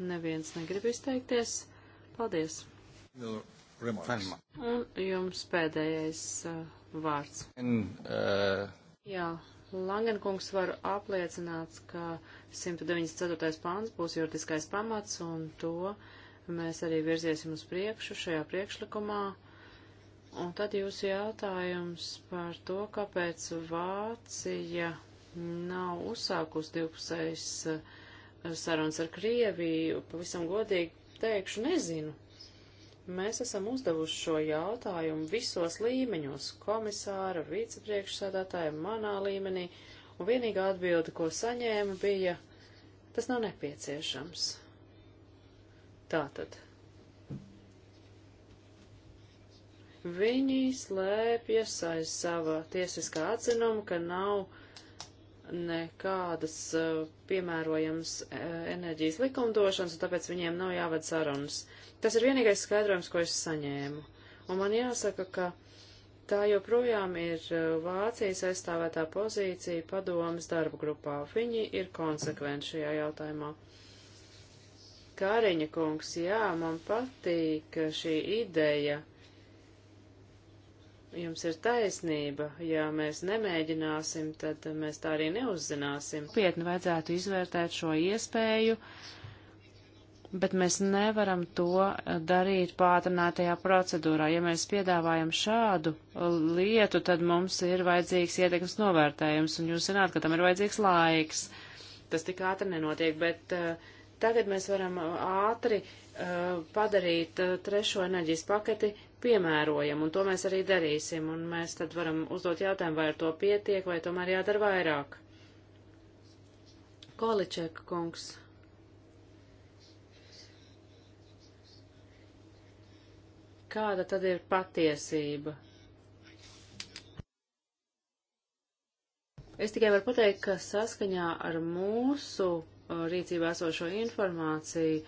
Neviens negrib izteikties. Paldies. Un jums pēdējais uh, vārds. And, uh... Jā, Langenkungs var apliecināt, ka 194. pāns būs juridiskais pamats, un to mēs arī virziesim uz priekšu šajā priekšlikumā. Un tad jūsu jautājums par to, kāpēc Vācija nav uzsākus divpusējas eh, sarunas ar Krieviju, pavisam godīgi teikšu, nezinu. Mēs esam uzdevuši šo jautājumu visos līmeņos - komisāra, vicepriekšsādātāja, manā līmenī, un vienīgā atbilde, ko saņēma, bija - tas nav nepieciešams. Tātad. Viņi slēpjas aiz sava tiesiskā atzinuma, ka nav nekādas eh, piemērojams eh, enerģijas likumdošanas, un tāpēc viņiem nav jāved sarunas. Tas ir vienīgais skaidrojums, ko es saņēmu. Un man jāsaka, ka tā joprojām ir eh, Vācijas aizstāvētā pozīcija padomas darba grupā. Viņi ir konsekventi šajā jautājumā. Kāriņa kungs, jā, man patīk šī ideja Jums ir taisnība, ja mēs nemēģināsim, tad mēs tā arī neuzzināsim. Pietni vajadzētu izvērtēt šo iespēju, bet mēs nevaram to eh, darīt pātrinātajā procedūrā. Ja mēs piedāvājam šādu eh, lietu, tad mums ir vajadzīgs ietekmes novērtējums, un jūs zināt, ka tam ir vajadzīgs laiks. Tas tik ātri nenotiek, bet uh, tagad mēs varam ātri uh, padarīt uh, trešo enerģijas paketi piemērojam, un to mēs arī darīsim, un mēs tad varam uzdot jautājumu, vai ar to pietiek, vai tomēr jādara vairāk. Količek kungs. Kāda tad ir patiesība? Es tikai varu pateikt, ka saskaņā ar mūsu uh, rīcībā esošo informāciju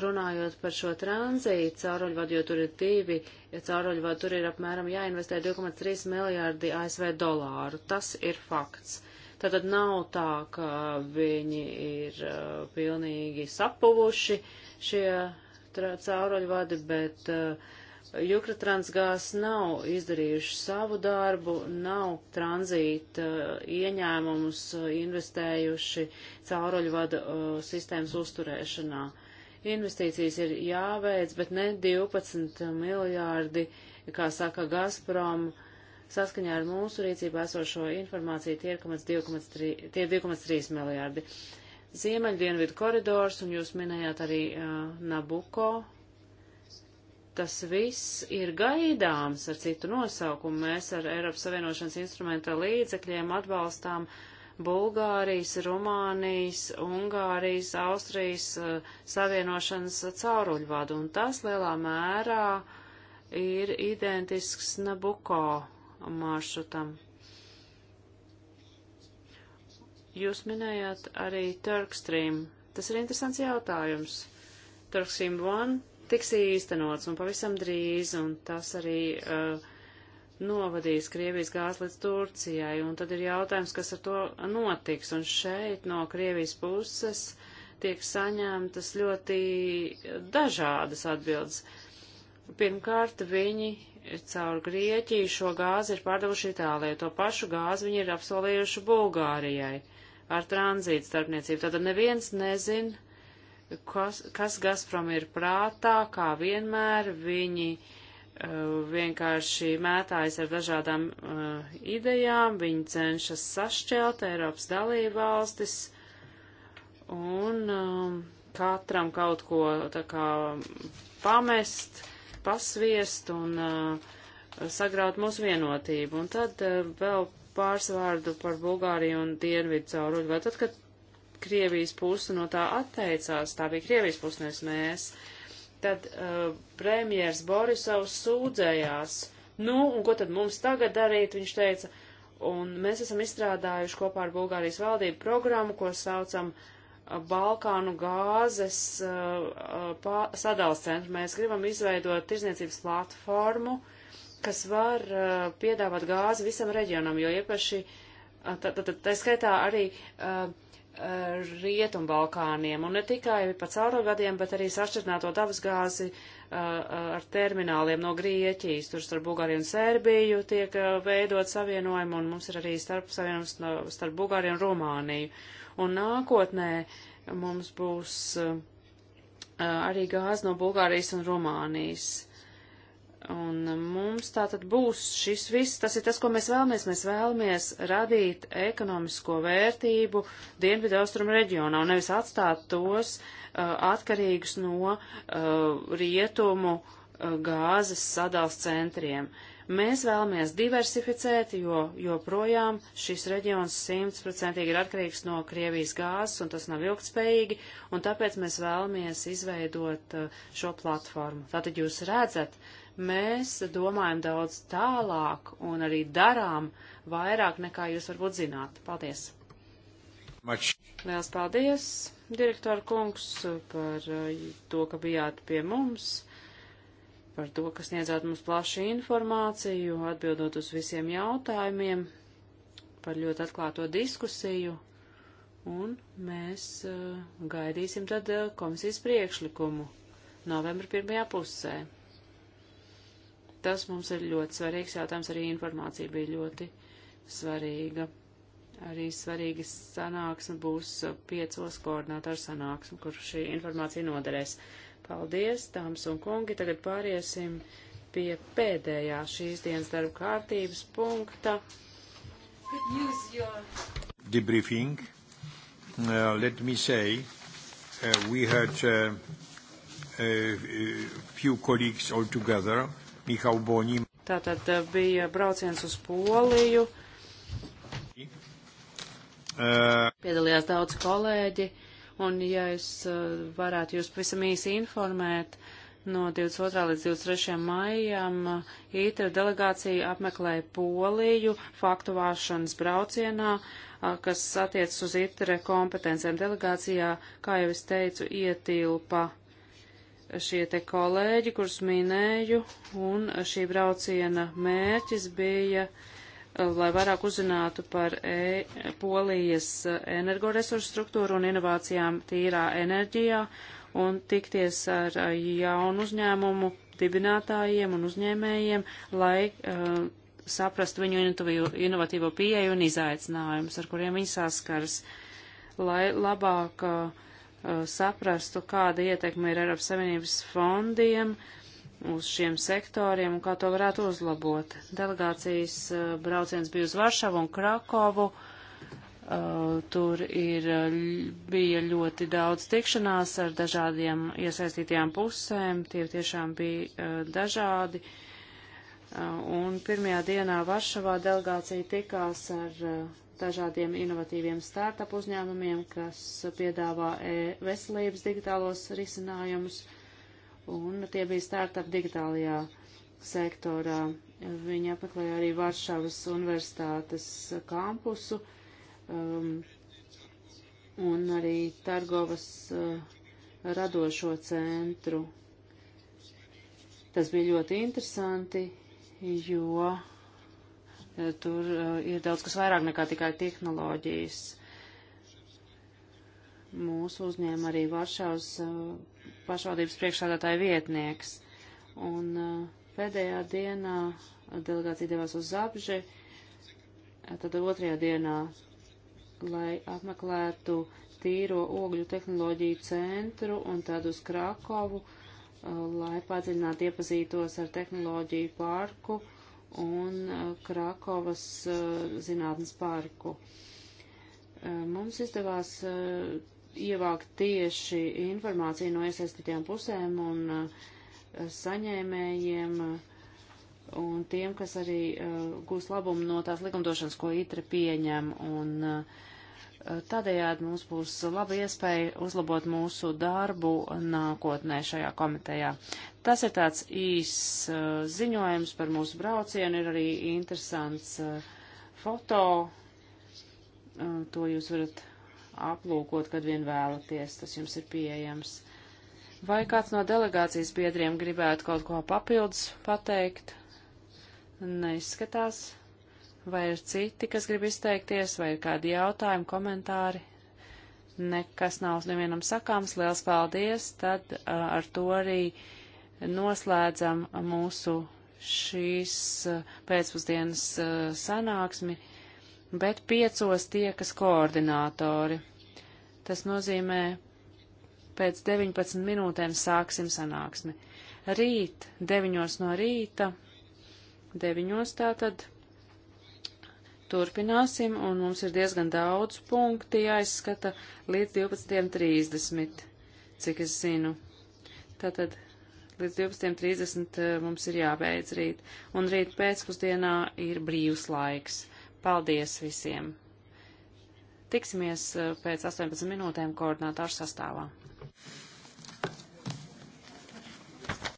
runājot par šo tranzītu cauruļvadu, jo tur ir divi ja cauruļvadu, tur ir apmēram jāinvestē 2,3 miljārdi ASV dolāru. Tas ir fakts. Tātad nav tā, ka viņi ir uh, pilnīgi sapuvuši šie cauruļvadi, bet uh, Jukra transgās nav izdarījuši savu darbu, nav tranzīta uh, ieņēmumus uh, investējuši cauruļvada uh, sistēmas uzturēšanā. Investīcijas ir jāveic, bet ne 12 miljārdi, kā saka Gazprom. Saskaņā ar mūsu rīcību esošo informāciju tie ir 2,3 miljārdi. Ziemeļdienvidu koridors, un jūs minējāt arī uh, Nabuko, tas viss ir gaidāms ar citu nosaukumu. Mēs ar Eiropas Savienošanas instrumenta līdzekļiem atbalstām uh, Bulgārijas, Rumānijas, Ungārijas, Austrijas eh, savienošanas cauruļvadu, un tas lielā mērā ir identisks Nabuko maršrutam. Jūs minējāt arī Turkstream. Tas ir interesants jautājums. Turkstream 1 tiks īstenots un pavisam drīz, un tas arī uh, novadīs Krievijas gāzi līdz Turcijai, un tad ir jautājums, kas ar to notiks, un šeit no Krievijas puses tiek saņemtas ļoti dažādas atbildes. Pirmkārt, viņi caur Grieķiju šo gāzi ir pārdevuši Itālijai, to pašu gāzi viņi ir apsolījuši Bulgārijai ar tranzītu starpniecību. Tātad neviens nezin, kas, kas Gazprom ir prātā, kā vienmēr viņi uh, Uh, vienkārši mētājas ar dažādām uh, idejām, viņi cenšas sašķelt Eiropas dalībvalstis un uh, katram kaut ko tā kā pamest, pasviest un uh, sagraut mūsu vienotību. Un tad uh, vēl pāris vārdu par Bulgāriju un Dienvidu cauruļu. Vai tad, kad Krievijas puse no tā atteicās, tā bija Krievijas puse, nevis mēs. Uh, Tad uh, premjers Borisovs sūdzējās, nu, un ko tad mums tagad darīt, viņš teica, un mēs esam izstrādājuši kopā ar Bulgārijas valdību programmu, ko saucam uh, Balkānu gāzes uh, uh pā, sadals centru. Mēs gribam izveidot tirzniecības platformu, kas var uh, piedāvāt gāzi visam reģionam, jo īpaši, uh, tā, tā, tā, tā skaitā arī uh, Rietumbalkāniem, un ne tikai pa caurogadiem, bet arī sašķirtināto dabasgāzi uh, uh, ar termināliem no Grieķijas. Tur starp Bulgāriju un Sērbiju tiek uh, veidot savienojumi, un mums ir arī starp savienojums no, starp Bulgāriju un Rumāniju. Un nākotnē mums būs uh, uh arī gāzi no Bulgārijas un Rumānijas. Un mums tā tad būs šis viss, tas ir tas, ko mēs vēlamies. Mēs vēlamies radīt ekonomisko vērtību Dienvidu austrumu reģionā un nevis atstāt tos uh, atkarīgus no uh, rietumu uh, gāzes sadals centriem. Mēs vēlamies diversificēt, jo joprojām šis reģions simtprocentīgi ir atkarīgs no Krievijas gāzes, un tas nav ilgtspējīgi, un tāpēc mēs vēlamies izveidot uh, šo platformu. Tātad jūs redzat, uh, Mēs domājam daudz tālāk un arī darām vairāk nekā jūs varbūt zināt. Paldies! Mač. Liels paldies, direktora kungs, par uh, to, ka bijāt pie mums, par to, ka sniedzāt mums plašu informāciju, atbildot uz visiem jautājumiem, par ļoti atklāto diskusiju, un mēs uh, gaidīsim tad uh, komisijas priekšlikumu novembra pirmajā pusē. Tas mums ir ļoti svarīgs jautājums, arī informācija bija ļoti svarīga. Arī svarīga sanāksme būs piecos koordinātoru sanāksme, kur šī informācija noderēs. Paldies, dāmas un kungi, tagad pāriesim pie pēdējā šīs dienas darba kārtības punkta. Debriefing. Uh, let me say, uh, we had uh, a few colleagues all together. Mihau Boņim. Tātad eh, bija brauciens uz Poliju. Uh. Piedalījās daudz kolēģi, un ja es eh, varētu jūs pavisam īsi informēt, no 22. līdz 23. maijam ītra e delegācija apmeklēja Poliju faktu vāšanas braucienā, kas attiecas uz ītra e kompetencijām delegācijā, kā jau es teicu, ietilpa šie te kolēģi, kurus minēju, un šī brauciena mērķis bija, eh, lai vairāk uzzinātu par e Polijas eh, energoresursu struktūru un inovācijām tīrā enerģijā un tikties ar eh, jaunu uzņēmumu dibinātājiem un uzņēmējiem, lai uh, saprastu viņu inovatīvo pieeju un izaicinājumus, ar kuriem viņi saskaras, lai labāk uh, Uh, saprastu, kāda ietekme ir Eiropas Savienības fondiem uz šiem sektoriem un kā to varētu uzlabot. Delegācijas uh, brauciens bija uz Varšavu un Krakovu. Uh, tur ir, bija ļoti daudz tikšanās ar dažādiem iesaistītajām pusēm, tie tiešām bija dažādi. Un pirmajā dienā Varšavā delegācija tikās ar uh, dažādiem inovatīviem startup uzņēmumiem, kas piedāvā e veselības digitālos risinājumus, un tie bija startup digitālajā sektorā. Viņi apmeklēja arī Varšavas universitātes kampusu um, un arī Targovas uh, radošo centru. Tas bija ļoti interesanti, jo E, tur e, ir daudz kas vairāk nekā tikai tehnoloģijas. Mūsu uzņēma arī Varšavas e, pašvaldības priekšādātāja vietnieks. Un pēdējā dienā delegācija devās uz Zabži, tad otrajā dienā, lai apmeklētu tīro ogļu tehnoloģiju centru un tad uz Krakovu, lai padziļinātu iepazītos ar tehnoloģiju parku un uh, Krakovas uh, zinātnes parku. Uh, mums izdevās ievākt tieši informāciju no iesaistītiem pusēm un saņēmējiem un tiem, kas arī gūs labumu no tās likumdošanas, ko ITRE pieņem. Un, Tādējādi mums būs laba iespēja uzlabot mūsu darbu nākotnē šajā komitejā. Tas ir tāds īss uh, ziņojums par mūsu braucienu, ir arī interesants uh, foto. Uh, to jūs varat aplūkot, kad vien vēlaties, tas jums ir pieejams. Vai kāds no delegācijas biedriem gribētu kaut ko papildus pateikt? Neizskatās. Vai ir citi, kas grib izteikties, vai ir kādi jautājumi, komentāri? Nekas nav nevienam sakāms, liels paldies, tad uh, ar to arī uh, noslēdzam mūsu šīs eh, pēcpusdienas eh, sanāksmi, bet piecos tiekas koordinātori. Tas nozīmē, pēc 19 minūtēm sāksim sanāksmi. Rīt, 9 no rīta, 9 tātad, turpināsim, un mums ir diezgan daudz punkti jāizskata līdz 12.30, cik es zinu. Tātad līdz 12.30 eh, mums ir jābeidz rīt, un rīt pēcpusdienā ir brīvs laiks. Paldies visiem! Tiksimies eh, pēc 18 minūtēm koordinātāru sastāvā.